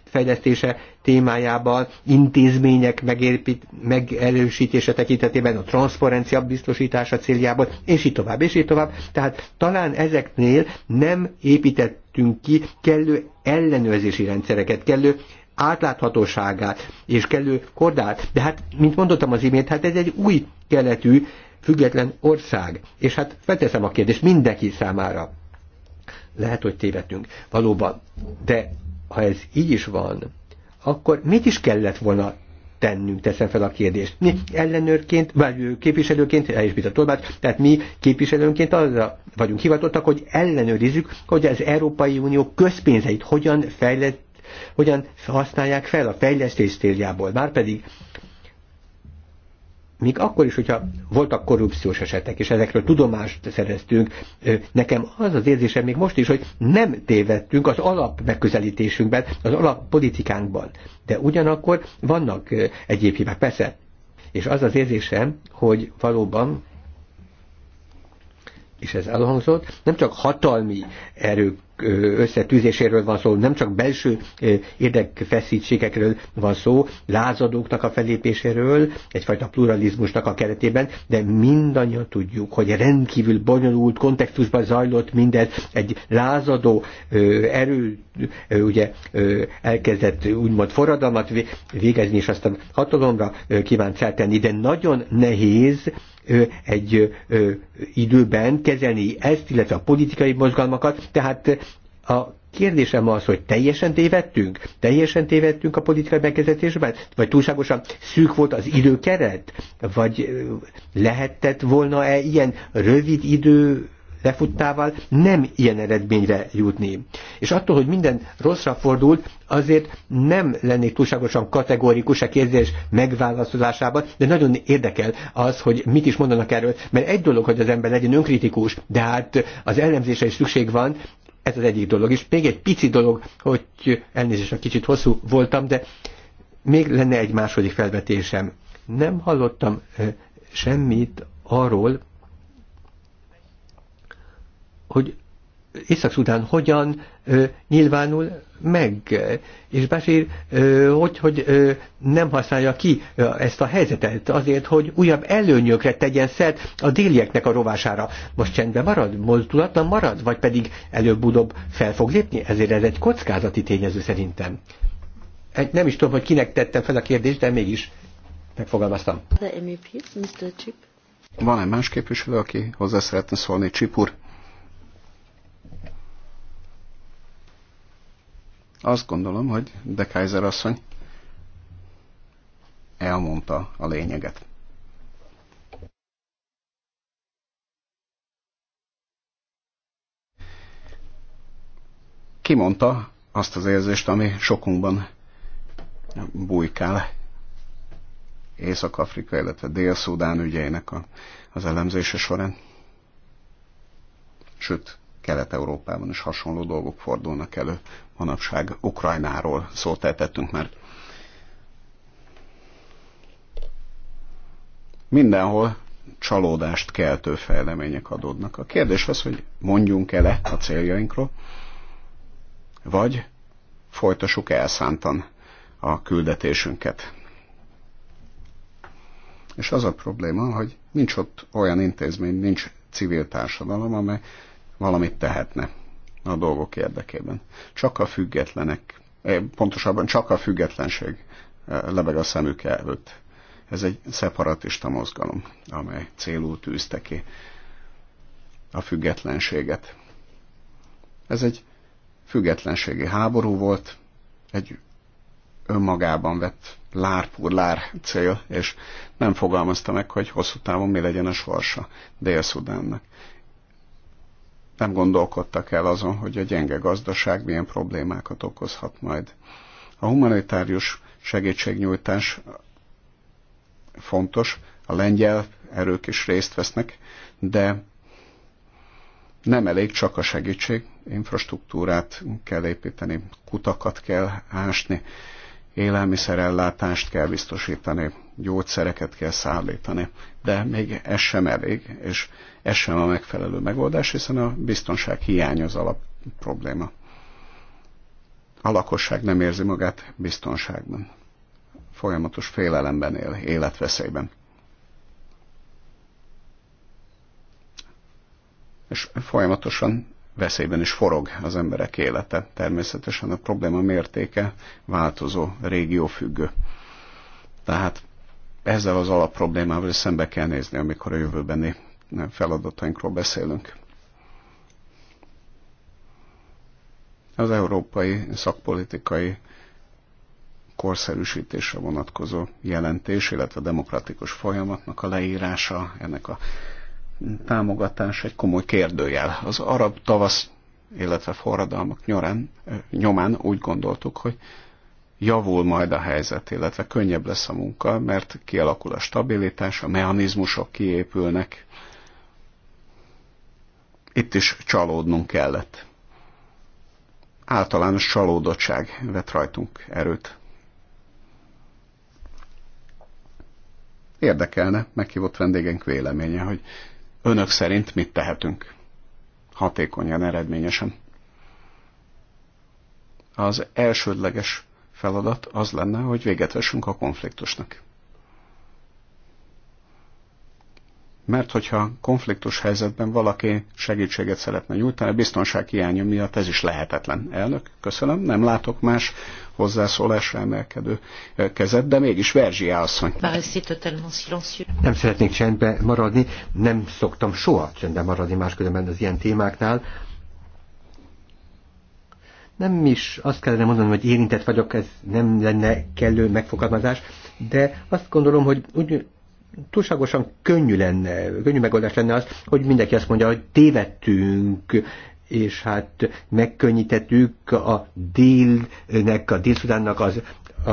fejlesztése témájában, intézmények megépít, megerősítése tekintetében, a transzparencia biztosítása céljában, és így tovább, és így tovább. Tehát talán ezeknél nem építettünk ki kellő ellenőrzési rendszereket, kellő átláthatóságát és kellő kordát. De hát, mint mondottam az imént, hát ez egy új keletű, független ország. És hát felteszem a kérdést mindenki számára. Lehet, hogy tévedtünk. Valóban. De ha ez így is van, akkor mit is kellett volna tennünk, teszem fel a kérdést. Mi ellenőrként, vagy képviselőként, el is a tehát mi képviselőnként arra vagyunk hivatottak, hogy ellenőrizzük, hogy az Európai Unió közpénzeit hogyan fejlett hogyan használják fel a fejlesztés céljából. Márpedig még akkor is, hogyha voltak korrupciós esetek, és ezekről tudomást szereztünk, nekem az az érzésem még most is, hogy nem tévedtünk az alap megközelítésünkben, az alap politikánkban. De ugyanakkor vannak egyéb hibák, persze. És az az érzésem, hogy valóban és ez elhangzott, nem csak hatalmi erők összetűzéséről van szó, nem csak belső érdekfeszítségekről van szó, lázadóknak a felépéséről, egyfajta pluralizmusnak a keretében, de mindannyian tudjuk, hogy rendkívül bonyolult kontextusban zajlott mindez, egy lázadó erő ugye elkezdett úgymond forradalmat végezni, és aztán hatalomra kívánt feltenni, de nagyon nehéz egy időben kezelni ezt, illetve a politikai mozgalmakat, tehát a Kérdésem az, hogy teljesen tévedtünk? Teljesen tévedtünk a politikai megkezdetésben? Vagy túlságosan szűk volt az időkeret? Vagy lehetett volna-e ilyen rövid idő lefuttával nem ilyen eredményre jutni. És attól, hogy minden rosszra fordul, azért nem lennék túlságosan kategórikus a kérdés megválaszolásában, de nagyon érdekel az, hogy mit is mondanak erről, mert egy dolog, hogy az ember legyen önkritikus, de hát az elemzése is szükség van, ez az egyik dolog. És még egy pici dolog, hogy elnézést, kicsit hosszú voltam, de még lenne egy második felvetésem. Nem hallottam semmit arról, hogy Észak-Szudán hogyan ö, nyilvánul meg, és Basír hogy, hogy ö, nem használja ki ezt a helyzetet azért, hogy újabb előnyökre tegyen szert a délieknek a rovására. Most csendben marad, mozdulatlan marad, vagy pedig előbb udóbb fel fog lépni? Ezért ez egy kockázati tényező szerintem. Nem is tudom, hogy kinek tettem fel a kérdést, de mégis megfogalmaztam. E Van-e más képviselő, aki hozzá szeretne szólni? Csipur? Azt gondolom, hogy De Kaiser asszony elmondta a lényeget. Kimondta azt az érzést, ami sokunkban bújkál Észak-Afrika, illetve Dél-Szudán ügyeinek a, az elemzése során. Sőt, Kelet-Európában is hasonló dolgok fordulnak elő. Manapság Ukrajnáról szót eltettünk már. Mindenhol csalódást keltő fejlemények adódnak. A kérdés az, hogy mondjunk-e a céljainkról, vagy folytassuk elszántan a küldetésünket. És az a probléma, hogy nincs ott olyan intézmény, nincs civil társadalom, amely valamit tehetne a dolgok érdekében. Csak a függetlenek, eh, pontosabban csak a függetlenség eh, lebeg a szemük előtt. Ez egy szeparatista mozgalom, amely célú tűzte ki a függetlenséget. Ez egy függetlenségi háború volt, egy önmagában vett lárpúrlár cél, és nem fogalmazta meg, hogy hosszú távon mi legyen a sorsa Dél-Szudánnak nem gondolkodtak el azon, hogy a gyenge gazdaság milyen problémákat okozhat majd. A humanitárius segítségnyújtás fontos, a lengyel erők is részt vesznek, de nem elég csak a segítség, infrastruktúrát kell építeni, kutakat kell ásni, élelmiszerellátást kell biztosítani, gyógyszereket kell szállítani, de még ez sem elég, és ez sem a megfelelő megoldás, hiszen a biztonság hiány az alap probléma. A lakosság nem érzi magát biztonságban. Folyamatos félelemben él, életveszélyben. És folyamatosan veszélyben is forog az emberek élete. Természetesen a probléma mértéke változó, régiófüggő. Tehát ezzel az alapproblémával is szembe kell nézni, amikor a jövőbeni feladatainkról beszélünk. Az európai szakpolitikai korszerűsítésre vonatkozó jelentés, illetve a demokratikus folyamatnak a leírása, ennek a támogatás egy komoly kérdőjel. Az arab tavasz, illetve forradalmak nyorán, nyomán úgy gondoltuk, hogy javul majd a helyzet, illetve könnyebb lesz a munka, mert kialakul a stabilitás, a mechanizmusok kiépülnek. Itt is csalódnunk kellett. Általános csalódottság vett rajtunk erőt. Érdekelne meghívott vendégenk véleménye, hogy Önök szerint mit tehetünk? Hatékonyan, eredményesen. Az elsődleges feladat az lenne, hogy véget vessünk a konfliktusnak. Mert hogyha konfliktus helyzetben valaki segítséget szeretne nyújtani, a biztonság hiánya miatt ez is lehetetlen. Elnök, köszönöm, nem látok más hozzászólásra emelkedő eh, kezet, de mégis Verzsia asszony. Nem szeretnék csendbe maradni, nem szoktam soha csendben maradni máskülönben az ilyen témáknál, nem is azt kellene mondani, hogy érintett vagyok, ez nem lenne kellő megfogalmazás, de azt gondolom, hogy úgy túlságosan könnyű lenne, könnyű megoldás lenne az, hogy mindenki azt mondja, hogy tévedtünk, és hát megkönnyítettük a délnek, a délszudánnak az a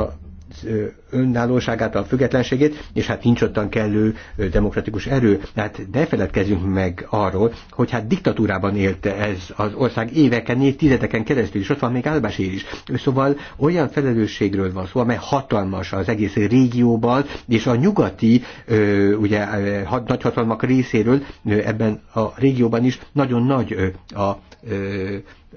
a függetlenségét, és hát nincs ottan kellő demokratikus erő. Hát ne feledkezzünk meg arról, hogy hát diktatúrában élte ez az ország éveken, évtizedeken keresztül, és ott van még Álbási is. Szóval olyan felelősségről van szó, amely hatalmas az egész régióban, és a nyugati ugye, nagyhatalmak részéről ebben a régióban is nagyon nagy a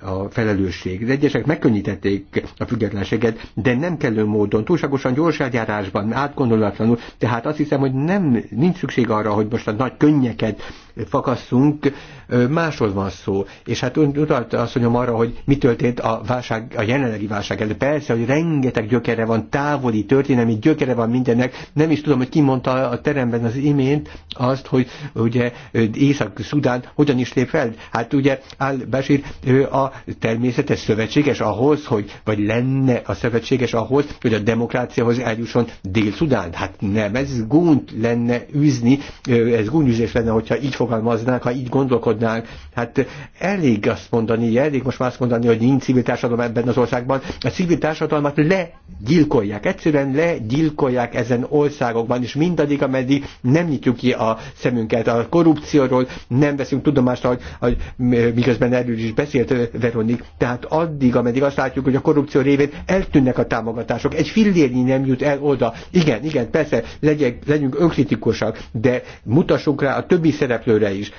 a felelősség. Az egyesek megkönnyítették a függetlenséget, de nem kellő módon, túlságosan gyors eljárásban, átgondolatlanul, tehát azt hiszem, hogy nem, nincs szükség arra, hogy most a nagy könnyeket fakasszunk, másról van szó. És hát utalt mondjam arra, hogy mi történt a, válság, a jelenlegi válság előtt. Persze, hogy rengeteg gyökere van, távoli történelmi gyökere van mindennek. Nem is tudom, hogy ki mondta a teremben az imént azt, hogy ugye Észak-Szudán hogyan is lép fel. Hát ugye Al-Bashir a természetes szövetséges ahhoz, hogy vagy lenne a szövetséges ahhoz, hogy a demokráciahoz eljusson Dél-Szudán. Hát nem, ez gúnyt lenne üzni, ez gúnyüzés lenne, hogyha így fogalmaznák, ha így gondolkodnánk gondolkodnánk. Hát elég azt mondani, elég most már azt mondani, hogy nincs civil társadalom ebben az országban. A civil társadalmat legyilkolják, egyszerűen legyilkolják ezen országokban, és mindaddig, ameddig nem nyitjuk ki a szemünket a korrupcióról, nem veszünk tudomást, hogy, hogy miközben erről is beszélt Veronik, tehát addig, ameddig azt látjuk, hogy a korrupció révén eltűnnek a támogatások, egy fillérnyi nem jut el oda. Igen, igen, persze, legyek, legyünk önkritikusak, de mutassunk rá a többi szereplőre is.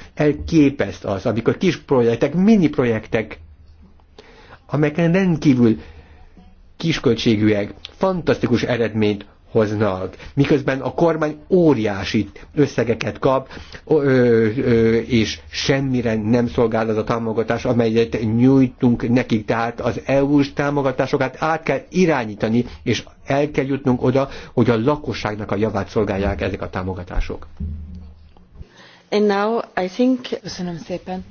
képe ez az, amikor kis projektek, mini projektek, amelyeken rendkívül kisköltségűek, fantasztikus eredményt hoznak, miközben a kormány óriási összegeket kap, ö, ö, és semmire nem szolgál az a támogatás, amelyet nyújtunk nekik. Tehát az EU-s támogatásokat át kell irányítani, és el kell jutnunk oda, hogy a lakosságnak a javát szolgálják ezek a támogatások. And Köszönöm szépen.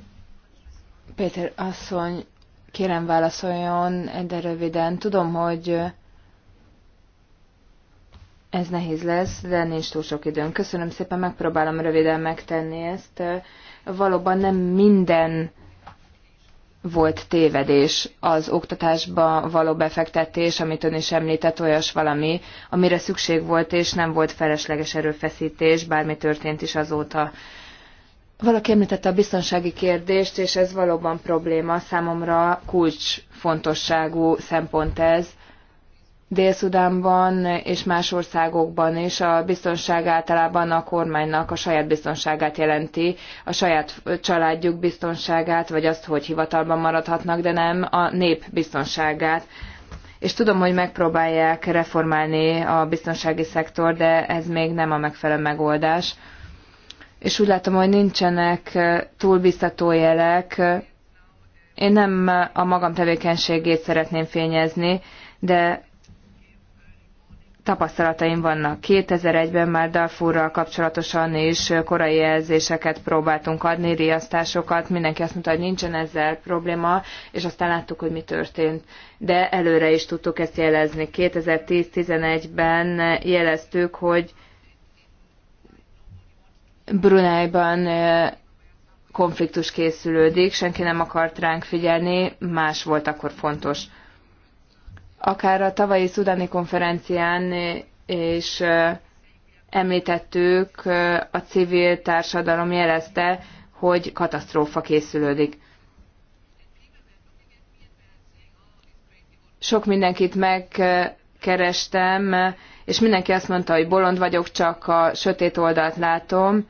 Péter asszony, kérem válaszoljon, de röviden. Tudom, hogy ez nehéz lesz, de nincs túl sok időn. Köszönöm szépen, megpróbálom röviden megtenni ezt. Valóban nem minden volt tévedés az oktatásba való befektetés, amit ön is említett, olyas valami, amire szükség volt, és nem volt felesleges erőfeszítés, bármi történt is azóta. Valaki említette a biztonsági kérdést, és ez valóban probléma. Számomra kulcs fontosságú szempont ez. Dél-Szudánban és más országokban is a biztonság általában a kormánynak a saját biztonságát jelenti, a saját családjuk biztonságát, vagy azt, hogy hivatalban maradhatnak, de nem a nép biztonságát. És tudom, hogy megpróbálják reformálni a biztonsági szektor, de ez még nem a megfelelő megoldás és úgy látom, hogy nincsenek túl biztató jelek. Én nem a magam tevékenységét szeretném fényezni, de tapasztalataim vannak. 2001-ben már Darfurral kapcsolatosan is korai jelzéseket próbáltunk adni, riasztásokat, mindenki azt mondta, hogy nincsen ezzel probléma, és aztán láttuk, hogy mi történt. De előre is tudtuk ezt jelezni. 2010-11-ben jeleztük, hogy Bruneiban konfliktus készülődik, senki nem akart ránk figyelni, más volt akkor fontos. Akár a tavalyi szudáni konferencián és említettük, a civil társadalom jelezte, hogy katasztrófa készülődik. Sok mindenkit megkerestem, és mindenki azt mondta, hogy bolond vagyok, csak a sötét oldalt látom,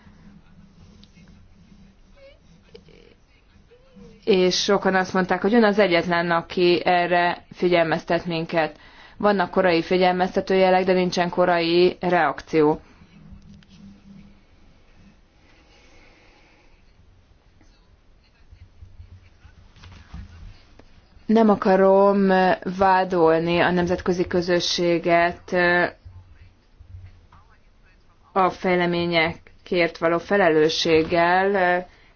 és sokan azt mondták, hogy ön az egyetlen, aki erre figyelmeztet minket. Vannak korai figyelmeztető jelek, de nincsen korai reakció. Nem akarom vádolni a nemzetközi közösséget a fejleményekért való felelősséggel,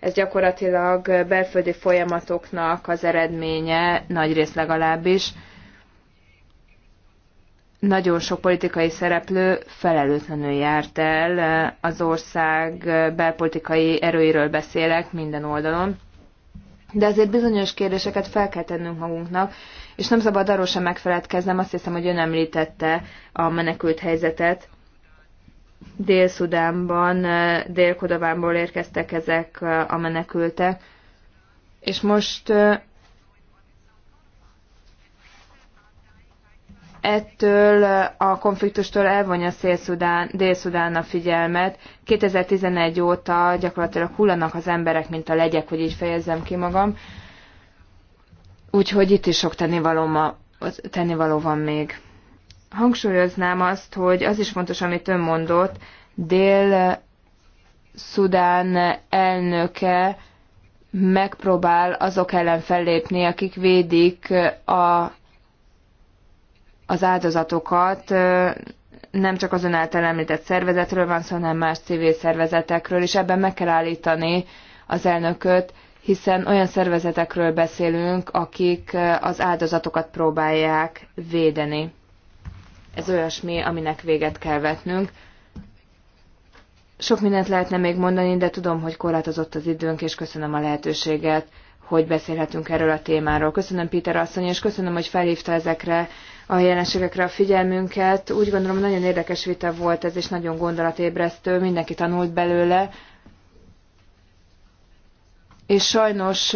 ez gyakorlatilag belföldi folyamatoknak az eredménye, nagy rész legalábbis. Nagyon sok politikai szereplő felelőtlenül járt el, az ország belpolitikai erőiről beszélek minden oldalon. De azért bizonyos kérdéseket fel kell tennünk magunknak, és nem szabad arról sem megfeledkeznem, azt hiszem, hogy ön említette a menekült helyzetet. Dél-Szudánban, eh, Dél-Kodabánból érkeztek ezek eh, a menekültek. És most eh, ettől a konfliktustól elvonja a Szél-Szudán, Dél-Szudán a figyelmet. 2011 óta gyakorlatilag hullanak az emberek, mint a legyek, hogy így fejezzem ki magam. Úgyhogy itt is sok tennivaló, ma, tennivaló van még hangsúlyoznám azt, hogy az is fontos, amit ön mondott, Dél-Szudán elnöke megpróbál azok ellen fellépni, akik védik a, az áldozatokat. Nem csak az ön által említett szervezetről van szó, hanem más civil szervezetekről, és ebben meg kell állítani az elnököt, hiszen olyan szervezetekről beszélünk, akik az áldozatokat próbálják védeni. Ez olyasmi, aminek véget kell vetnünk. Sok mindent lehetne még mondani, de tudom, hogy korlátozott az időnk, és köszönöm a lehetőséget, hogy beszélhetünk erről a témáról. Köszönöm Péter asszony, és köszönöm, hogy felhívta ezekre a jelenségekre a figyelmünket. Úgy gondolom, nagyon érdekes vita volt ez, és nagyon gondolatébresztő, mindenki tanult belőle. És sajnos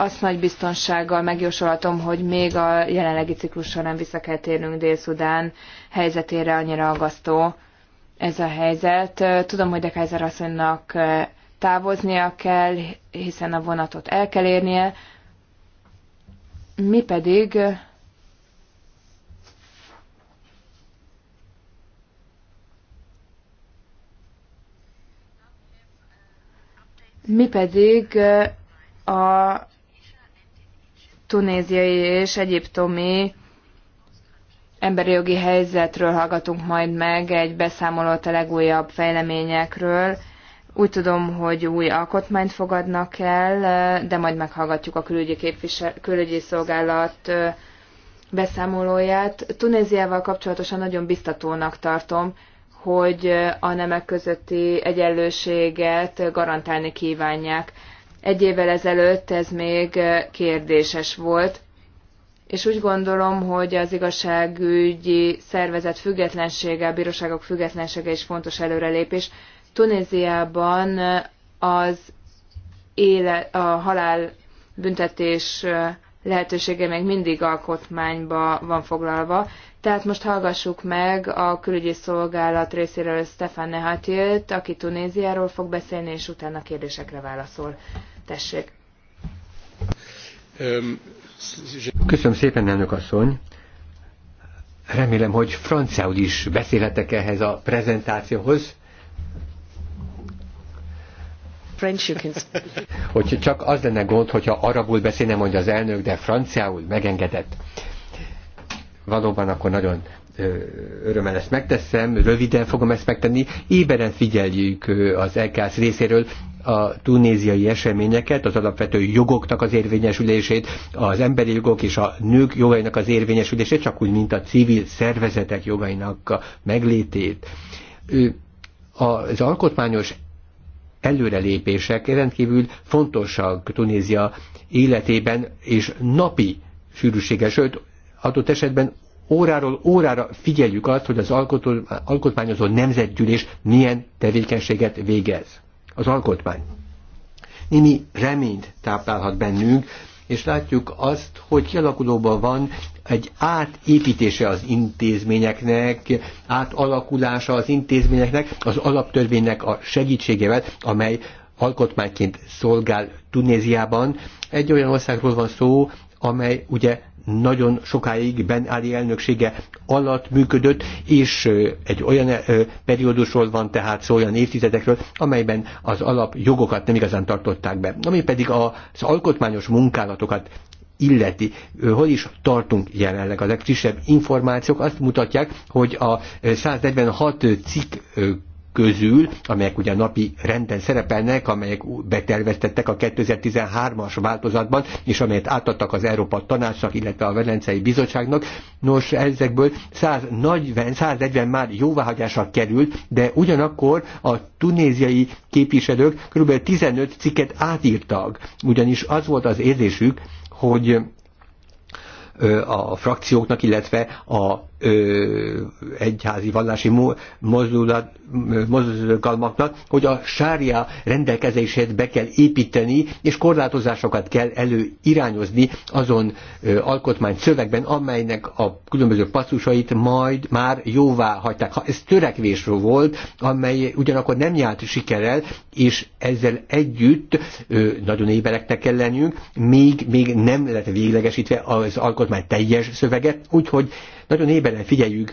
azt nagy biztonsággal megjósolhatom, hogy még a jelenlegi ciklusra nem vissza kell térnünk Dél-Szudán helyzetére annyira aggasztó ez a helyzet. Tudom, hogy de Kaiser asszonynak eh, távoznia kell, hiszen a vonatot el kell érnie. Mi pedig eh, Mi pedig eh, a tunéziai és egyiptomi emberi jogi helyzetről hallgatunk majd meg egy beszámolót a legújabb fejleményekről. Úgy tudom, hogy új alkotmányt fogadnak el, de majd meghallgatjuk a külügyi, képvisel, külügyi szolgálat beszámolóját. Tunéziával kapcsolatosan nagyon biztatónak tartom, hogy a nemek közötti egyenlőséget garantálni kívánják. Egy évvel ezelőtt ez még kérdéses volt, és úgy gondolom, hogy az igazságügyi szervezet függetlensége, a bíróságok függetlensége is fontos előrelépés. Tunéziában az éle, a halál büntetés lehetősége még mindig alkotmányba van foglalva, tehát most hallgassuk meg a külügyi szolgálat részéről Stefan Nehatjét, aki Tunéziáról fog beszélni, és utána kérdésekre válaszol. Tessék! Köszönöm szépen, elnök asszony! Remélem, hogy franciául is beszélhetek ehhez a prezentációhoz. French you can... Hogy csak az lenne gond, hogyha arabul beszélne, mondja az elnök, de franciául megengedett valóban akkor nagyon örömmel ezt megteszem, röviden fogom ezt megtenni. Éberen figyeljük az LKS részéről a tunéziai eseményeket, az alapvető jogoknak az érvényesülését, az emberi jogok és a nők jogainak az érvényesülését, csak úgy, mint a civil szervezetek jogainak a meglétét. Az alkotmányos előrelépések rendkívül fontosak Tunézia életében, és napi sűrűséges, sőt adott esetben óráról órára figyeljük azt, hogy az alkotmányozó nemzetgyűlés milyen tevékenységet végez. Az alkotmány. Némi reményt táplálhat bennünk, és látjuk azt, hogy kialakulóban van egy átépítése az intézményeknek, átalakulása az intézményeknek, az alaptörvénynek a segítségével, amely alkotmányként szolgál Tunéziában. Egy olyan országról van szó, amely ugye nagyon sokáig Ben Ali elnöksége alatt működött, és egy olyan periódusról van tehát szó, olyan évtizedekről, amelyben az alapjogokat nem igazán tartották be. Ami pedig az alkotmányos munkálatokat illeti. Hol is tartunk jelenleg? A legfrissebb információk azt mutatják, hogy a 146 cikk közül, amelyek ugye napi renden szerepelnek, amelyek beterveztettek a 2013-as változatban, és amelyet átadtak az Európa Tanácsnak, illetve a Velencei Bizottságnak. Nos, ezekből 140, 140 már jóváhagyásra került, de ugyanakkor a tunéziai képviselők kb. 15 cikket átírtak, ugyanis az volt az érzésük, hogy a frakcióknak, illetve a egyházi vallási mozgalmaknak, hogy a sárja rendelkezését be kell építeni, és korlátozásokat kell előirányozni azon alkotmány szövegben, amelynek a különböző passzusait majd már jóvá hagyták. Ha ez törekvésről volt, amely ugyanakkor nem járt sikerrel, és ezzel együtt nagyon ébereknek kell lennünk, még, még nem lett véglegesítve az alkotmány teljes szövege, úgyhogy nagyon éberen figyeljük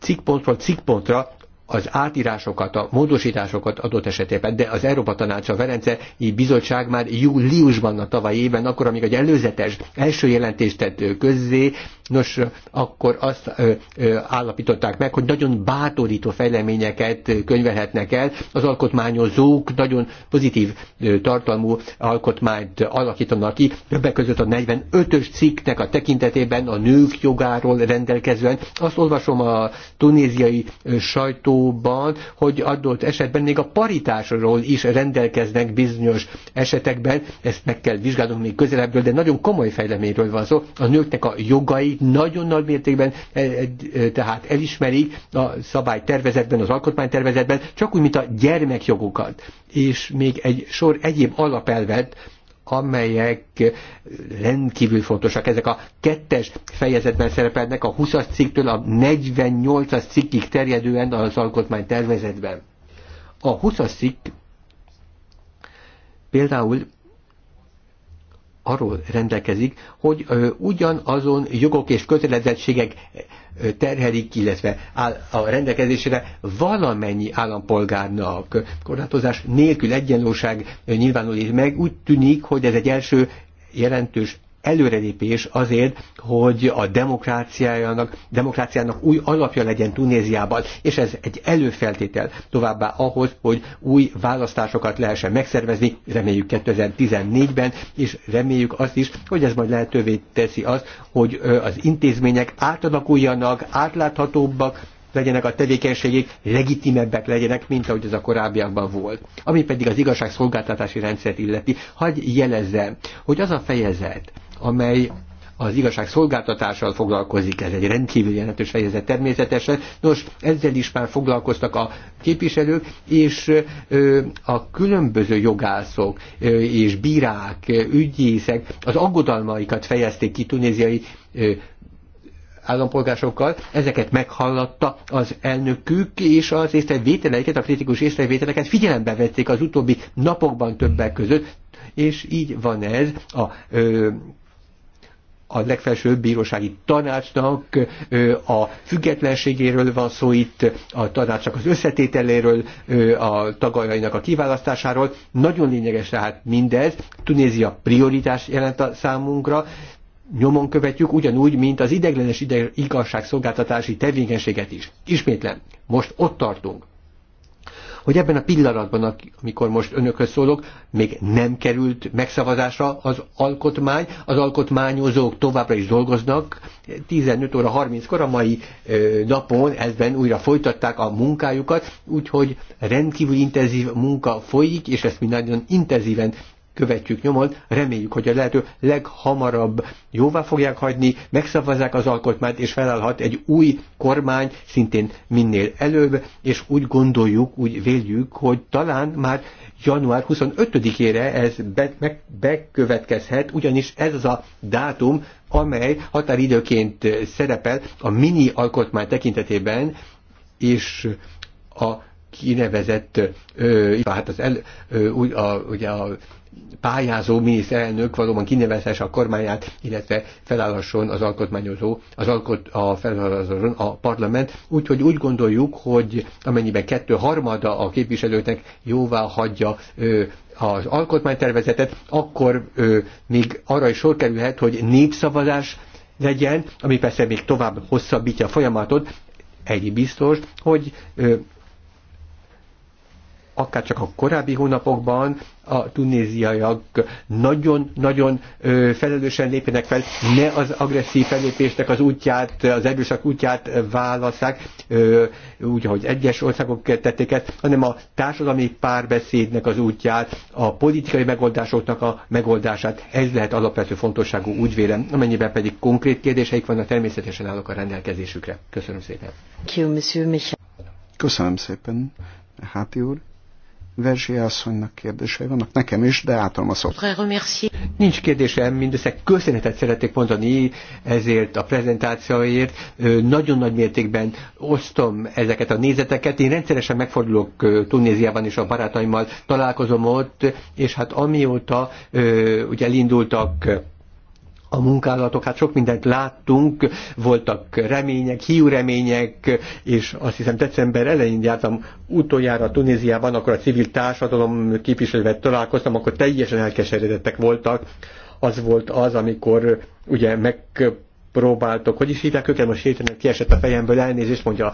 cikkpontról cikkpontra az átírásokat, a módosításokat adott esetében, de az Európa Tanács, a Ferencei Bizottság már júliusban a tavaly évben, akkor, amíg egy előzetes első jelentést tett közzé, Nos, akkor azt állapították meg, hogy nagyon bátorító fejleményeket könyvelhetnek el. Az alkotmányozók nagyon pozitív tartalmú alkotmányt alakítanak ki, többek között a 45-ös cikknek a tekintetében a nők jogáról rendelkezően. Azt olvasom a tunéziai sajtóban, hogy adott esetben még a paritásról is rendelkeznek bizonyos esetekben. Ezt meg kell vizsgálnunk még közelebbről, de nagyon komoly fejleményről van szó. A nőknek a jogai nagyon nagy mértékben, e, e, e, tehát elismerik a szabálytervezetben, az alkotmánytervezetben, csak úgy, mint a gyermekjogokat, és még egy sor egyéb alapelvet, amelyek rendkívül fontosak. Ezek a kettes fejezetben szerepelnek a 20-as cikktől a 48-as cikkig terjedően az alkotmány tervezetben. A 20-as cikk például arról rendelkezik, hogy ugyanazon jogok és kötelezettségek terhelik, illetve áll a rendelkezésre valamennyi állampolgárnak korlátozás nélkül egyenlóság nyilvánul meg. Úgy tűnik, hogy ez egy első jelentős előrelépés azért, hogy a demokráciájának, demokráciának új alapja legyen Tunéziában, és ez egy előfeltétel továbbá ahhoz, hogy új választásokat lehessen megszervezni, reméljük 2014-ben, és reméljük azt is, hogy ez majd lehetővé teszi azt, hogy az intézmények átalakuljanak, átláthatóbbak, legyenek a tevékenységek, legitimebbek legyenek, mint ahogy ez a korábbiakban volt. Ami pedig az igazságszolgáltatási rendszert illeti, hagy jelezzem, hogy az a fejezet, amely az igazság szolgáltatással foglalkozik, ez egy rendkívül jelentős fejezet természetesen. Nos, ezzel is már foglalkoztak a képviselők, és a különböző jogászok és bírák, ügyészek az aggodalmaikat fejezték ki tunéziai állampolgásokkal, ezeket meghallatta az elnökük, és az észrevételeiket, a kritikus észrevételeket figyelembe vették az utóbbi napokban többek között, és így van ez a ö, a legfelsőbb bírósági tanácsnak a függetlenségéről van szó itt, a tanácsnak az összetételéről, a tagjainak a kiválasztásáról. Nagyon lényeges tehát mindez. Tunézia prioritás jelent a számunkra, nyomon követjük, ugyanúgy, mint az ideglenes ideg, igazságszolgáltatási tevékenységet is. Ismétlen, most ott tartunk hogy ebben a pillanatban, amikor most önökhöz szólok, még nem került megszavazásra az alkotmány, az alkotmányozók továbbra is dolgoznak, 15 óra 30-kor a mai napon ezben újra folytatták a munkájukat, úgyhogy rendkívül intenzív munka folyik, és ezt mi nagyon intenzíven követjük nyomon, reméljük, hogy a lehető leghamarabb jóvá fogják hagyni, megszavazzák az alkotmányt, és felállhat egy új kormány, szintén minél előbb, és úgy gondoljuk, úgy véljük, hogy talán már január 25-ére ez be, meg, bekövetkezhet, ugyanis ez az a dátum, amely határidőként szerepel a mini alkotmány tekintetében, és a kinevezett, ö, hát az el, ö, a, ugye a pályázó miniszterelnök valóban kinevezhesse a kormányát, illetve felállhasson az alkotmányozó, az alkot, a felállhasson a parlament. Úgyhogy úgy gondoljuk, hogy amennyiben kettő harmada a képviselőknek jóvá hagyja ö, az alkotmánytervezetet, akkor ö, még arra is sor kerülhet, hogy népszavazás legyen, ami persze még tovább hosszabbítja a folyamatot, egy biztos, hogy ö, akár csak a korábbi hónapokban a tunéziaiak nagyon-nagyon felelősen lépjenek fel, ne az agresszív fellépésnek az útját, az erősak útját válaszák, úgy, ahogy egyes országok tették ezt, hanem a társadalmi párbeszédnek az útját, a politikai megoldásoknak a megoldását. Ez lehet alapvető fontosságú, úgy vélem. Amennyiben pedig konkrét kérdéseik vannak, természetesen állok a rendelkezésükre. Köszönöm szépen. Köszönöm szépen, Háti úr. Verzsi asszonynak kérdései vannak, nekem is, de átom a szót. Nincs kérdésem, mindössze köszönetet szeretnék mondani ezért a prezentációért. Nagyon nagy mértékben osztom ezeket a nézeteket. Én rendszeresen megfordulok Tunéziában és a barátaimmal találkozom ott, és hát amióta ugye elindultak a munkálatok, hát sok mindent láttunk, voltak remények, hiú remények, és azt hiszem december elején jártam utoljára Tunéziában, akkor a civil társadalom képviselővel találkoztam, akkor teljesen elkeseredettek voltak. Az volt az, amikor ugye meg próbáltok, hogy is hívják őket, most hirtelen kiesett a fejemből, elnézést mondja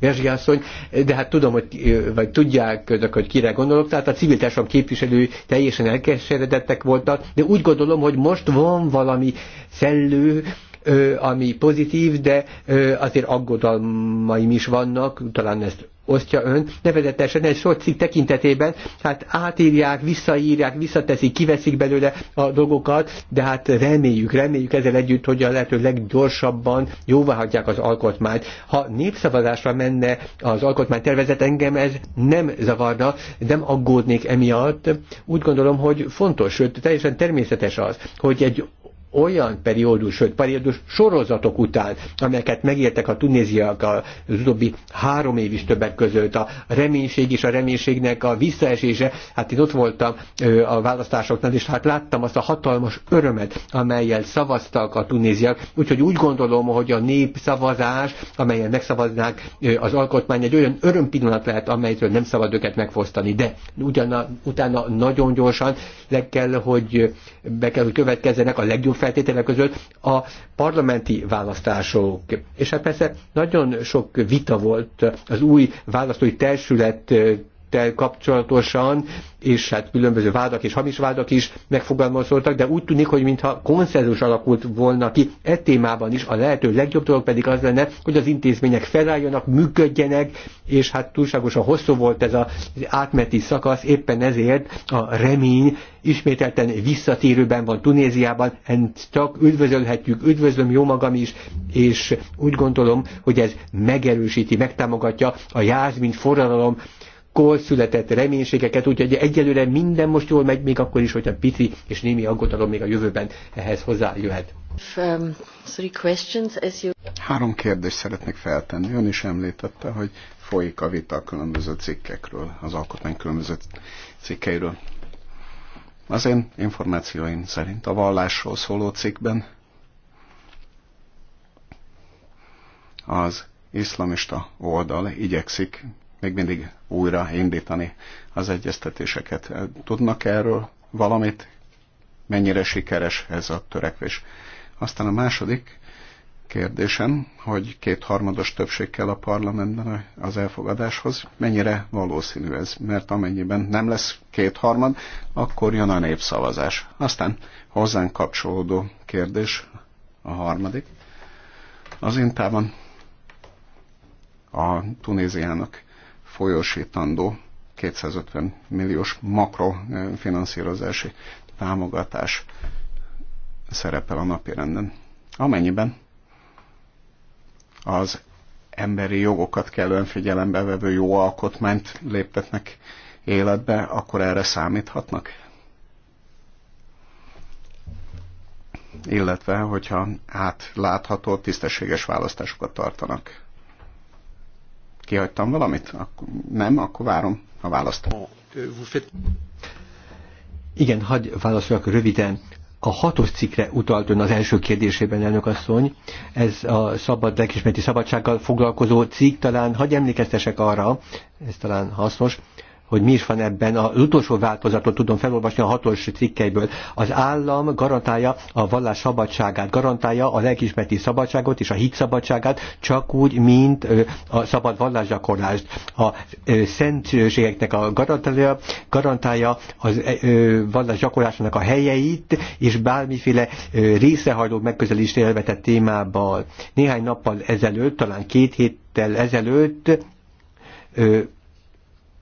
a asszony, de hát tudom, hogy, vagy tudják önök, hogy kire gondolok, tehát a civil társadalom képviselői teljesen elkeseredettek voltak, de úgy gondolom, hogy most van valami szellő, ami pozitív, de azért aggodalmaim is vannak, talán ezt osztja ön, nevezetesen egy sor cikk tekintetében, hát átírják, visszaírják, visszateszik, kiveszik belőle a dolgokat, de hát reméljük, reméljük ezzel együtt, hogy a lehető leggyorsabban jóvá hagyják az alkotmányt. Ha népszavazásra menne az alkotmánytervezet, engem ez nem zavarna, nem aggódnék emiatt. Úgy gondolom, hogy fontos, sőt, teljesen természetes az, hogy egy olyan periódus, sőt periódus sorozatok után, amelyeket megértek a tunéziak az utóbbi három év is többek között, a reménység és a reménységnek a visszaesése, hát én ott voltam a választásoknál, és hát láttam azt a hatalmas örömet, amelyel szavaztak a tunéziak, úgyhogy úgy gondolom, hogy a népszavazás, amelyen megszavaznák az alkotmány, egy olyan örömpillanat lehet, amelytől nem szabad őket megfosztani, de ugyan utána nagyon gyorsan le kell, hogy be kell, hogy következzenek a legjobb feltételek között a parlamenti választások. És hát persze nagyon sok vita volt az új választói testület tel kapcsolatosan, és hát különböző vádak és hamis vádak is megfogalmazoltak, de úgy tűnik, hogy mintha konszenzus alakult volna ki e témában is, a lehető legjobb dolog pedig az lenne, hogy az intézmények felálljanak, működjenek, és hát túlságosan hosszú volt ez az átmeti szakasz, éppen ezért a remény ismételten visszatérőben van Tunéziában, ezt csak üdvözölhetjük, üdvözlöm jó magam is, és úgy gondolom, hogy ez megerősíti, megtámogatja a jázmint forradalom akkor született reménységeket, úgyhogy egyelőre minden most jól megy, még akkor is, hogyha pici és némi aggodalom még a jövőben ehhez hozzájöhet. Um, Három kérdést szeretnék feltenni. Ön is említette, hogy folyik a vita a különböző cikkekről, az alkotmány különböző cikkeiről. Az én információim szerint a vallásról szóló cikkben az iszlamista oldal igyekszik még mindig újra indítani az egyeztetéseket. Tudnak erről valamit? Mennyire sikeres ez a törekvés? Aztán a második kérdésem, hogy kétharmados többség kell a parlamentben az elfogadáshoz. Mennyire valószínű ez? Mert amennyiben nem lesz kétharmad, akkor jön a népszavazás. Aztán hozzánk kapcsolódó kérdés, a harmadik. Az Intában a Tunéziának folyosítandó 250 milliós makrofinanszírozási támogatás szerepel a napirenden. Amennyiben az emberi jogokat kellően figyelembe vevő jó alkotmányt léptetnek életbe, akkor erre számíthatnak. Illetve, hogyha átlátható, tisztességes választásokat tartanak. Kihagytam valamit? Akkor, nem, akkor várom a választ. Igen, hagyj válaszoljak röviden. A hatos cikkre utalt ön az első kérdésében, elnök asszony. Ez a szabad lelkismereti szabadsággal foglalkozó cikk, talán hagyj emlékeztesek arra, ez talán hasznos, hogy mi is van ebben, az utolsó változatot tudom felolvasni a hatos cikkeiből. Az állam garantálja a vallás szabadságát, garantálja a lelkismereti szabadságot és a hit szabadságát, csak úgy, mint a szabad vallásgyakorlást. A szentségeknek a garantálja, garantálja az e, vallásgyakorlásnak a helyeit, és bármiféle részrehajló megközelést elvetett témában. Néhány nappal ezelőtt, talán két héttel ezelőtt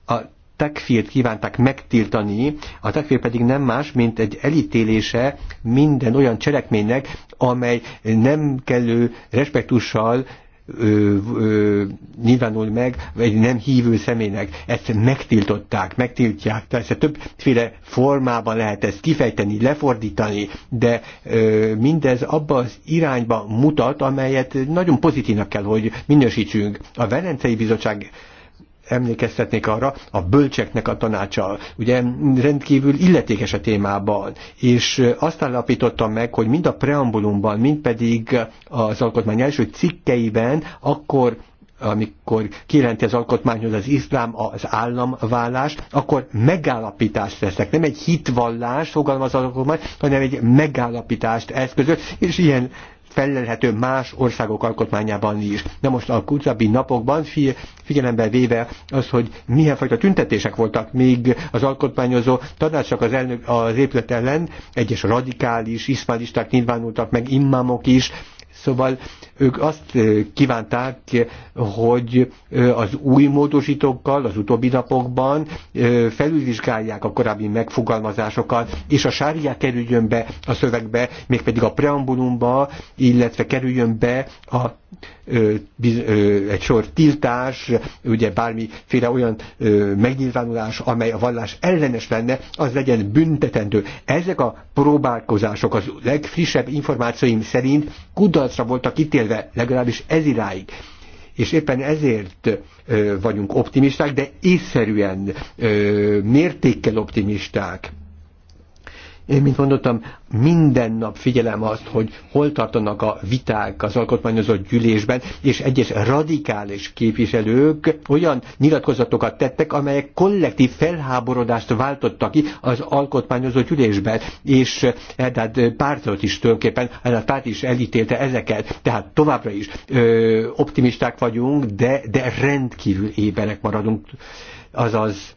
a tekfírt kívánták megtiltani, a tekfír pedig nem más, mint egy elítélése minden olyan cselekménynek, amely nem kellő respektussal ö, ö, nyilvánul meg egy nem hívő személynek. Ezt megtiltották, megtiltják. Tehát többféle formában lehet ezt kifejteni, lefordítani, de ö, mindez abba az irányba mutat, amelyet nagyon pozitívnak kell, hogy minősítsünk. A Velencei Bizottság emlékeztetnék arra, a bölcseknek a tanácsa, ugye rendkívül illetékes a témában, és azt állapította meg, hogy mind a preambulumban, mind pedig az alkotmány első cikkeiben, akkor amikor kijelenti az alkotmányhoz az iszlám, az államvállás, akkor megállapítást tesznek. Nem egy hitvallás fogalmaz az alkotmány, hanem egy megállapítást eszközöl, és ilyen fellelhető más országok alkotmányában is. Na most a kucabi napokban figyelembe véve az, hogy milyen fajta tüntetések voltak még az alkotmányozó tanácsak az, elnök, az épület ellen, egyes radikális iszmálisták nyilvánultak meg, immámok is, Szóval ők azt eh, kívánták, hogy eh, az új módosítókkal az utóbbi napokban eh, felülvizsgálják a korábbi megfogalmazásokat, és a sárjá kerüljön be a szövegbe, mégpedig a preambulumba, illetve kerüljön be a egy sor tiltás, ugye bármiféle olyan megnyilvánulás, amely a vallás ellenes lenne, az legyen büntetendő. Ezek a próbálkozások az legfrissebb információim szerint kudarcra voltak ítélve beszélve, legalábbis ez iráig és éppen ezért ö, vagyunk optimisták, de észszerűen ö, mértékkel optimisták. Én, mint mondottam, minden nap figyelem azt, hogy hol tartanak a viták az alkotmányozott gyűlésben, és egyes radikális képviselők olyan nyilatkozatokat tettek, amelyek kollektív felháborodást váltottak ki az alkotmányozott gyűlésben, és Erdát eh, eh, pártot is tulajdonképpen, eh, a párt is elítélte ezeket, tehát továbbra is ö, optimisták vagyunk, de, de rendkívül éberek maradunk, azaz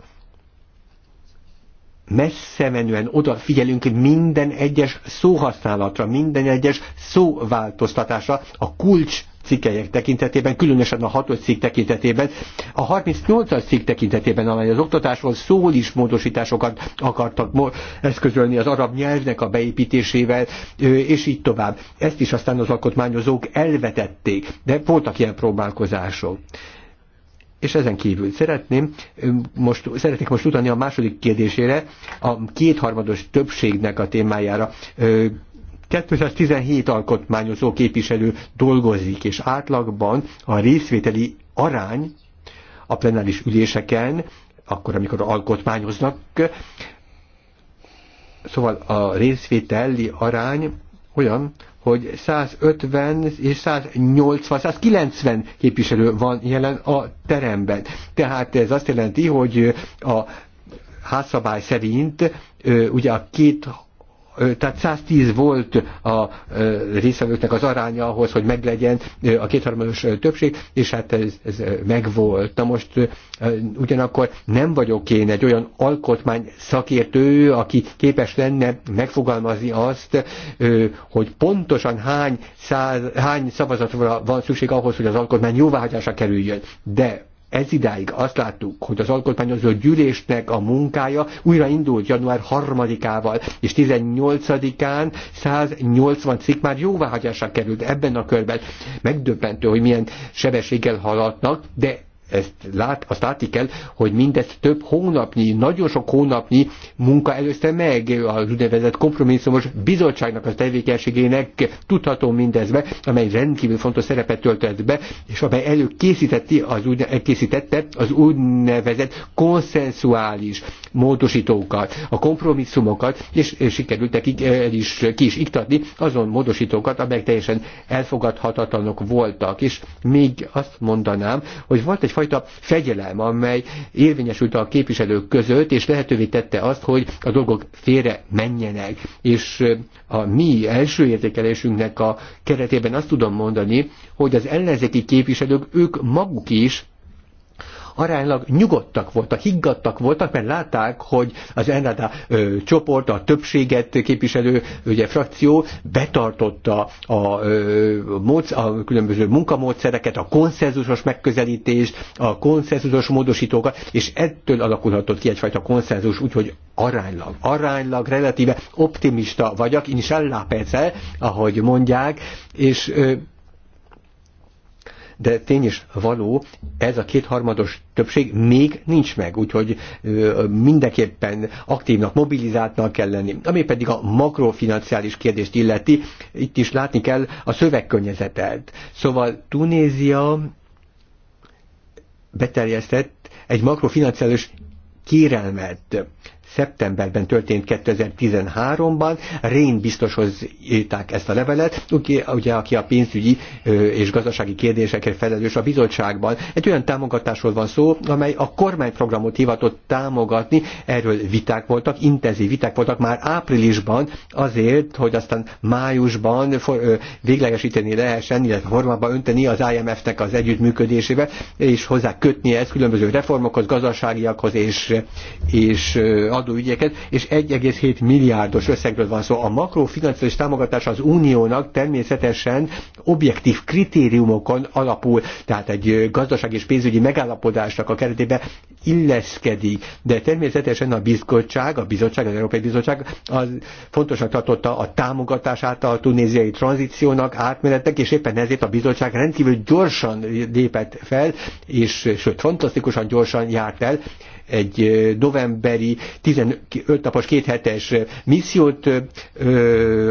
messze menően odafigyelünk minden egyes szóhasználatra, minden egyes szóváltoztatásra, a kulcs cikkelyek tekintetében, különösen a 6 cikk tekintetében, a 38-as cikk tekintetében, amely az oktatásról szól is módosításokat akartak eszközölni az arab nyelvnek a beépítésével, és így tovább. Ezt is aztán az alkotmányozók elvetették, de voltak ilyen próbálkozások. És ezen kívül szeretném, most, szeretnék most utalni a második kérdésére, a kétharmados többségnek a témájára. 217 alkotmányozó képviselő dolgozik, és átlagban a részvételi arány a plenáris üléseken, akkor, amikor alkotmányoznak, szóval a részvételi arány olyan, hogy 150 és 180, 190 képviselő van jelen a teremben. Tehát ez azt jelenti, hogy a házszabály szerint ugye a két tehát 110 volt a részvevőknek az aránya ahhoz, hogy meglegyen a kétharmados többség, és hát ez, ez megvolt. Na most ugyanakkor nem vagyok én egy olyan alkotmány szakértő, aki képes lenne megfogalmazni azt, hogy pontosan hány, száz, hány szavazatra van szükség ahhoz, hogy az alkotmány jóváhagyásra kerüljön. De ez idáig azt láttuk, hogy az alkotmányozó gyűlésnek a munkája újraindult január 3-ával és 18-án 180 cikk már jóváhagyásra került ebben a körben. Megdöbbentő, hogy milyen sebességgel haladnak, de ezt lát, azt látni kell, hogy mindezt több hónapnyi, nagyon sok hónapnyi munka előzte meg az úgynevezett kompromisszumos bizottságnak a tevékenységének tudható mindezbe, amely rendkívül fontos szerepet töltött be, és amely előkészítette az, készítette az úgynevezett konszenzuális módosítókat, a kompromisszumokat, és, és sikerült nekik eh, el is ki is iktatni azon módosítókat, amelyek teljesen elfogadhatatlanok voltak. És még azt mondanám, hogy volt egy egyfajta fegyelem, amely érvényesült a képviselők között, és lehetővé tette azt, hogy a dolgok félre menjenek. És a mi első értékelésünknek a keretében azt tudom mondani, hogy az ellenzéki képviselők, ők maguk is aránylag nyugodtak voltak, higgadtak voltak, mert látták, hogy az Enrada csoport, a többséget képviselő ugye, frakció betartotta a, a, a különböző munkamódszereket, a konszenzusos megközelítést, a konszenzusos módosítókat, és ettől alakulhatott ki egyfajta konszenzus, úgyhogy aránylag, aránylag relatíve optimista vagyok, is persze, ahogy mondják, és ö, de tény is való, ez a kétharmados többség még nincs meg, úgyhogy mindenképpen aktívnak, mobilizáltnak kell lenni. Ami pedig a makrofinanciális kérdést illeti, itt is látni kell a szövegkörnyezetet. Szóval Tunézia beterjesztett egy makrofinanciális kérelmet szeptemberben történt 2013-ban, Rén biztoshoz írták ezt a levelet, ugye, aki a pénzügyi és gazdasági kérdésekre felelős a bizottságban. Egy olyan támogatásról van szó, amely a kormányprogramot hivatott támogatni, erről viták voltak, intenzív viták voltak már áprilisban azért, hogy aztán májusban véglegesíteni lehessen, illetve formába önteni az IMF-nek az együttműködésével, és hozzá kötni ezt különböző reformokhoz, gazdaságiakhoz és, és adó ügyeket, és 1,7 milliárdos összegről van szó. A makrofinanciális támogatás az uniónak természetesen objektív kritériumokon alapul, tehát egy gazdaság és pénzügyi megállapodásnak a keretébe illeszkedik. De természetesen a bizottság, a bizottság, az Európai Bizottság az fontosnak tartotta a által a tunéziai tranzíciónak, átmenetnek, és éppen ezért a bizottság rendkívül gyorsan lépett fel, és sőt, fantasztikusan gyorsan járt el, egy novemberi 15 napos kéthetes missziót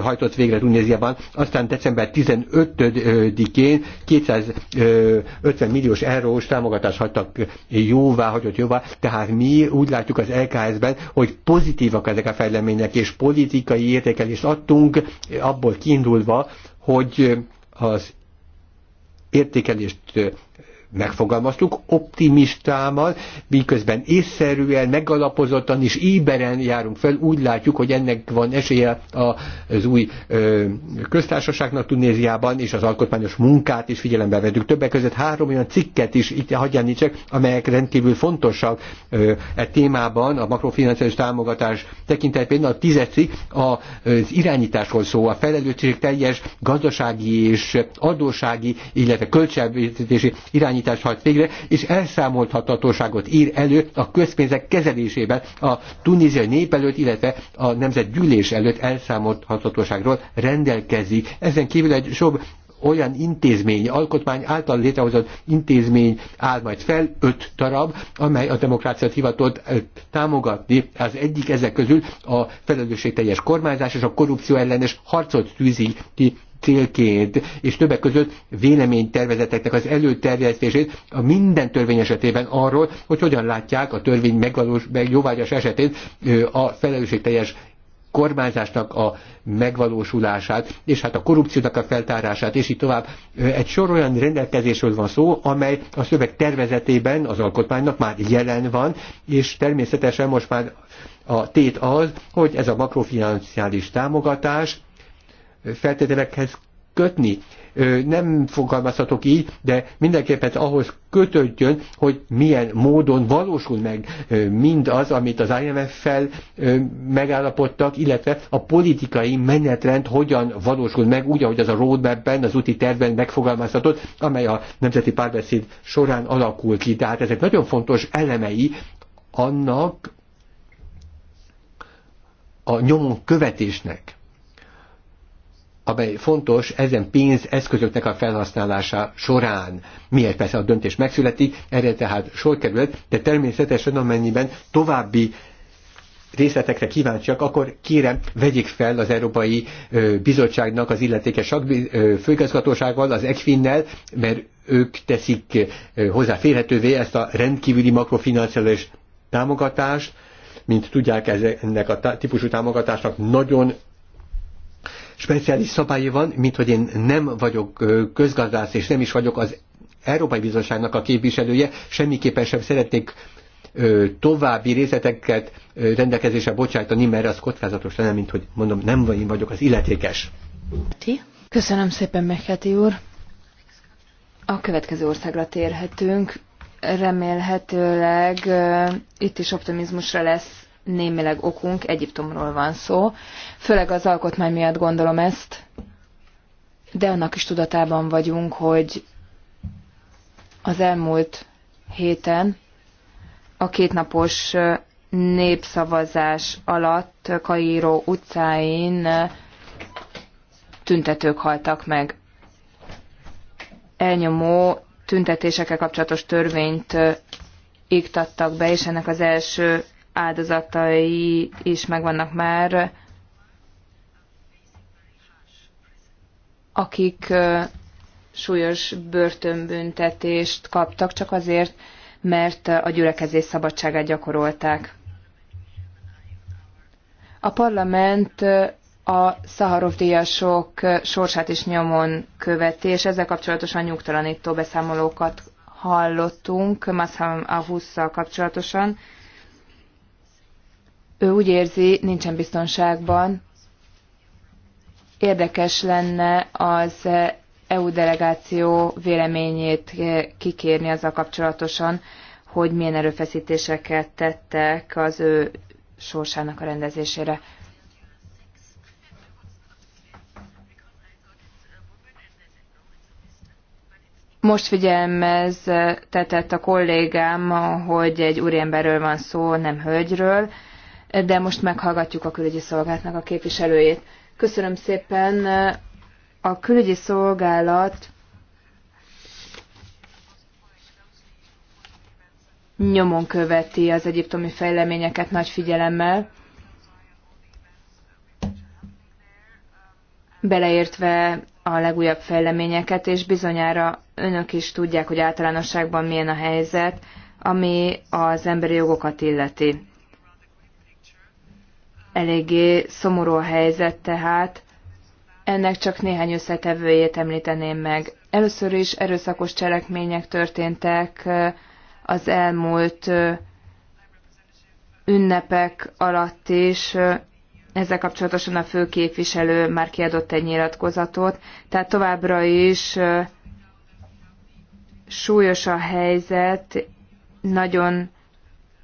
hajtott végre Tunéziában, aztán december 15-én 250 milliós eurós támogatást hagytak jóvá, hagyott jóvá, tehát mi úgy látjuk az LKS-ben, hogy pozitívak ezek a fejlemények, és politikai értékelést adtunk, abból kiindulva, hogy az értékelést megfogalmaztuk, optimistámmal, miközben észszerűen, megalapozottan és íberen járunk fel, úgy látjuk, hogy ennek van esélye az új ö, köztársaságnak Tunéziában, és az alkotmányos munkát is figyelembe vettük. Többek között három olyan cikket is itt csak, amelyek rendkívül fontosak ö, e témában, a makrofinanciális támogatás tekintetében. A tízes cikk az irányításról szó, a felelősség teljes gazdasági és adósági, illetve költségvetési irányítás irányítást hajt végre, és elszámolthatatóságot ír elő a közpénzek kezelésében a tunéziai nép előtt, illetve a nemzetgyűlés előtt elszámolthatatóságról rendelkezik. Ezen kívül egy sok olyan intézmény, alkotmány által létrehozott intézmény áll majd fel, öt darab, amely a demokráciát hivatott támogatni. Az egyik ezek közül a felelősségteljes kormányzás és a korrupció ellenes harcot tűzi ki célként, és többek között véleménytervezeteknek az előterjesztését a minden törvény esetében arról, hogy hogyan látják a törvény megvalós, meg jóvágyas esetén a felelősségteljes kormányzásnak a megvalósulását, és hát a korrupciónak a feltárását, és így tovább. Egy sor olyan rendelkezésről van szó, amely a szöveg tervezetében az alkotmánynak már jelen van, és természetesen most már a tét az, hogy ez a makrofinanciális támogatás feltételekhez kötni. Nem fogalmazhatok így, de mindenképpen ahhoz kötődjön, hogy milyen módon valósul meg mindaz, amit az IMF-fel megállapodtak, illetve a politikai menetrend hogyan valósul meg, úgy, ahogy az a roadmapben, az úti tervben megfogalmazhatott, amely a nemzeti párbeszéd során alakul ki. Tehát ezek nagyon fontos elemei annak a nyomon követésnek amely fontos ezen pénz eszközöknek a felhasználása során. Miért persze a döntés megszületik, erre tehát sor került, de természetesen amennyiben további részletekre kíváncsiak, akkor kérem, vegyék fel az Európai Bizottságnak az illetékes főigazgatósággal, az ECFIN-nel, mert ők teszik hozzáférhetővé ezt a rendkívüli makrofinanciális támogatást, mint tudják, ennek a típusú támogatásnak nagyon speciális szabályi van, mint hogy én nem vagyok közgazdász, és nem is vagyok az Európai Bizottságnak a képviselője, semmiképpen sem szeretnék további részleteket rendelkezésre bocsájtani, mert az kockázatos lenne, mint hogy mondom, nem vagy, én vagyok az illetékes. Ti, Köszönöm szépen, Mekheti úr. A következő országra térhetünk. Remélhetőleg itt is optimizmusra lesz némileg okunk, Egyiptomról van szó. Főleg az alkotmány miatt gondolom ezt, de annak is tudatában vagyunk, hogy az elmúlt héten a kétnapos népszavazás alatt Kairó utcáin tüntetők haltak meg. Elnyomó tüntetésekkel kapcsolatos törvényt iktattak be, és ennek az első áldozatai is megvannak már, akik súlyos börtönbüntetést kaptak csak azért, mert a gyülekezés szabadságát gyakorolták. A parlament a Szaharov díjasok sorsát is nyomon követi, és ezzel kapcsolatosan nyugtalanító beszámolókat hallottunk Maszham Ahusszal kapcsolatosan ő úgy érzi, nincsen biztonságban. Érdekes lenne az EU delegáció véleményét kikérni azzal kapcsolatosan, hogy milyen erőfeszítéseket tettek az ő sorsának a rendezésére. Most figyelmez tetett a kollégám, hogy egy úriemberről van szó, nem hölgyről, de most meghallgatjuk a külügyi szolgálatnak a képviselőjét. Köszönöm szépen. A külügyi szolgálat nyomon követi az egyiptomi fejleményeket nagy figyelemmel, beleértve a legújabb fejleményeket, és bizonyára önök is tudják, hogy általánosságban milyen a helyzet, ami az emberi jogokat illeti. Eléggé szomorú a helyzet tehát. Ennek csak néhány összetevőjét említeném meg. Először is erőszakos cselekmények történtek az elmúlt ünnepek alatt is. Ezzel kapcsolatosan a főképviselő már kiadott egy nyilatkozatot, tehát továbbra is súlyos a helyzet, nagyon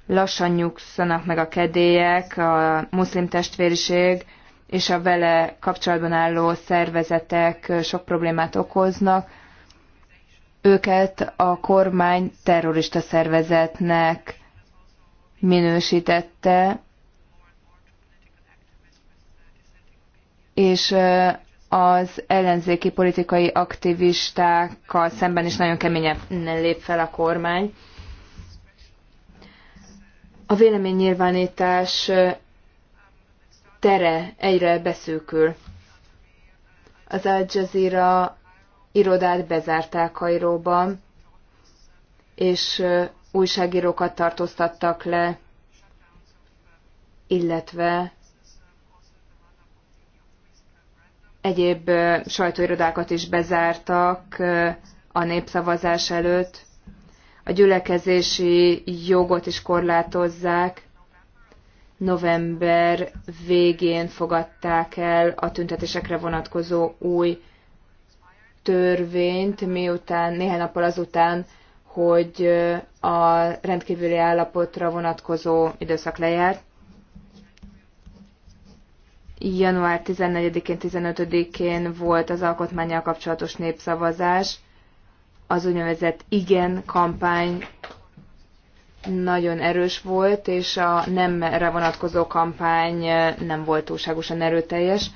lassan nyugszanak meg a kedélyek, a muszlim testvériség és a vele kapcsolatban álló szervezetek sok problémát okoznak. Őket a kormány terrorista szervezetnek minősítette, és az ellenzéki politikai aktivistákkal szemben is nagyon keményen lép fel a kormány a véleménynyilvánítás tere egyre beszűkül. Az Al Jazeera irodát bezárták Kairóban, és újságírókat tartóztattak le, illetve egyéb sajtóirodákat is bezártak a népszavazás előtt a gyülekezési jogot is korlátozzák. November végén fogadták el a tüntetésekre vonatkozó új törvényt, miután néhány nappal azután, hogy a rendkívüli állapotra vonatkozó időszak lejárt. Január 14-én, 15-én volt az alkotmányjal kapcsolatos népszavazás, az úgynevezett igen kampány nagyon erős volt, és a nemre vonatkozó kampány eh, nem volt túlságosan erőteljes.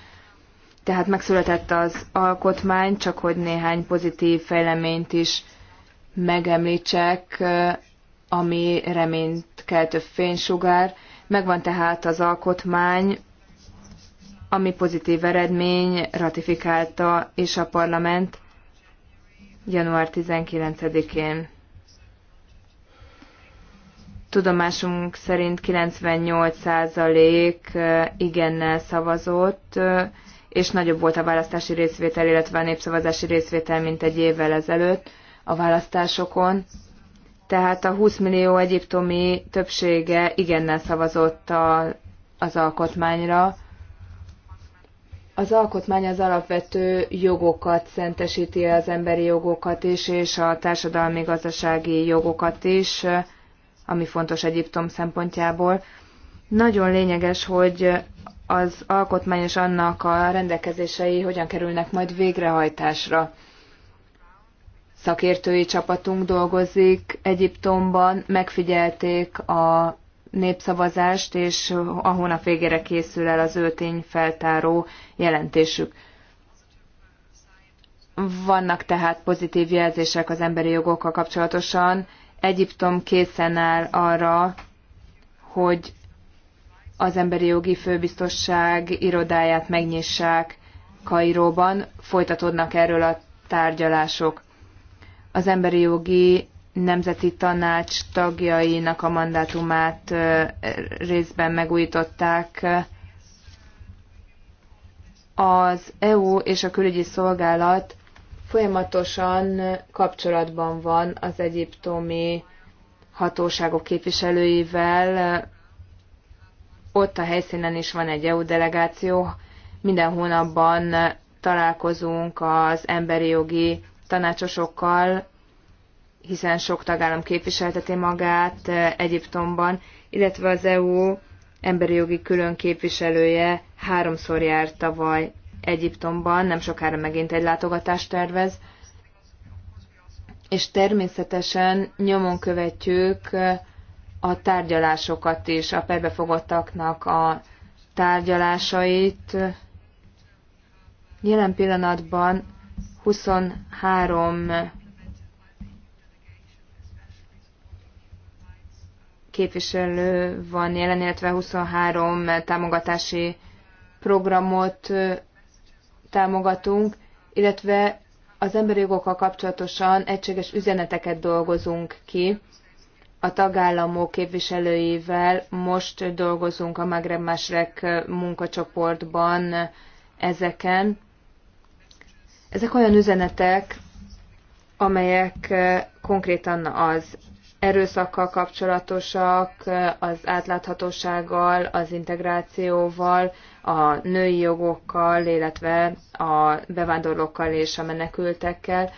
Tehát megszületett az alkotmány, csak hogy néhány pozitív fejleményt is megemlítsek, eh, ami reményt keltő fénysugár. Megvan tehát az alkotmány, ami pozitív eredmény, ratifikálta és a parlament január 19-én. Tudomásunk szerint 98% eh, igennel szavazott, eh, és nagyobb volt a választási részvétel, illetve a népszavazási részvétel, mint egy évvel ezelőtt a választásokon. Tehát a 20 millió egyiptomi többsége igennel szavazott a, az alkotmányra, az alkotmány az alapvető jogokat szentesíti az emberi jogokat is, és a társadalmi gazdasági jogokat is, ami fontos Egyiptom szempontjából. Nagyon lényeges, hogy az alkotmány és annak a rendelkezései hogyan kerülnek majd végrehajtásra. Szakértői csapatunk dolgozik Egyiptomban, megfigyelték a népszavazást, és a hónap végére készül el az ő tényfeltáró jelentésük. Vannak tehát pozitív jelzések az emberi jogokkal kapcsolatosan. Egyiptom készen áll arra, hogy az emberi jogi főbiztosság irodáját megnyissák Kairóban, folytatódnak erről a tárgyalások. Az emberi jogi nemzeti tanács tagjainak a mandátumát részben megújították. Az EU és a külügyi szolgálat folyamatosan kapcsolatban van az egyiptomi hatóságok képviselőivel. Ott a helyszínen is van egy EU delegáció. Minden hónapban találkozunk az emberi jogi tanácsosokkal, hiszen sok tagállam képviselteti magát eh, Egyiptomban, illetve az EU emberi jogi külön képviselője háromszor járt tavaly Egyiptomban, nem sokára megint egy látogatást tervez, és természetesen nyomon követjük eh, a tárgyalásokat is, a perbefogottaknak a tárgyalásait. Jelen pillanatban 23 képviselő van jelen, illetve 23 támogatási programot támogatunk, illetve az emberi jogokkal kapcsolatosan egységes üzeneteket dolgozunk ki. A tagállamok képviselőivel most dolgozunk a Magreb Másrek munkacsoportban ezeken. Ezek olyan üzenetek, amelyek konkrétan az erőszakkal kapcsolatosak, az átláthatósággal, az integrációval, a női jogokkal, illetve a bevándorlókkal és a menekültekkel.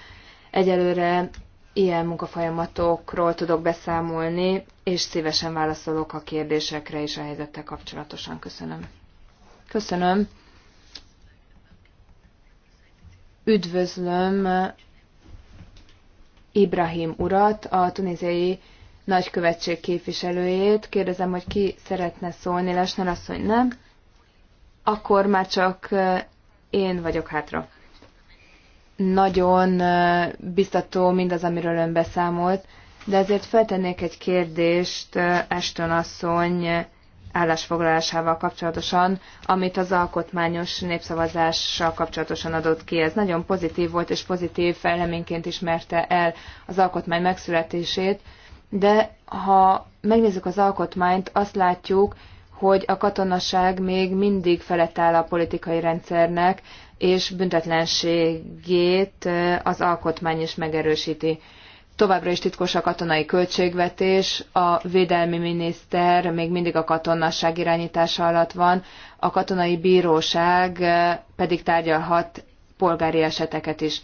Egyelőre ilyen munkafolyamatokról tudok beszámolni, és szívesen válaszolok a kérdésekre és a helyzettel kapcsolatosan. Köszönöm. Köszönöm. Üdvözlöm Ibrahim urat, a tunéziai nagykövetség képviselőjét. Kérdezem, hogy ki szeretne szólni, Lesner asszony nem. Akkor már csak eh, én vagyok hátra. Nagyon eh, biztató mindaz, amiről ön beszámolt, de ezért feltennék egy kérdést Eston eh, asszony állásfoglalásával kapcsolatosan, amit az alkotmányos népszavazással kapcsolatosan adott ki. Ez nagyon pozitív volt, és pozitív fejleményként ismerte el az alkotmány megszületését, de ha megnézzük az alkotmányt, azt látjuk, hogy a katonaság még mindig felett áll a politikai rendszernek, és büntetlenségét az alkotmány is megerősíti. Továbbra is titkos a katonai költségvetés, a védelmi miniszter még mindig a katonasság irányítása alatt van, a katonai bíróság eh, pedig tárgyalhat polgári eseteket is.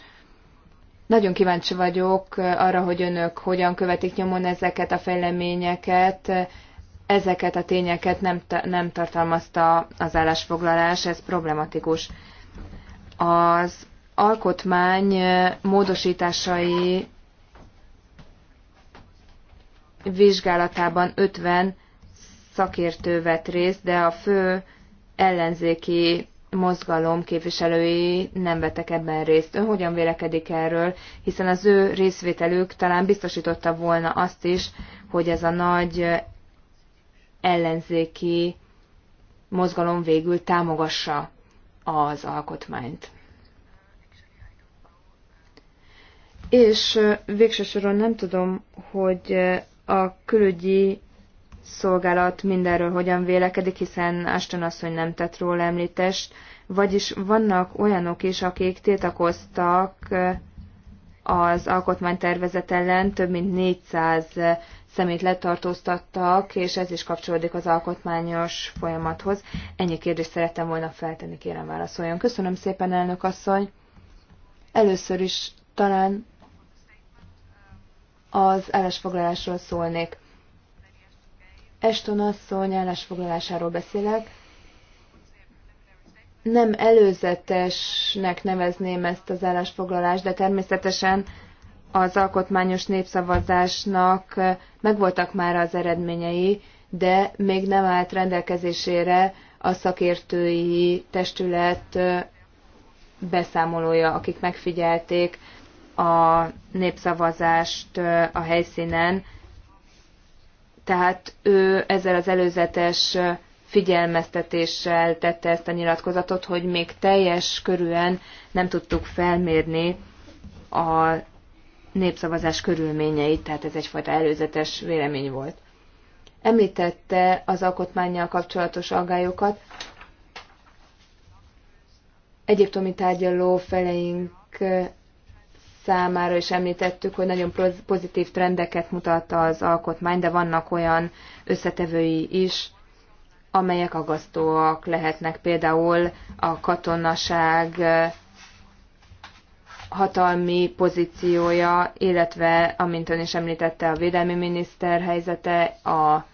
Nagyon kíváncsi vagyok eh, arra, hogy önök hogyan követik nyomon ezeket a fejleményeket. Ezeket a tényeket nem, nem tartalmazta az állásfoglalás, ez problematikus. Az alkotmány eh, módosításai vizsgálatában 50 szakértő vett részt, de a fő ellenzéki mozgalom képviselői nem vettek ebben részt. Ön hogyan vélekedik erről, hiszen az ő részvételük talán biztosította volna azt is, hogy ez a nagy ellenzéki mozgalom végül támogassa az alkotmányt. És végső soron nem tudom, hogy a külügyi szolgálat mindenről hogyan vélekedik, hiszen Ashton asszony nem tett róla említést, vagyis vannak olyanok is, akik tiltakoztak az alkotmánytervezet ellen, több mint 400 szemét letartóztattak, és ez is kapcsolódik az alkotmányos folyamathoz. Ennyi kérdést szerettem volna feltenni, kérem válaszoljon. Köszönöm szépen, elnök asszony! Először is talán az állásfoglalásról szólnék. Eston asszony állásfoglalásáról beszélek. Nem előzetesnek nevezném ezt az állásfoglalást, de természetesen az alkotmányos népszavazásnak megvoltak már az eredményei, de még nem állt rendelkezésére a szakértői testület beszámolója, akik megfigyelték a népszavazást a helyszínen, tehát ő ezzel az előzetes figyelmeztetéssel tette ezt a nyilatkozatot, hogy még teljes körülön nem tudtuk felmérni a népszavazás körülményeit, tehát ez egyfajta előzetes vélemény volt. Említette az alkotmányjal kapcsolatos aggályokat. Egyiptomi tárgyaló feleink számára is említettük, hogy nagyon pozitív trendeket mutat az alkotmány, de vannak olyan összetevői is, amelyek agasztóak lehetnek, például a katonaság hatalmi pozíciója, illetve, amint ön is említette, a védelmi miniszter helyzete, a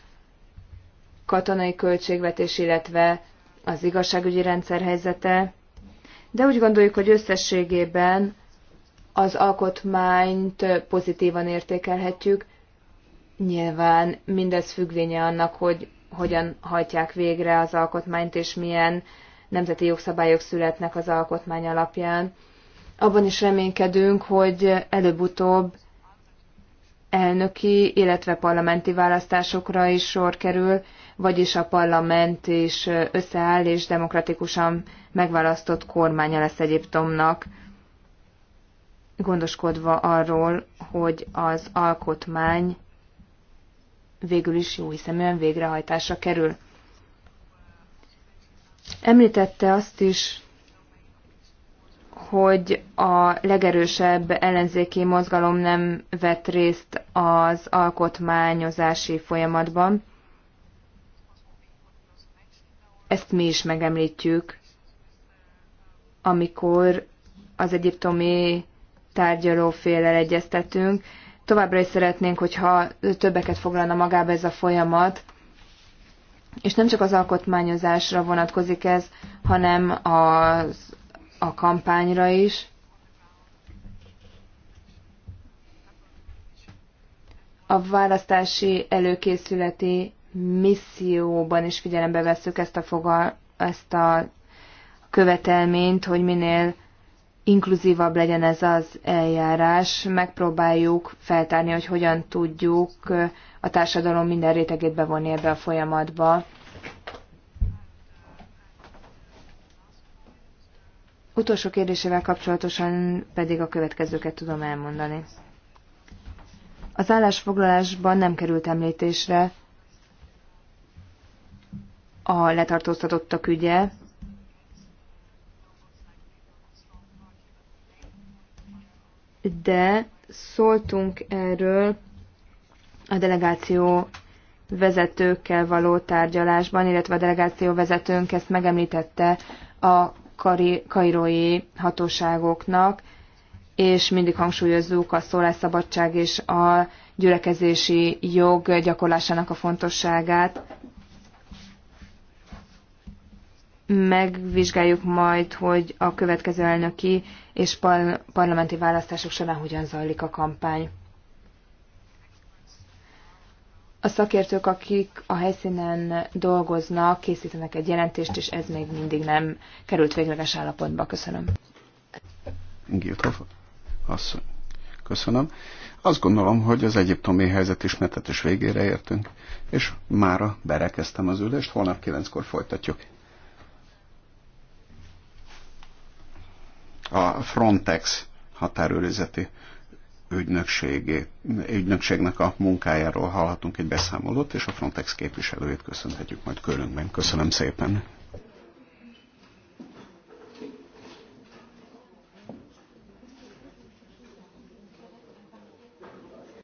katonai költségvetés, illetve az igazságügyi rendszer helyzete. De úgy gondoljuk, hogy összességében az alkotmányt pozitívan értékelhetjük. Nyilván mindez függvénye annak, hogy hogyan hajtják végre az alkotmányt, és milyen nemzeti jogszabályok születnek az alkotmány alapján. Abban is reménykedünk, hogy előbb-utóbb elnöki, illetve parlamenti választásokra is sor kerül, vagyis a parlament is összeáll, és demokratikusan megválasztott kormánya lesz Egyiptomnak gondoskodva arról, hogy az alkotmány végül is jó hiszeműen végrehajtásra kerül. Említette azt is, hogy a legerősebb ellenzéki mozgalom nem vett részt az alkotmányozási folyamatban. Ezt mi is megemlítjük, amikor az egyiptomi tárgyaló félel egyeztetünk. Továbbra is szeretnénk, hogyha többeket foglalna magába ez a folyamat, és nem csak az alkotmányozásra vonatkozik ez, hanem a, a kampányra is. A választási előkészületi misszióban is figyelembe veszük ezt a, fogal, ezt a követelményt, hogy minél inkluzívabb legyen ez az eljárás, megpróbáljuk feltárni, hogy hogyan tudjuk a társadalom minden rétegét bevonni ebbe a folyamatba. Utolsó kérdésével kapcsolatosan pedig a következőket tudom elmondani. Az állásfoglalásban nem került említésre a letartóztatottak ügye, de szóltunk erről a delegáció vezetőkkel való tárgyalásban, illetve a delegáció vezetőnk ezt megemlítette a kairói hatóságoknak, és mindig hangsúlyozzuk a szólásszabadság és a gyülekezési jog gyakorlásának a fontosságát megvizsgáljuk majd, hogy a következő elnöki és par- parlamenti választások során hogyan zajlik a kampány. A szakértők, akik a helyszínen dolgoznak, készítenek egy jelentést, és ez még mindig nem került végleges állapotba. Köszönöm. Giltov, asszony. Köszönöm. Azt gondolom, hogy az egyiptomi helyzet ismertetés végére értünk, és mára berekeztem az ülést, holnap kilenckor folytatjuk. a Frontex határőrizeti ügynökségnek a munkájáról hallhatunk egy beszámolót, és a Frontex képviselőjét köszönhetjük majd körünkben. Köszönöm szépen.